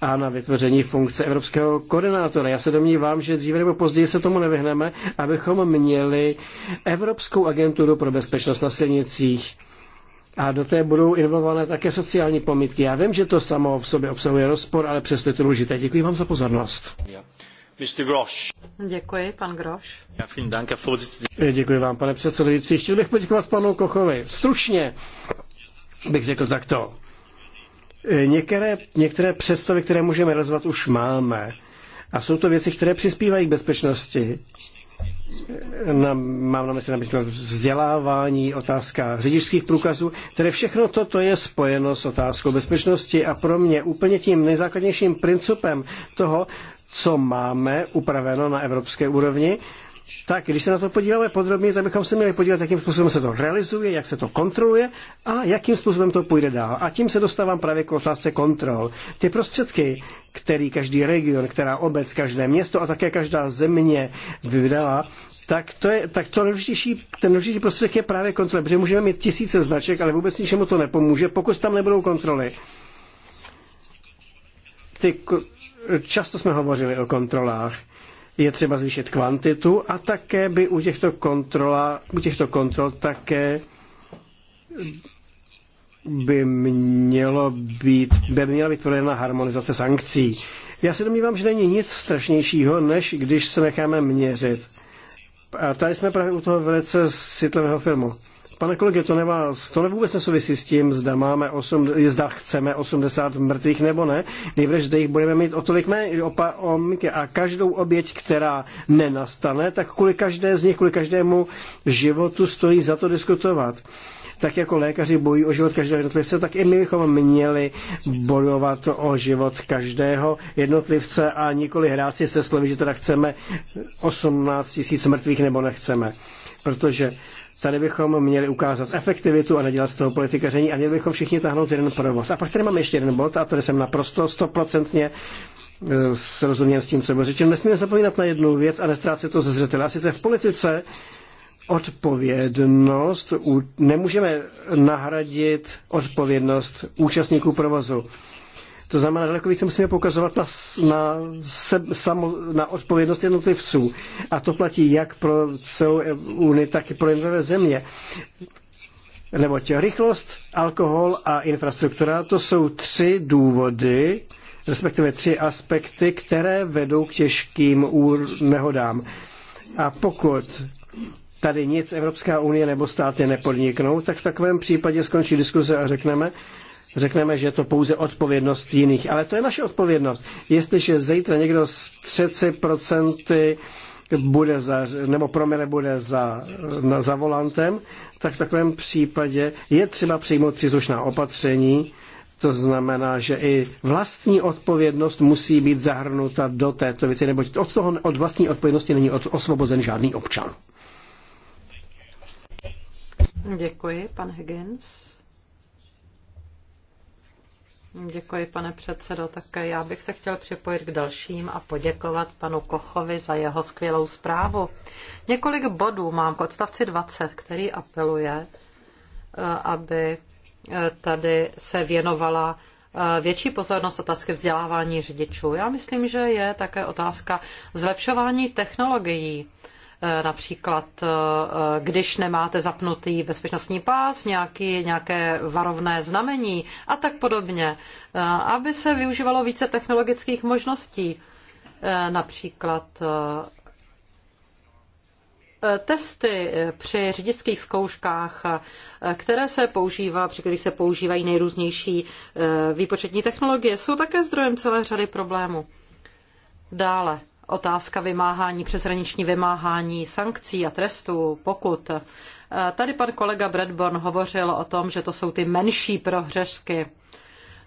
a na vytvoření funkce evropského koordinátora. Já se domnívám, že dříve nebo později se tomu nevyhneme, abychom měli Evropskou agenturu pro bezpečnost na silnicích. A do té budou involvované také sociální pomítky. Já vím, že to samo v sobě obsahuje rozpor, ale přesto je to důležité. Děkuji vám za pozornost. Yeah. Děkuji, pan groš. Eh, děkuji vám, pane předsedající. Chtěl bych poděkovat panu Kochovi. Stručně bych řekl takto. Eh, některé, některé představy, které můžeme rozvat, už máme. A jsou to věci, které přispívají k bezpečnosti. Eh, na, mám na mysli například vzdělávání, otázka řidičských průkazů, tedy všechno toto je spojeno s otázkou bezpečnosti a pro mě úplně tím nejzákladnějším principem toho, co máme upraveno na evropské úrovni, tak když se na to podíváme podrobně, tak bychom se měli podívat, jakým způsobem se to realizuje, jak se to kontroluje a jakým způsobem to půjde dál. A tím se dostávám právě k otázce kontrol. Ty prostředky, který každý region, která obec, každé město a také každá země vydala, tak to je, tak to nejdůležitější, ten nejdůležitější prostředek je právě kontrola, protože můžeme mít tisíce značek, ale vůbec ničemu to nepomůže, pokud tam nebudou kontroly. Ty, Často jsme hovořili o kontrolách. Je třeba zvýšit kvantitu a také by u těchto, kontrola, u těchto kontrol také by, mělo být, by měla být provedena harmonizace sankcí. Já se domnívám, že není nic strašnějšího, než když se necháme měřit. A tady jsme právě u toho velice citlivého filmu. Pane kolegy, to, nemá, to vůbec nesouvisí s tím, zda, máme 8, zda chceme 80 mrtvých nebo ne. Nejbrž zde jich budeme mít o tolik méně opa, o a každou oběť, která nenastane, tak kvůli každé z nich, kvůli každému životu stojí za to diskutovat tak jako lékaři bojují o život každého jednotlivce, tak i my bychom měli bojovat o život každého jednotlivce a nikoli hrát si se slovy, že teda chceme 18 tisíc mrtvých nebo nechceme. Protože Tady bychom měli ukázat efektivitu a nedělat z toho politikaření a měli bychom všichni tahnout jeden provoz. A pak tady mám ještě jeden bod a tady jsem naprosto stoprocentně eh, srozuměn s tím, co bylo řečeno. Nesmíme zapomínat na jednu věc a nestrácet to ze zřetele. A sice v politice odpovědnost, nemůžeme nahradit odpovědnost účastníků provozu. To znamená, daleko více musíme poukazovat na, na, se, samo, na odpovědnost jednotlivců. A to platí jak pro celou Unii, tak i pro jednotlivé země. Neboť rychlost, alkohol a infrastruktura, to jsou tři důvody, respektive tři aspekty, které vedou k těžkým nehodám. A pokud tady nic Evropská unie nebo státy nepodniknou, tak v takovém případě skončí diskuze a řekneme, řekneme, že je to pouze odpovědnost jiných. Ale to je naše odpovědnost. Jestliže zítra někdo z 30% bude za, nebo promile bude za, na, za volantem, tak v takovém případě je třeba přijmout příslušná opatření. To znamená, že i vlastní odpovědnost musí být zahrnuta do této věci, nebo od, toho, od vlastní odpovědnosti není od, osvobozen žádný občan. Děkuji, pan Higgins. Děkuji, pane předsedo. Také já bych se chtěl připojit k dalším a poděkovat panu Kochovi za jeho skvělou zprávu. Několik bodů mám k odstavci 20, který apeluje, eh, aby eh, tady se věnovala eh, větší pozornost otázky vzdělávání řidičů. Já myslím, že je také otázka zlepšování technologií. Eh, například eh, eh, když nemáte zapnutý bezpečnostní pás, nějaký, nějaké varovné znamení a tak podobně, aby se využívalo více technologických možností, například testy při řidičských zkouškách, které se používá, při kterých se používají nejrůznější výpočetní technologie, jsou také zdrojem celé řady problémů. Dále, otázka vymáhání, přeshraniční vymáhání sankcí a trestů, pokud. Eh, tady pan kolega Bradborn hovořil o tom, že to jsou ty menší prohřešky.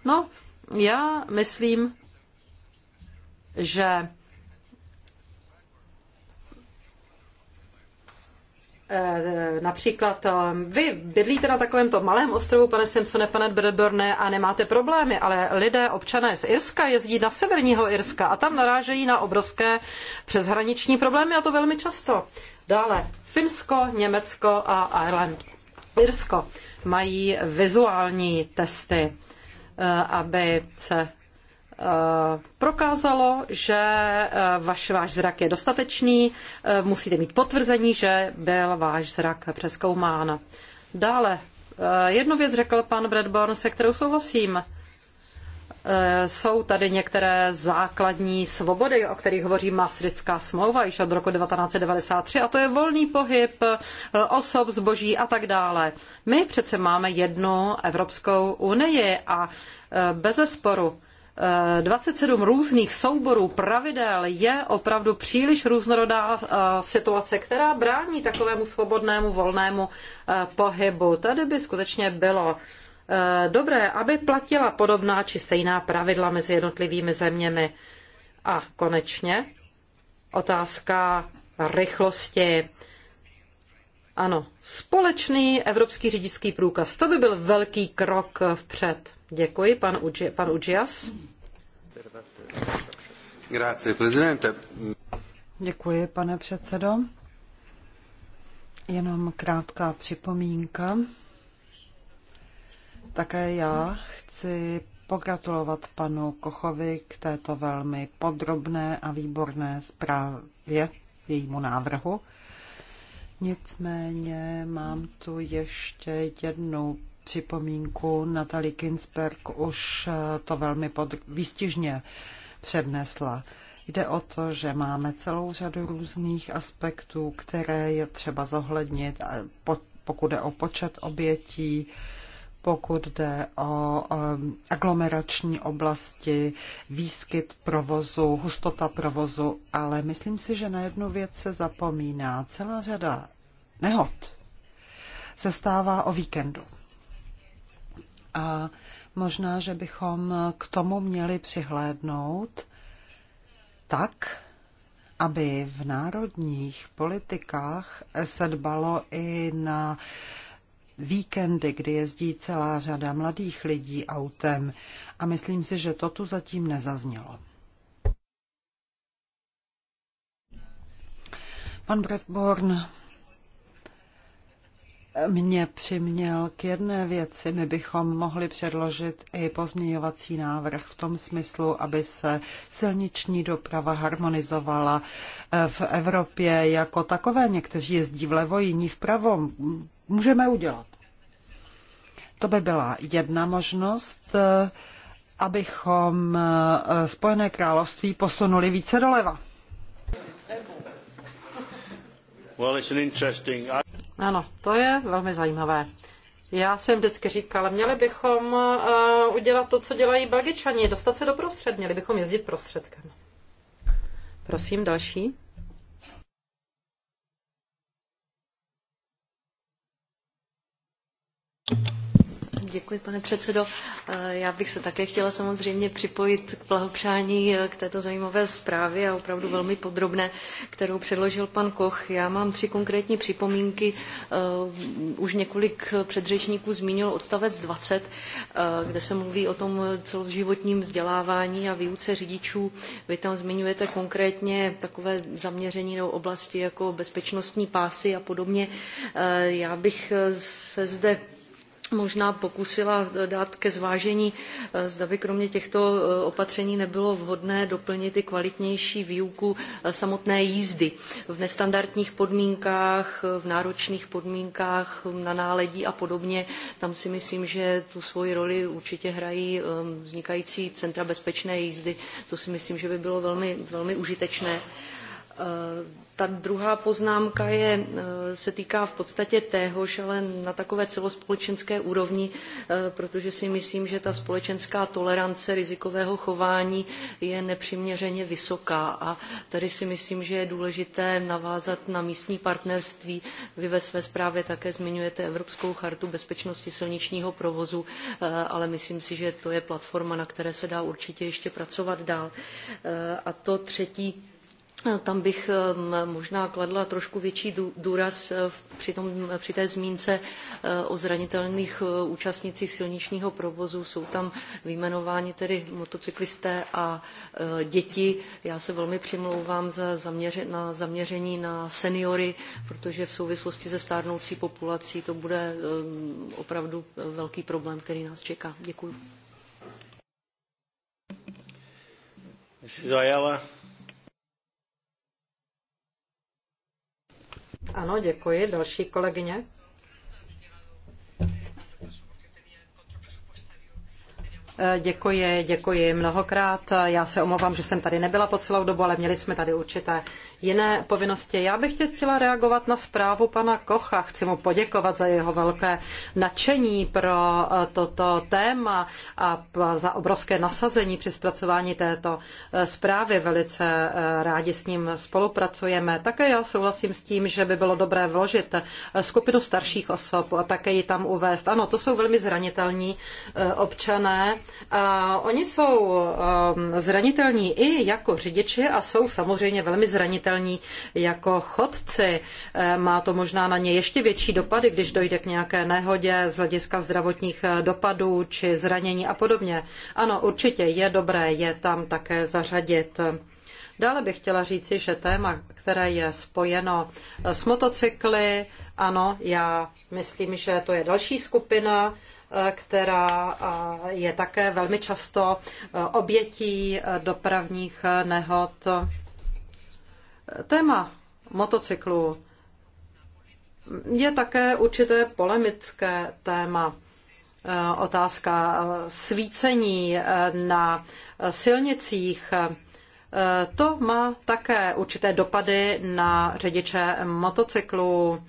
No, já myslím, že Eh, například ehm, vy bydlíte na takovémto malém ostrovu, pane Simpsone, pane Bradburne, a nemáte problémy, ale lidé, občané z Irska jezdí na severního Irska a tam narážejí na obrovské přeshraniční problémy a to velmi často. Dále Finsko, Německo a Irland. Irsko mají vizuální testy, eh, aby se Eh, prokázalo, že eh, vaš, váš zrak je dostatečný, eh, musíte mít potvrzení, že byl váš zrak přeskoumán. Dále, jednu věc řekl pan Bradborn, se kterou souhlasím. Jsou tady některé základní svobody, o kterých hovoří Maastrichtská smlouva již od roku 1993, a to je volný pohyb osob, zboží a tak dále. My přece máme jednu Evropskou unii a bezesporu 27 různých souborů pravidel je opravdu příliš různorodá eh, situace, která brání takovému svobodnému, volnému eh, pohybu. Tady by skutečně bylo eh, dobré, aby platila podobná či stejná pravidla mezi jednotlivými zeměmi. A konečně otázka rychlosti. Ano, společný evropský řidičský průkaz. To by byl velký krok vpřed. Děkuji, pan, Uči, pan Učias. Grazie, prezidente. Děkuji, pane předsedo. Jenom krátká připomínka. Také já chci pogratulovat panu Kochovi k této velmi podrobné a výborné zprávě, jejímu návrhu. Nicméně mám tu ještě jednu připomínku. Natalie Kinsberg už eh, to velmi pod, výstižně přednesla. Jde o to, že máme celou řadu různých aspektů, které je třeba zohlednit, pokud je o počet obětí, pokud jde o aglomerační oblasti, výskyt provozu, hustota provozu, ale myslím si, že na jednu věc se zapomíná. Celá řada nehod se stává o víkendu. A možná, že bychom k tomu měli přihlédnout tak, aby v národních politikách se dbalo i na uh, víkendy, kdy jezdí celá řada mladých lidí autem a myslím si, že to tu zatím nezaznělo. Pan Bradborn mě přiměl k jedné věci. My bychom mohli předložit i pozměňovací návrh v tom smyslu, aby se silniční doprava harmonizovala eh, v Evropě jako takové. Někteří jezdí vlevo, jiní vpravo. Můžeme udělat. To by byla jedna možnost, eh, abychom eh, Spojené království posunuli více doleva. Well, it's an interesting... Ano, to je velmi zajímavé. Já jsem vždycky říkala, měli bychom uh, udělat to, co dělají Belgičani, dostat se do prostřed, měli bychom jezdit prostředkem. Prosím, další. Děkuji, pane předsedo. Eh, já bych se také chtěla samozřejmě připojit k blahopřání eh, k této zajímavé zprávě a opravdu velmi podrobné, kterou předložil pan Koch. Já mám tři konkrétní připomínky. Eh, už několik předřečníků zmínilo odstavec 20, kde se mluví o tom celoživotním vzdělávání a výuce řidičů. Vy tam zmiňujete konkrétně takové zaměření do oblasti jako bezpečnostní pásy a podobně. Já bych se zde možná pokusila dát ke zvážení, eh, zda by kromě těchto eh, opatření nebylo vhodné doplnit i kvalitnější výuku eh, samotné jízdy v nestandardních podmínkách, v náročných podmínkách, hm, na náledí a podobně. Tam si myslím, že tu svoji roli určitě hrají hm, vznikající centra bezpečné jízdy. To si myslím, že by bylo velmi, velmi užitečné ta druhá poznámka je, eh, se týká v podstatě téhož, ale na takové celospolečenské úrovni, eh, protože si myslím, že ta společenská tolerance rizikového chování je nepřiměřeně vysoká. A tady si myslím, že je důležité navázat na místní partnerství. Vy ve své zprávě také zmiňujete Evropskou chartu bezpečnosti silničního provozu, eh, ale myslím si, že to je platforma, na které se dá určitě ještě pracovat dál. A to třetí tam bych ehm, možná kladla trošku větší důraz eh, při, tom, při té zmínce eh, o zranitelných eh, účastnících silničního provozu. Jsou tam vyjmenováni tedy motocyklisté a děti. Já se velmi přimlouvám za zaměře, na zaměření na seniory, protože v souvislosti se stárnoucí populací to bude ehm, opravdu velký problém, který nás čeká. Děkuji. Ano, děkuji. Další kolegyně. Eh, děkuji, děkuji mnohokrát. Já se omlouvám, že jsem tady nebyla po celou dobu, ale měli jsme tady určité jiné povinnosti. Já bych tě chtěla reagovat na zprávu pana Kocha. Chci mu poděkovat za jeho velké nadšení pro eh, toto téma a za obrovské nasazení při zpracování této eh, zprávy. Velice eh, rádi s ním spolupracujeme. Také já souhlasím s tím, že by bylo dobré vložit skupinu starších osob a také ji tam uvést. Ano, to jsou velmi zranitelní občané. A oni jsou zranitelní i jako řidiči a jsou samozřejmě velmi zranitelní viditelní jako chodci. Eh, má to možná na ně ještě větší dopady, když dojde k nějaké nehodě z hlediska zdravotních eh, dopadů či zranění a podobně. Ano, určitě je dobré je tam také zařadit. Dále bych chtěla říci, že téma, které je spojeno eh, s motocykly, ano, já myslím, že to je další skupina, která je také velmi často obětí dopravních nehod. Téma motocyklu je také určité polemické téma. Eh, otázka svícení eh, na silnicích. Eh, to má také určité dopady na řidiče motocyklů.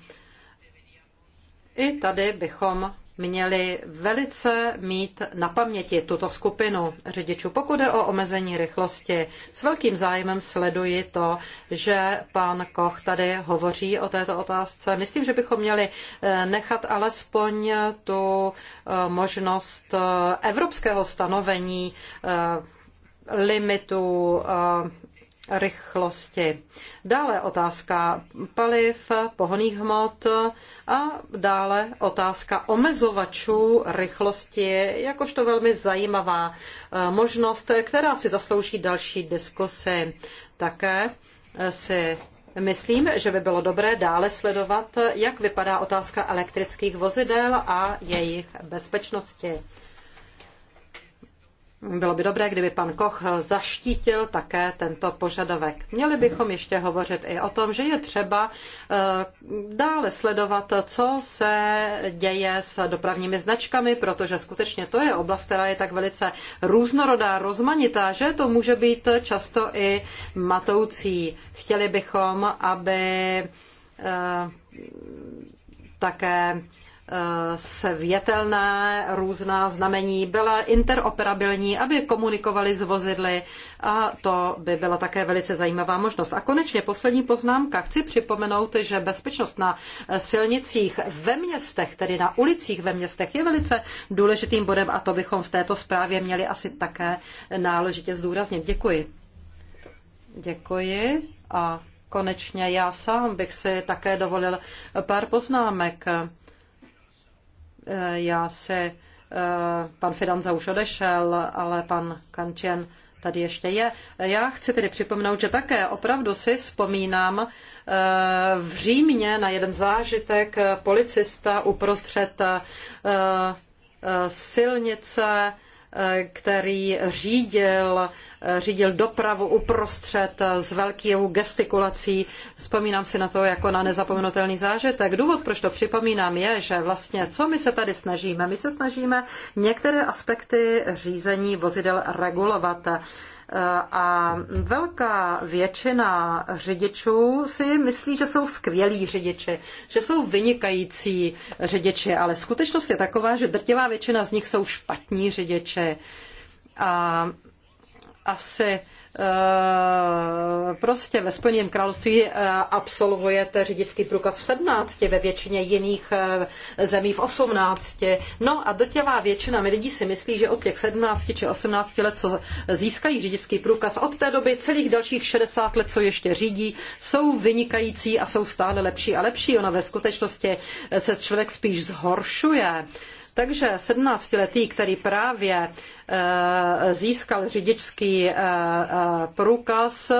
I tady bychom měli velice mít na paměti tuto skupinu řidičů. Pokud je o omezení rychlosti, s velkým zájmem sleduji to, že pan Koch tady hovoří o této otázce. Myslím, že bychom měli eh, nechat alespoň tu eh, možnost eh, evropského stanovení limitu rychlosti. Dále otázka paliv, pohoných hmot a dále otázka omezovačů rychlosti, jakožto velmi zajímavá e, možnost, která si zaslouží další diskusy. Také e, si myslím, že by bylo dobré dále sledovat, jak vypadá otázka elektrických vozidel a jejich bezpečnosti. Bylo by dobré, kdyby pan Koch zaštítil také tento požadavek. Měli bychom ještě hovořit i o tom, že je třeba eh, dále sledovat, co se děje s dopravními značkami, protože skutečně to je oblast, která je tak velice různorodá, rozmanitá, že to může být často i matoucí. Chtěli bychom, aby eh, také světelné různá znamení byla interoperabilní, aby komunikovali s vozidly a to by byla také velice zajímavá možnost. A konečně poslední poznámka. Chci připomenout, že bezpečnost na silnicích ve městech, tedy na ulicích ve městech, je velice důležitým bodem a to bychom v této zprávě měli asi také náležitě zdůraznit. Děkuji. Děkuji a konečně já sám bych si také dovolil pár poznámek. Eh, já se eh, pan Fidanza už odešel, ale pan Kančen tady ještě je. Já chci tedy připomenout, že také opravdu si vzpomínám eh, v Římě na jeden zážitek policista uprostřed silnice, který řídil, řídil dopravu uprostřed s velkou gestikulací. Vzpomínám si na to jako na nezapomenutelný zážitek. Důvod, proč to připomínám, je, že vlastně co my se tady snažíme? My se snažíme některé aspekty řízení vozidel regulovat. A velká většina řidičů si myslí, že jsou skvělí řidiči, že jsou vynikající řidiči, ale skutečnost je taková, že drtivá většina z nich jsou špatní řidiči. A asi Eh, prostě ve Spojeném království eh, absolvujete řidičský průkaz v 17, ve většině jiných eh, zemí v 18. No a dotěvá většina lidí si myslí, že od těch 17 či 18 let, co získají řidičský průkaz, od té doby celých dalších 60 let, co ještě řídí, jsou vynikající a jsou stále lepší a lepší. Ona ve skutečnosti se člověk spíš zhoršuje takže 17-letý, který právě eh, získal řidičský eh, eh, průkaz,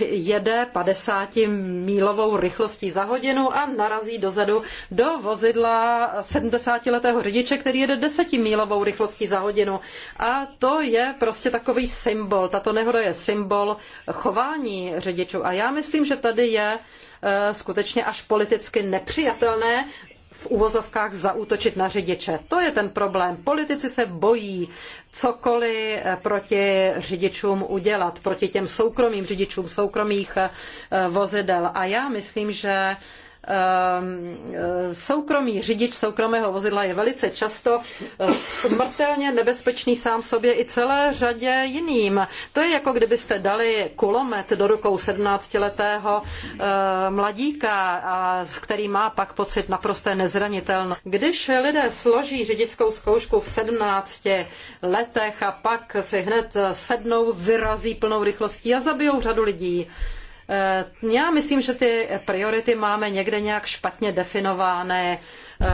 jede 50 mílovou rychlostí za hodinu a narazí dozadu do vozidla 70-letého řidiče, který jede 10 mílovou rychlostí za hodinu. A to je prostě takový symbol. Tato nehoda je symbol chování řidičů. A já myslím, že tady je skutečně až politicky nepřijatelné v uvozovkách zaútočit na řidiče. To je ten problém. Politici se bojí cokoliv eh, proti řidičům udělat, proti těm soukromým řidičům soukromých eh, vozidel. A já myslím, že Ehm, e, soukromý řidič soukromého vozidla je velice často e, smrtelně nebezpečný sám sobě i celé řadě jiným. To je jako kdybyste dali kulomet do rukou 17-letého e, mladíka, který má pak pocit naprosté nezranitelnosti. Když lidé složí řidičskou zkoušku v 17 letech a pak si hned sednou, vyrazí plnou rychlostí a zabijou řadu lidí, Eh, já myslím, že ty priority máme někde nějak špatně definované. Eh,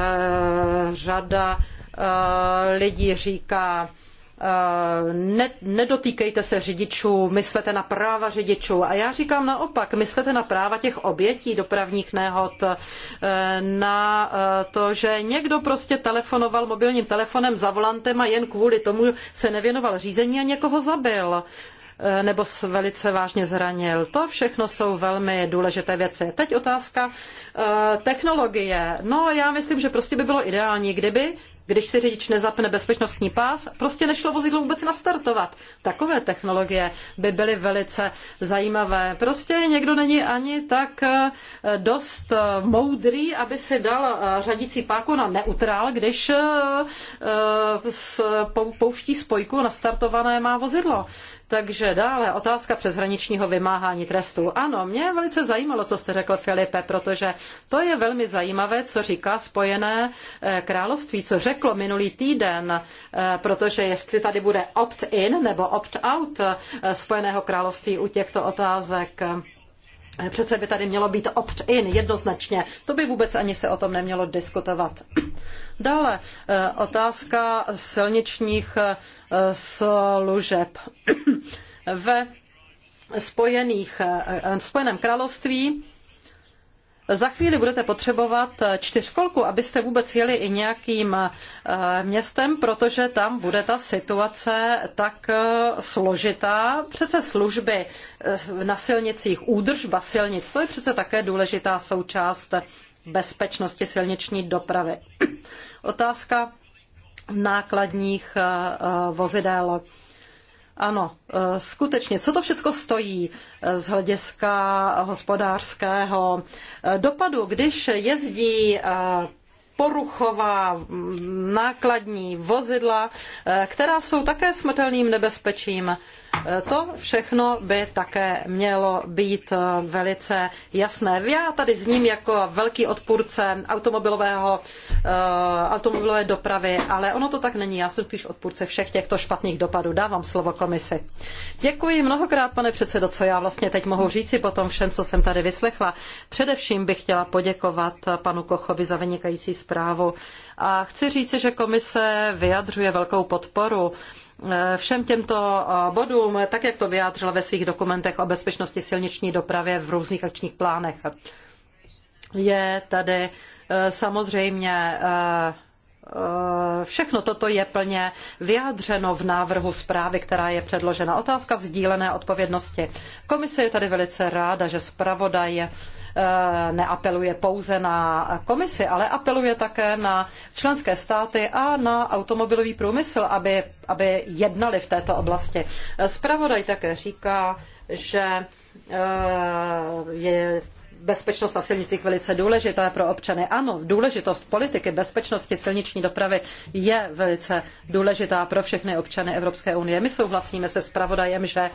řada eh, lidí říká, ne, nedotýkejte se řidičů, myslete na práva řidičů. A já říkám naopak, myslete na práva těch obětí dopravních nehod, na to, že někdo prostě telefonoval mobilním telefonem za volantem a jen kvůli tomu se nevěnoval řízení a někoho zabil. Eh, nebo velice vážně zranil. To všechno jsou velmi důležité věci. Teď otázka eh, technologie. No, já myslím, že prostě by bylo ideální, kdyby když si řidič nezapne bezpečnostní pás, prostě nešlo vozidlo vůbec nastartovat. Takové technologie by byly velice zajímavé. Prostě někdo není ani tak eh, dost moudrý, aby si dal řadicí páku na neutrál, když pouští spojku nastartované má vozidlo. Takže dále otázka přeshraničního vymáhání trestů. Ano, mě velice zajímalo, co jste řekl, Filipe, protože to je velmi zajímavé, co říká Spojené eh, království, co řeklo minulý týden, eh, protože jestli tady bude opt-in nebo opt-out eh, Spojeného království u těchto otázek, Přece by tady mělo být opt-in jednoznačně. To by vůbec ani se o tom nemělo diskutovat. Dále eh, otázka silničních eh, služeb. (clears throat) Ve spojených, eh, Spojeném království za chvíli budete potřebovat čtyřkolku, abyste vůbec jeli i nějakým městem, protože tam bude ta situace tak složitá. Přece služby na silnicích, údržba silnic, to je přece také důležitá součást bezpečnosti silniční dopravy. (clears throat) Otázka nákladních eh, eh, vozidel. Ano, eh, skutečně, co to všechno stojí z hlediska hospodářského dopadu, když jezdí poruchová mm, nákladní vozidla, která jsou také smrtelným nebezpečím. To všechno by také mělo být eh, velice jasné. Já tady zním jako velký odpůrce automobilového, eh, automobilové dopravy, ale ono to tak není. Já jsem spíš odpůrce všech těchto špatných dopadů. Dávám slovo komisi. Děkuji mnohokrát, pane předsedo, co já vlastně teď mohu říci po tom všem, co jsem tady vyslechla. Především bych chtěla poděkovat panu Kochovi za vynikající zprávu. A chci říci, že komise vyjadřuje velkou podporu všem těmto eh, bodům, tak jak to vyjádřila ve svých dokumentech o bezpečnosti silniční dopravě v různých akčních plánech. Je tady eh, samozřejmě eh, Eh, všechno toto je plně vyjádřeno v návrhu zprávy, která je předložena. Otázka sdílené odpovědnosti. Komise je tady velice ráda, že zpravodaj eh, neapeluje pouze na komisi, ale apeluje také na členské státy a na automobilový průmysl, aby, aby jednali v této oblasti. Eh, zpravodaj také říká, že je bezpečnost na silnicích velice důležitá pro občany. Ano, důležitost politiky bezpečnosti silniční dopravy je velice důležitá pro všechny občany Evropské unie. My souhlasíme se zpravodajem, že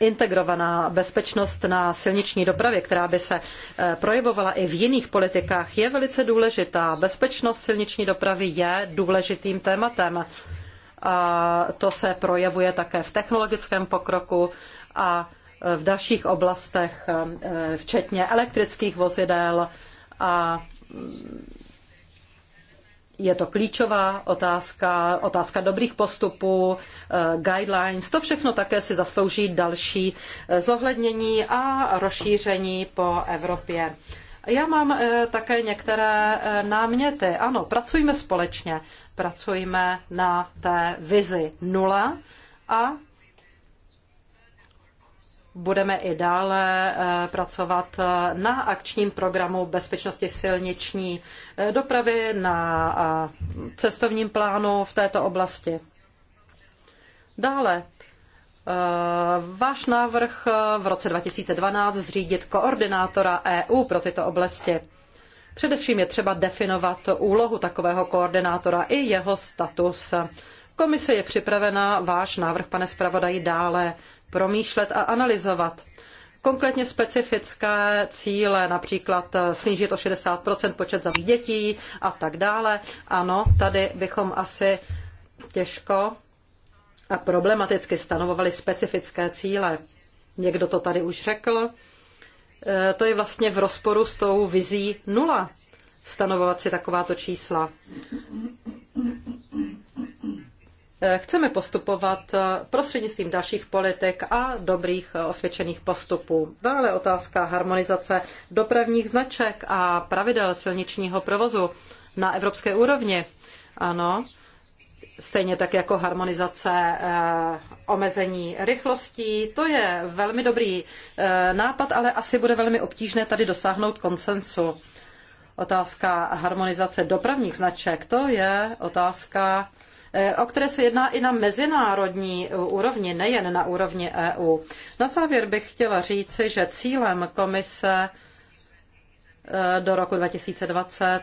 integrovaná bezpečnost na silniční dopravě, která by se eh, projevovala i v jiných politikách, je velice důležitá. Bezpečnost silniční dopravy je důležitým tématem. A to se projevuje také v technologickém pokroku a v dalších oblastech, eh, včetně elektrických vozidel a mm, je to klíčová otázka, otázka dobrých postupů, eh, guidelines, to všechno také si zaslouží další eh, zohlednění a rozšíření po Evropě. Já mám také některé náměty. Ano, pracujme společně, pracujme na té vizi nula a budeme i dále eh, pracovat eh, na akčním programu bezpečnosti silniční eh, dopravy, na cestovním plánu v této oblasti. Dále, váš návrh v roce 2012 zřídit koordinátora EU pro tyto oblasti. Především je třeba definovat úlohu takového koordinátora i jeho status. Komise je připravena váš návrh, pane zpravodaji, dále promýšlet a analyzovat. Konkrétně specifické cíle, například eh, snížit o 60% počet zabít dětí a tak dále. Ano, tady bychom asi těžko a problematicky stanovovali specifické cíle. Někdo to tady už řekl. Eh, to je vlastně v rozporu s tou vizí nula, stanovovat si takováto čísla. Eh, chceme postupovat eh, prostřednictvím dalších politik a dobrých eh, osvědčených postupů. Dále otázka harmonizace dopravních značek a pravidel silničního provozu na evropské úrovni. Ano, stejně tak jako harmonizace omezení rychlostí. To je velmi dobrý nápad, ale asi bude velmi obtížné tady dosáhnout konsensu. Otázka harmonizace dopravních značek, to je otázka Eh, o které se jedná i na mezinárodní eh, úrovni, nejen na úrovni EU. Na závěr bych chtěla říci, že cílem komise eh, do roku 2020.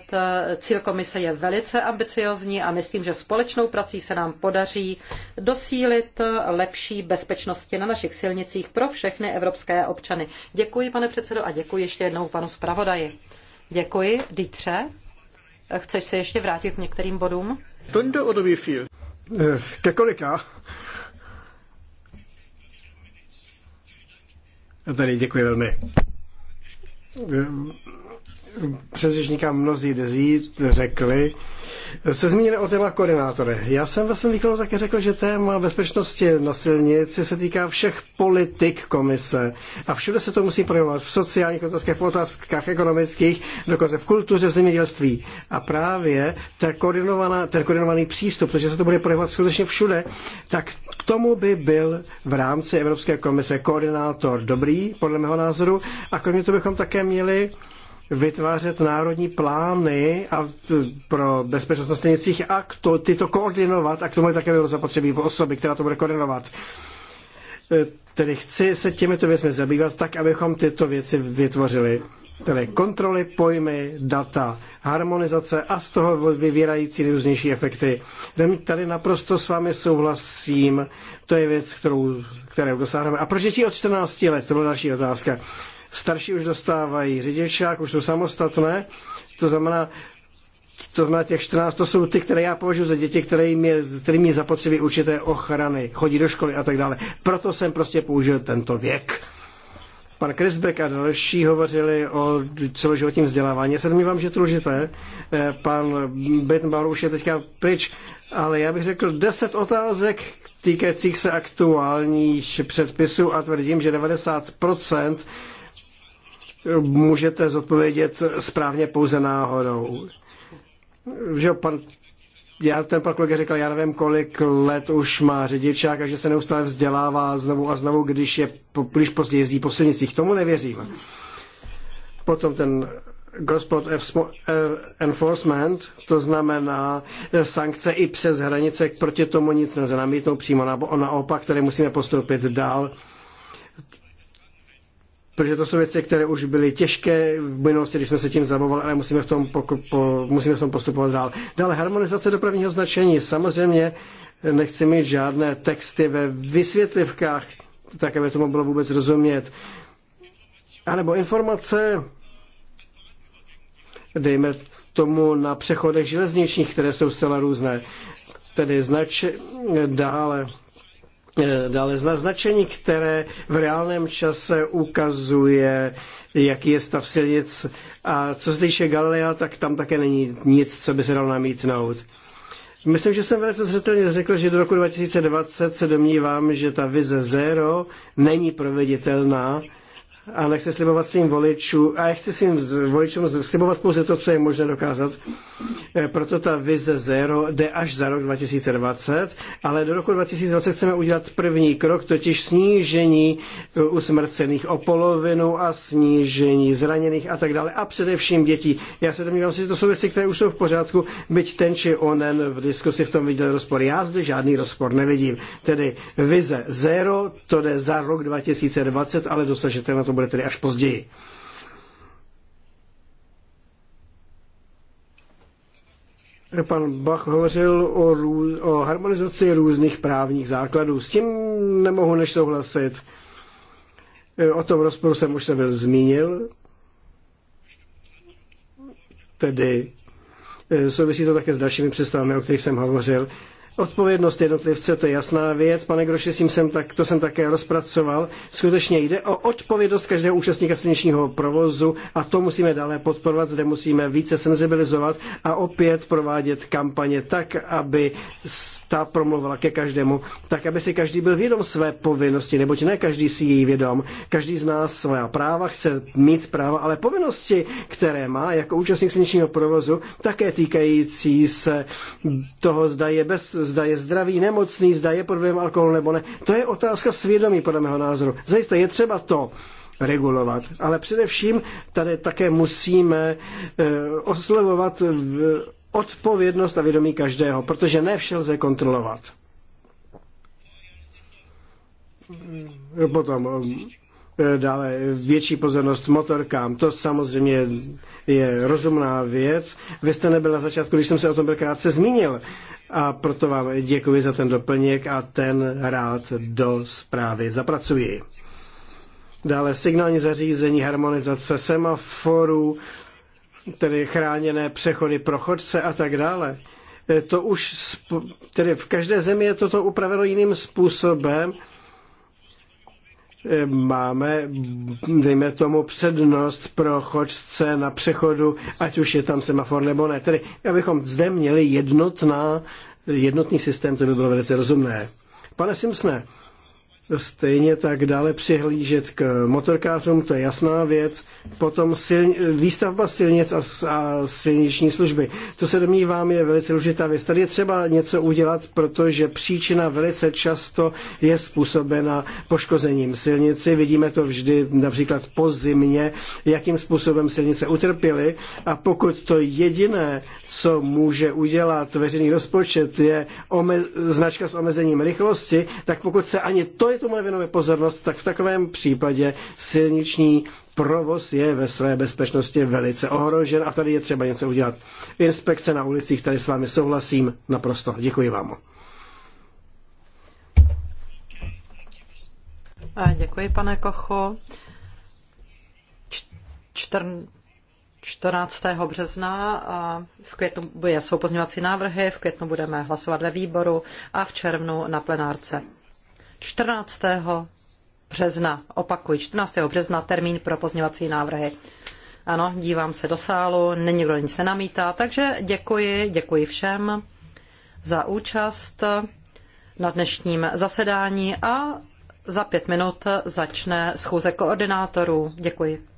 Cíl komise je velice ambiciozní a myslím, že společnou prací se nám podaří dosílit lepší bezpečnosti na našich silnicích pro všechny evropské občany. Děkuji, pane předsedo, a děkuji ještě jednou panu zpravodaji. Děkuji. Dítře, chceš se ještě vrátit k některým bodům? Stunde oder wie viel? Äh, eh, Ke kolika? No tady děkuji velmi. Eh, přes mnozí dezít řekli, se zmíněné o téma koordinátory. Já jsem ve svém výkladu také řekl, že téma bezpečnosti na silnici se týká všech politik komise a všude se to musí projevovat v sociálních otázkách, v otázkách ekonomických, dokonce v kultuře, v zemědělství. A právě ta koordinovaná, ten koordinovaný přístup, protože se to bude projevovat skutečně všude, tak k tomu by byl v rámci Evropské komise koordinátor dobrý, podle mého názoru. A kromě toho bychom také měli vytvářet národní plány a pro bezpečnost silnicích a to, tyto koordinovat a k tomu je také bylo zapotřebí osoby, která to bude koordinovat. E, tedy chci se těmito věcmi zabývat tak, abychom tyto věci vytvořili. Tedy kontroly, pojmy, data, harmonizace a z toho vyvírající nejrůznější efekty. Tady naprosto s vámi souhlasím. To je věc, kterou, kterou dosáhneme. A proč děti od 14 let? To byla další otázka. Starší už dostávají řidičák, už jsou samostatné, to znamená, to znamená těch 14, to jsou ty, které já považuji za děti, které jim je, kterým je zapotřebí určité ochrany, chodí do školy a tak dále. Proto jsem prostě použil tento věk. Pan Krisbeck a další hovořili o celoživotním vzdělávání. Já se domnívám, že je to důležité. Eh, pan Bittenbauer už je teďka pryč, ale já bych řekl 10 otázek týkajících se aktuálních předpisů a tvrdím, že 90 můžete zodpovědět správně pouze náhodou. Že pan, já, ten pan kolega říkal, já nevím, kolik let už má řidičák a že se neustále vzdělává znovu a znovu, když, je, když pozdě jezdí po silnicích. Tomu nevěřím. Potom ten Gospod enforcement, to znamená sankce i přes hranice, proti tomu nic nezanamítnou přímo, nebo naopak, které musíme postoupit dál protože to jsou věci, které už byly těžké v minulosti, když jsme se tím zabavovali, ale musíme v tom, poku, po, musíme v tom postupovat dál. Dále harmonizace dopravního značení. Samozřejmě eh, nechci mít žádné texty ve vysvětlivkách, tak aby tomu bylo vůbec rozumět. A nebo informace, dejme tomu na přechodech železničních, které jsou zcela různé. Tedy znač dále Eh, dále značení, které v reálném čase ukazuje, jaký je stav silnic. A co se týče Galilea, tak tam také není nic, co by se dal namítnout. Myslím, že jsem velice zřetelně řekl, že do roku 2020 se domnívám, že ta vize zero není proveditelná a nechci slibovat svým voličům a chci svým voličům slibovat pouze to, co je možné dokázat. Eh, proto ta vize zero jde až za rok 2020, ale do roku 2020 chceme udělat první krok, totiž snížení eh, usmrcených o polovinu a snížení zraněných a tak dále a především dětí. Já se domnívám, že to jsou věci, které už jsou v pořádku, byť ten či onen v diskusi v tom viděl rozpor. Já zde žádný rozpor nevidím. Tedy vize zero, to jde za rok 2020, ale dosažete na to to bude tedy až později. Pan Bach hovořil o, rů, o harmonizaci různých právních základů. S tím nemohu než souhlasit. E, o tom rozporu jsem už se byl zmínil. Tedy e, souvisí to také s dalšími představami, o kterých jsem hovořil. Odpovědnost jednotlivce, to je jasná věc, pane Groši, jsem tak, to jsem také rozpracoval. Skutečně jde o odpovědnost každého účastníka silničního provozu a to musíme dále podporovat, zde musíme více senzibilizovat a opět provádět kampaně tak, aby ta promluvila ke každému, tak aby si každý byl vědom své povinnosti, neboť ne každý si její vědom. Každý z nás svá práva, chce mít práva, ale povinnosti, které má jako účastník silničního provozu, také týkající se toho, zda je bez zda je zdravý, nemocný, zda je problém alkohol nebo ne, to je otázka svědomí, podle mého názoru. Zajisté je třeba to regulovat, ale především tady také musíme eh, oslovovat odpovědnost a vědomí každého, protože ne vše lze kontrolovat. Potom eh, dále větší pozornost motorkám. To samozřejmě je rozumná věc. Vy jste nebyl na začátku, když jsem se o tom byl krátce zmínil a proto vám děkuji za ten doplněk a ten rád do zprávy zapracuji. Dále signální zařízení, harmonizace semaforů, tedy chráněné přechody pro chodce a tak dále. E, to už, tedy v každé zemi je toto upraveno jiným způsobem máme, dejme tomu, přednost pro chodce na přechodu, ať už je tam semafor nebo ne. Tedy, abychom zde měli jednotná, jednotný systém, to by bylo velice rozumné. Pane Simsne, stejně tak dále přihlížet k motorkářům, to je jasná věc, potom sil, výstavba silnic a, a silniční služby. To se domnívám je velice důležitá věc. Tady je třeba něco udělat, protože příčina velice často je způsobena poškozením silnici. Vidíme to vždy například po zimě, jakým způsobem silnice utrpěly a pokud to jediné, co může udělat veřejný rozpočet, je ome, značka s omezením rychlosti, tak pokud se ani to je tomu věnujeme pozornost, tak v takovém případě silniční provoz je ve své bezpečnosti velice ohrožen a tady je třeba něco udělat. Inspekce na ulicích, tady s vámi souhlasím naprosto. Děkuji vám. Děkuji, pane Kocho. 14. března a v květnu jsou pozměňovací návrhy, v květnu budeme hlasovat ve výboru a v červnu na plenárce. 14. března, opakuji, 14. března termín pro pozněvací návrhy. Ano, dívám se do sálu, není kdo nic nenamítá, takže děkuji, děkuji všem za účast na dnešním zasedání a za pět minut začne schůze koordinátorů. Děkuji.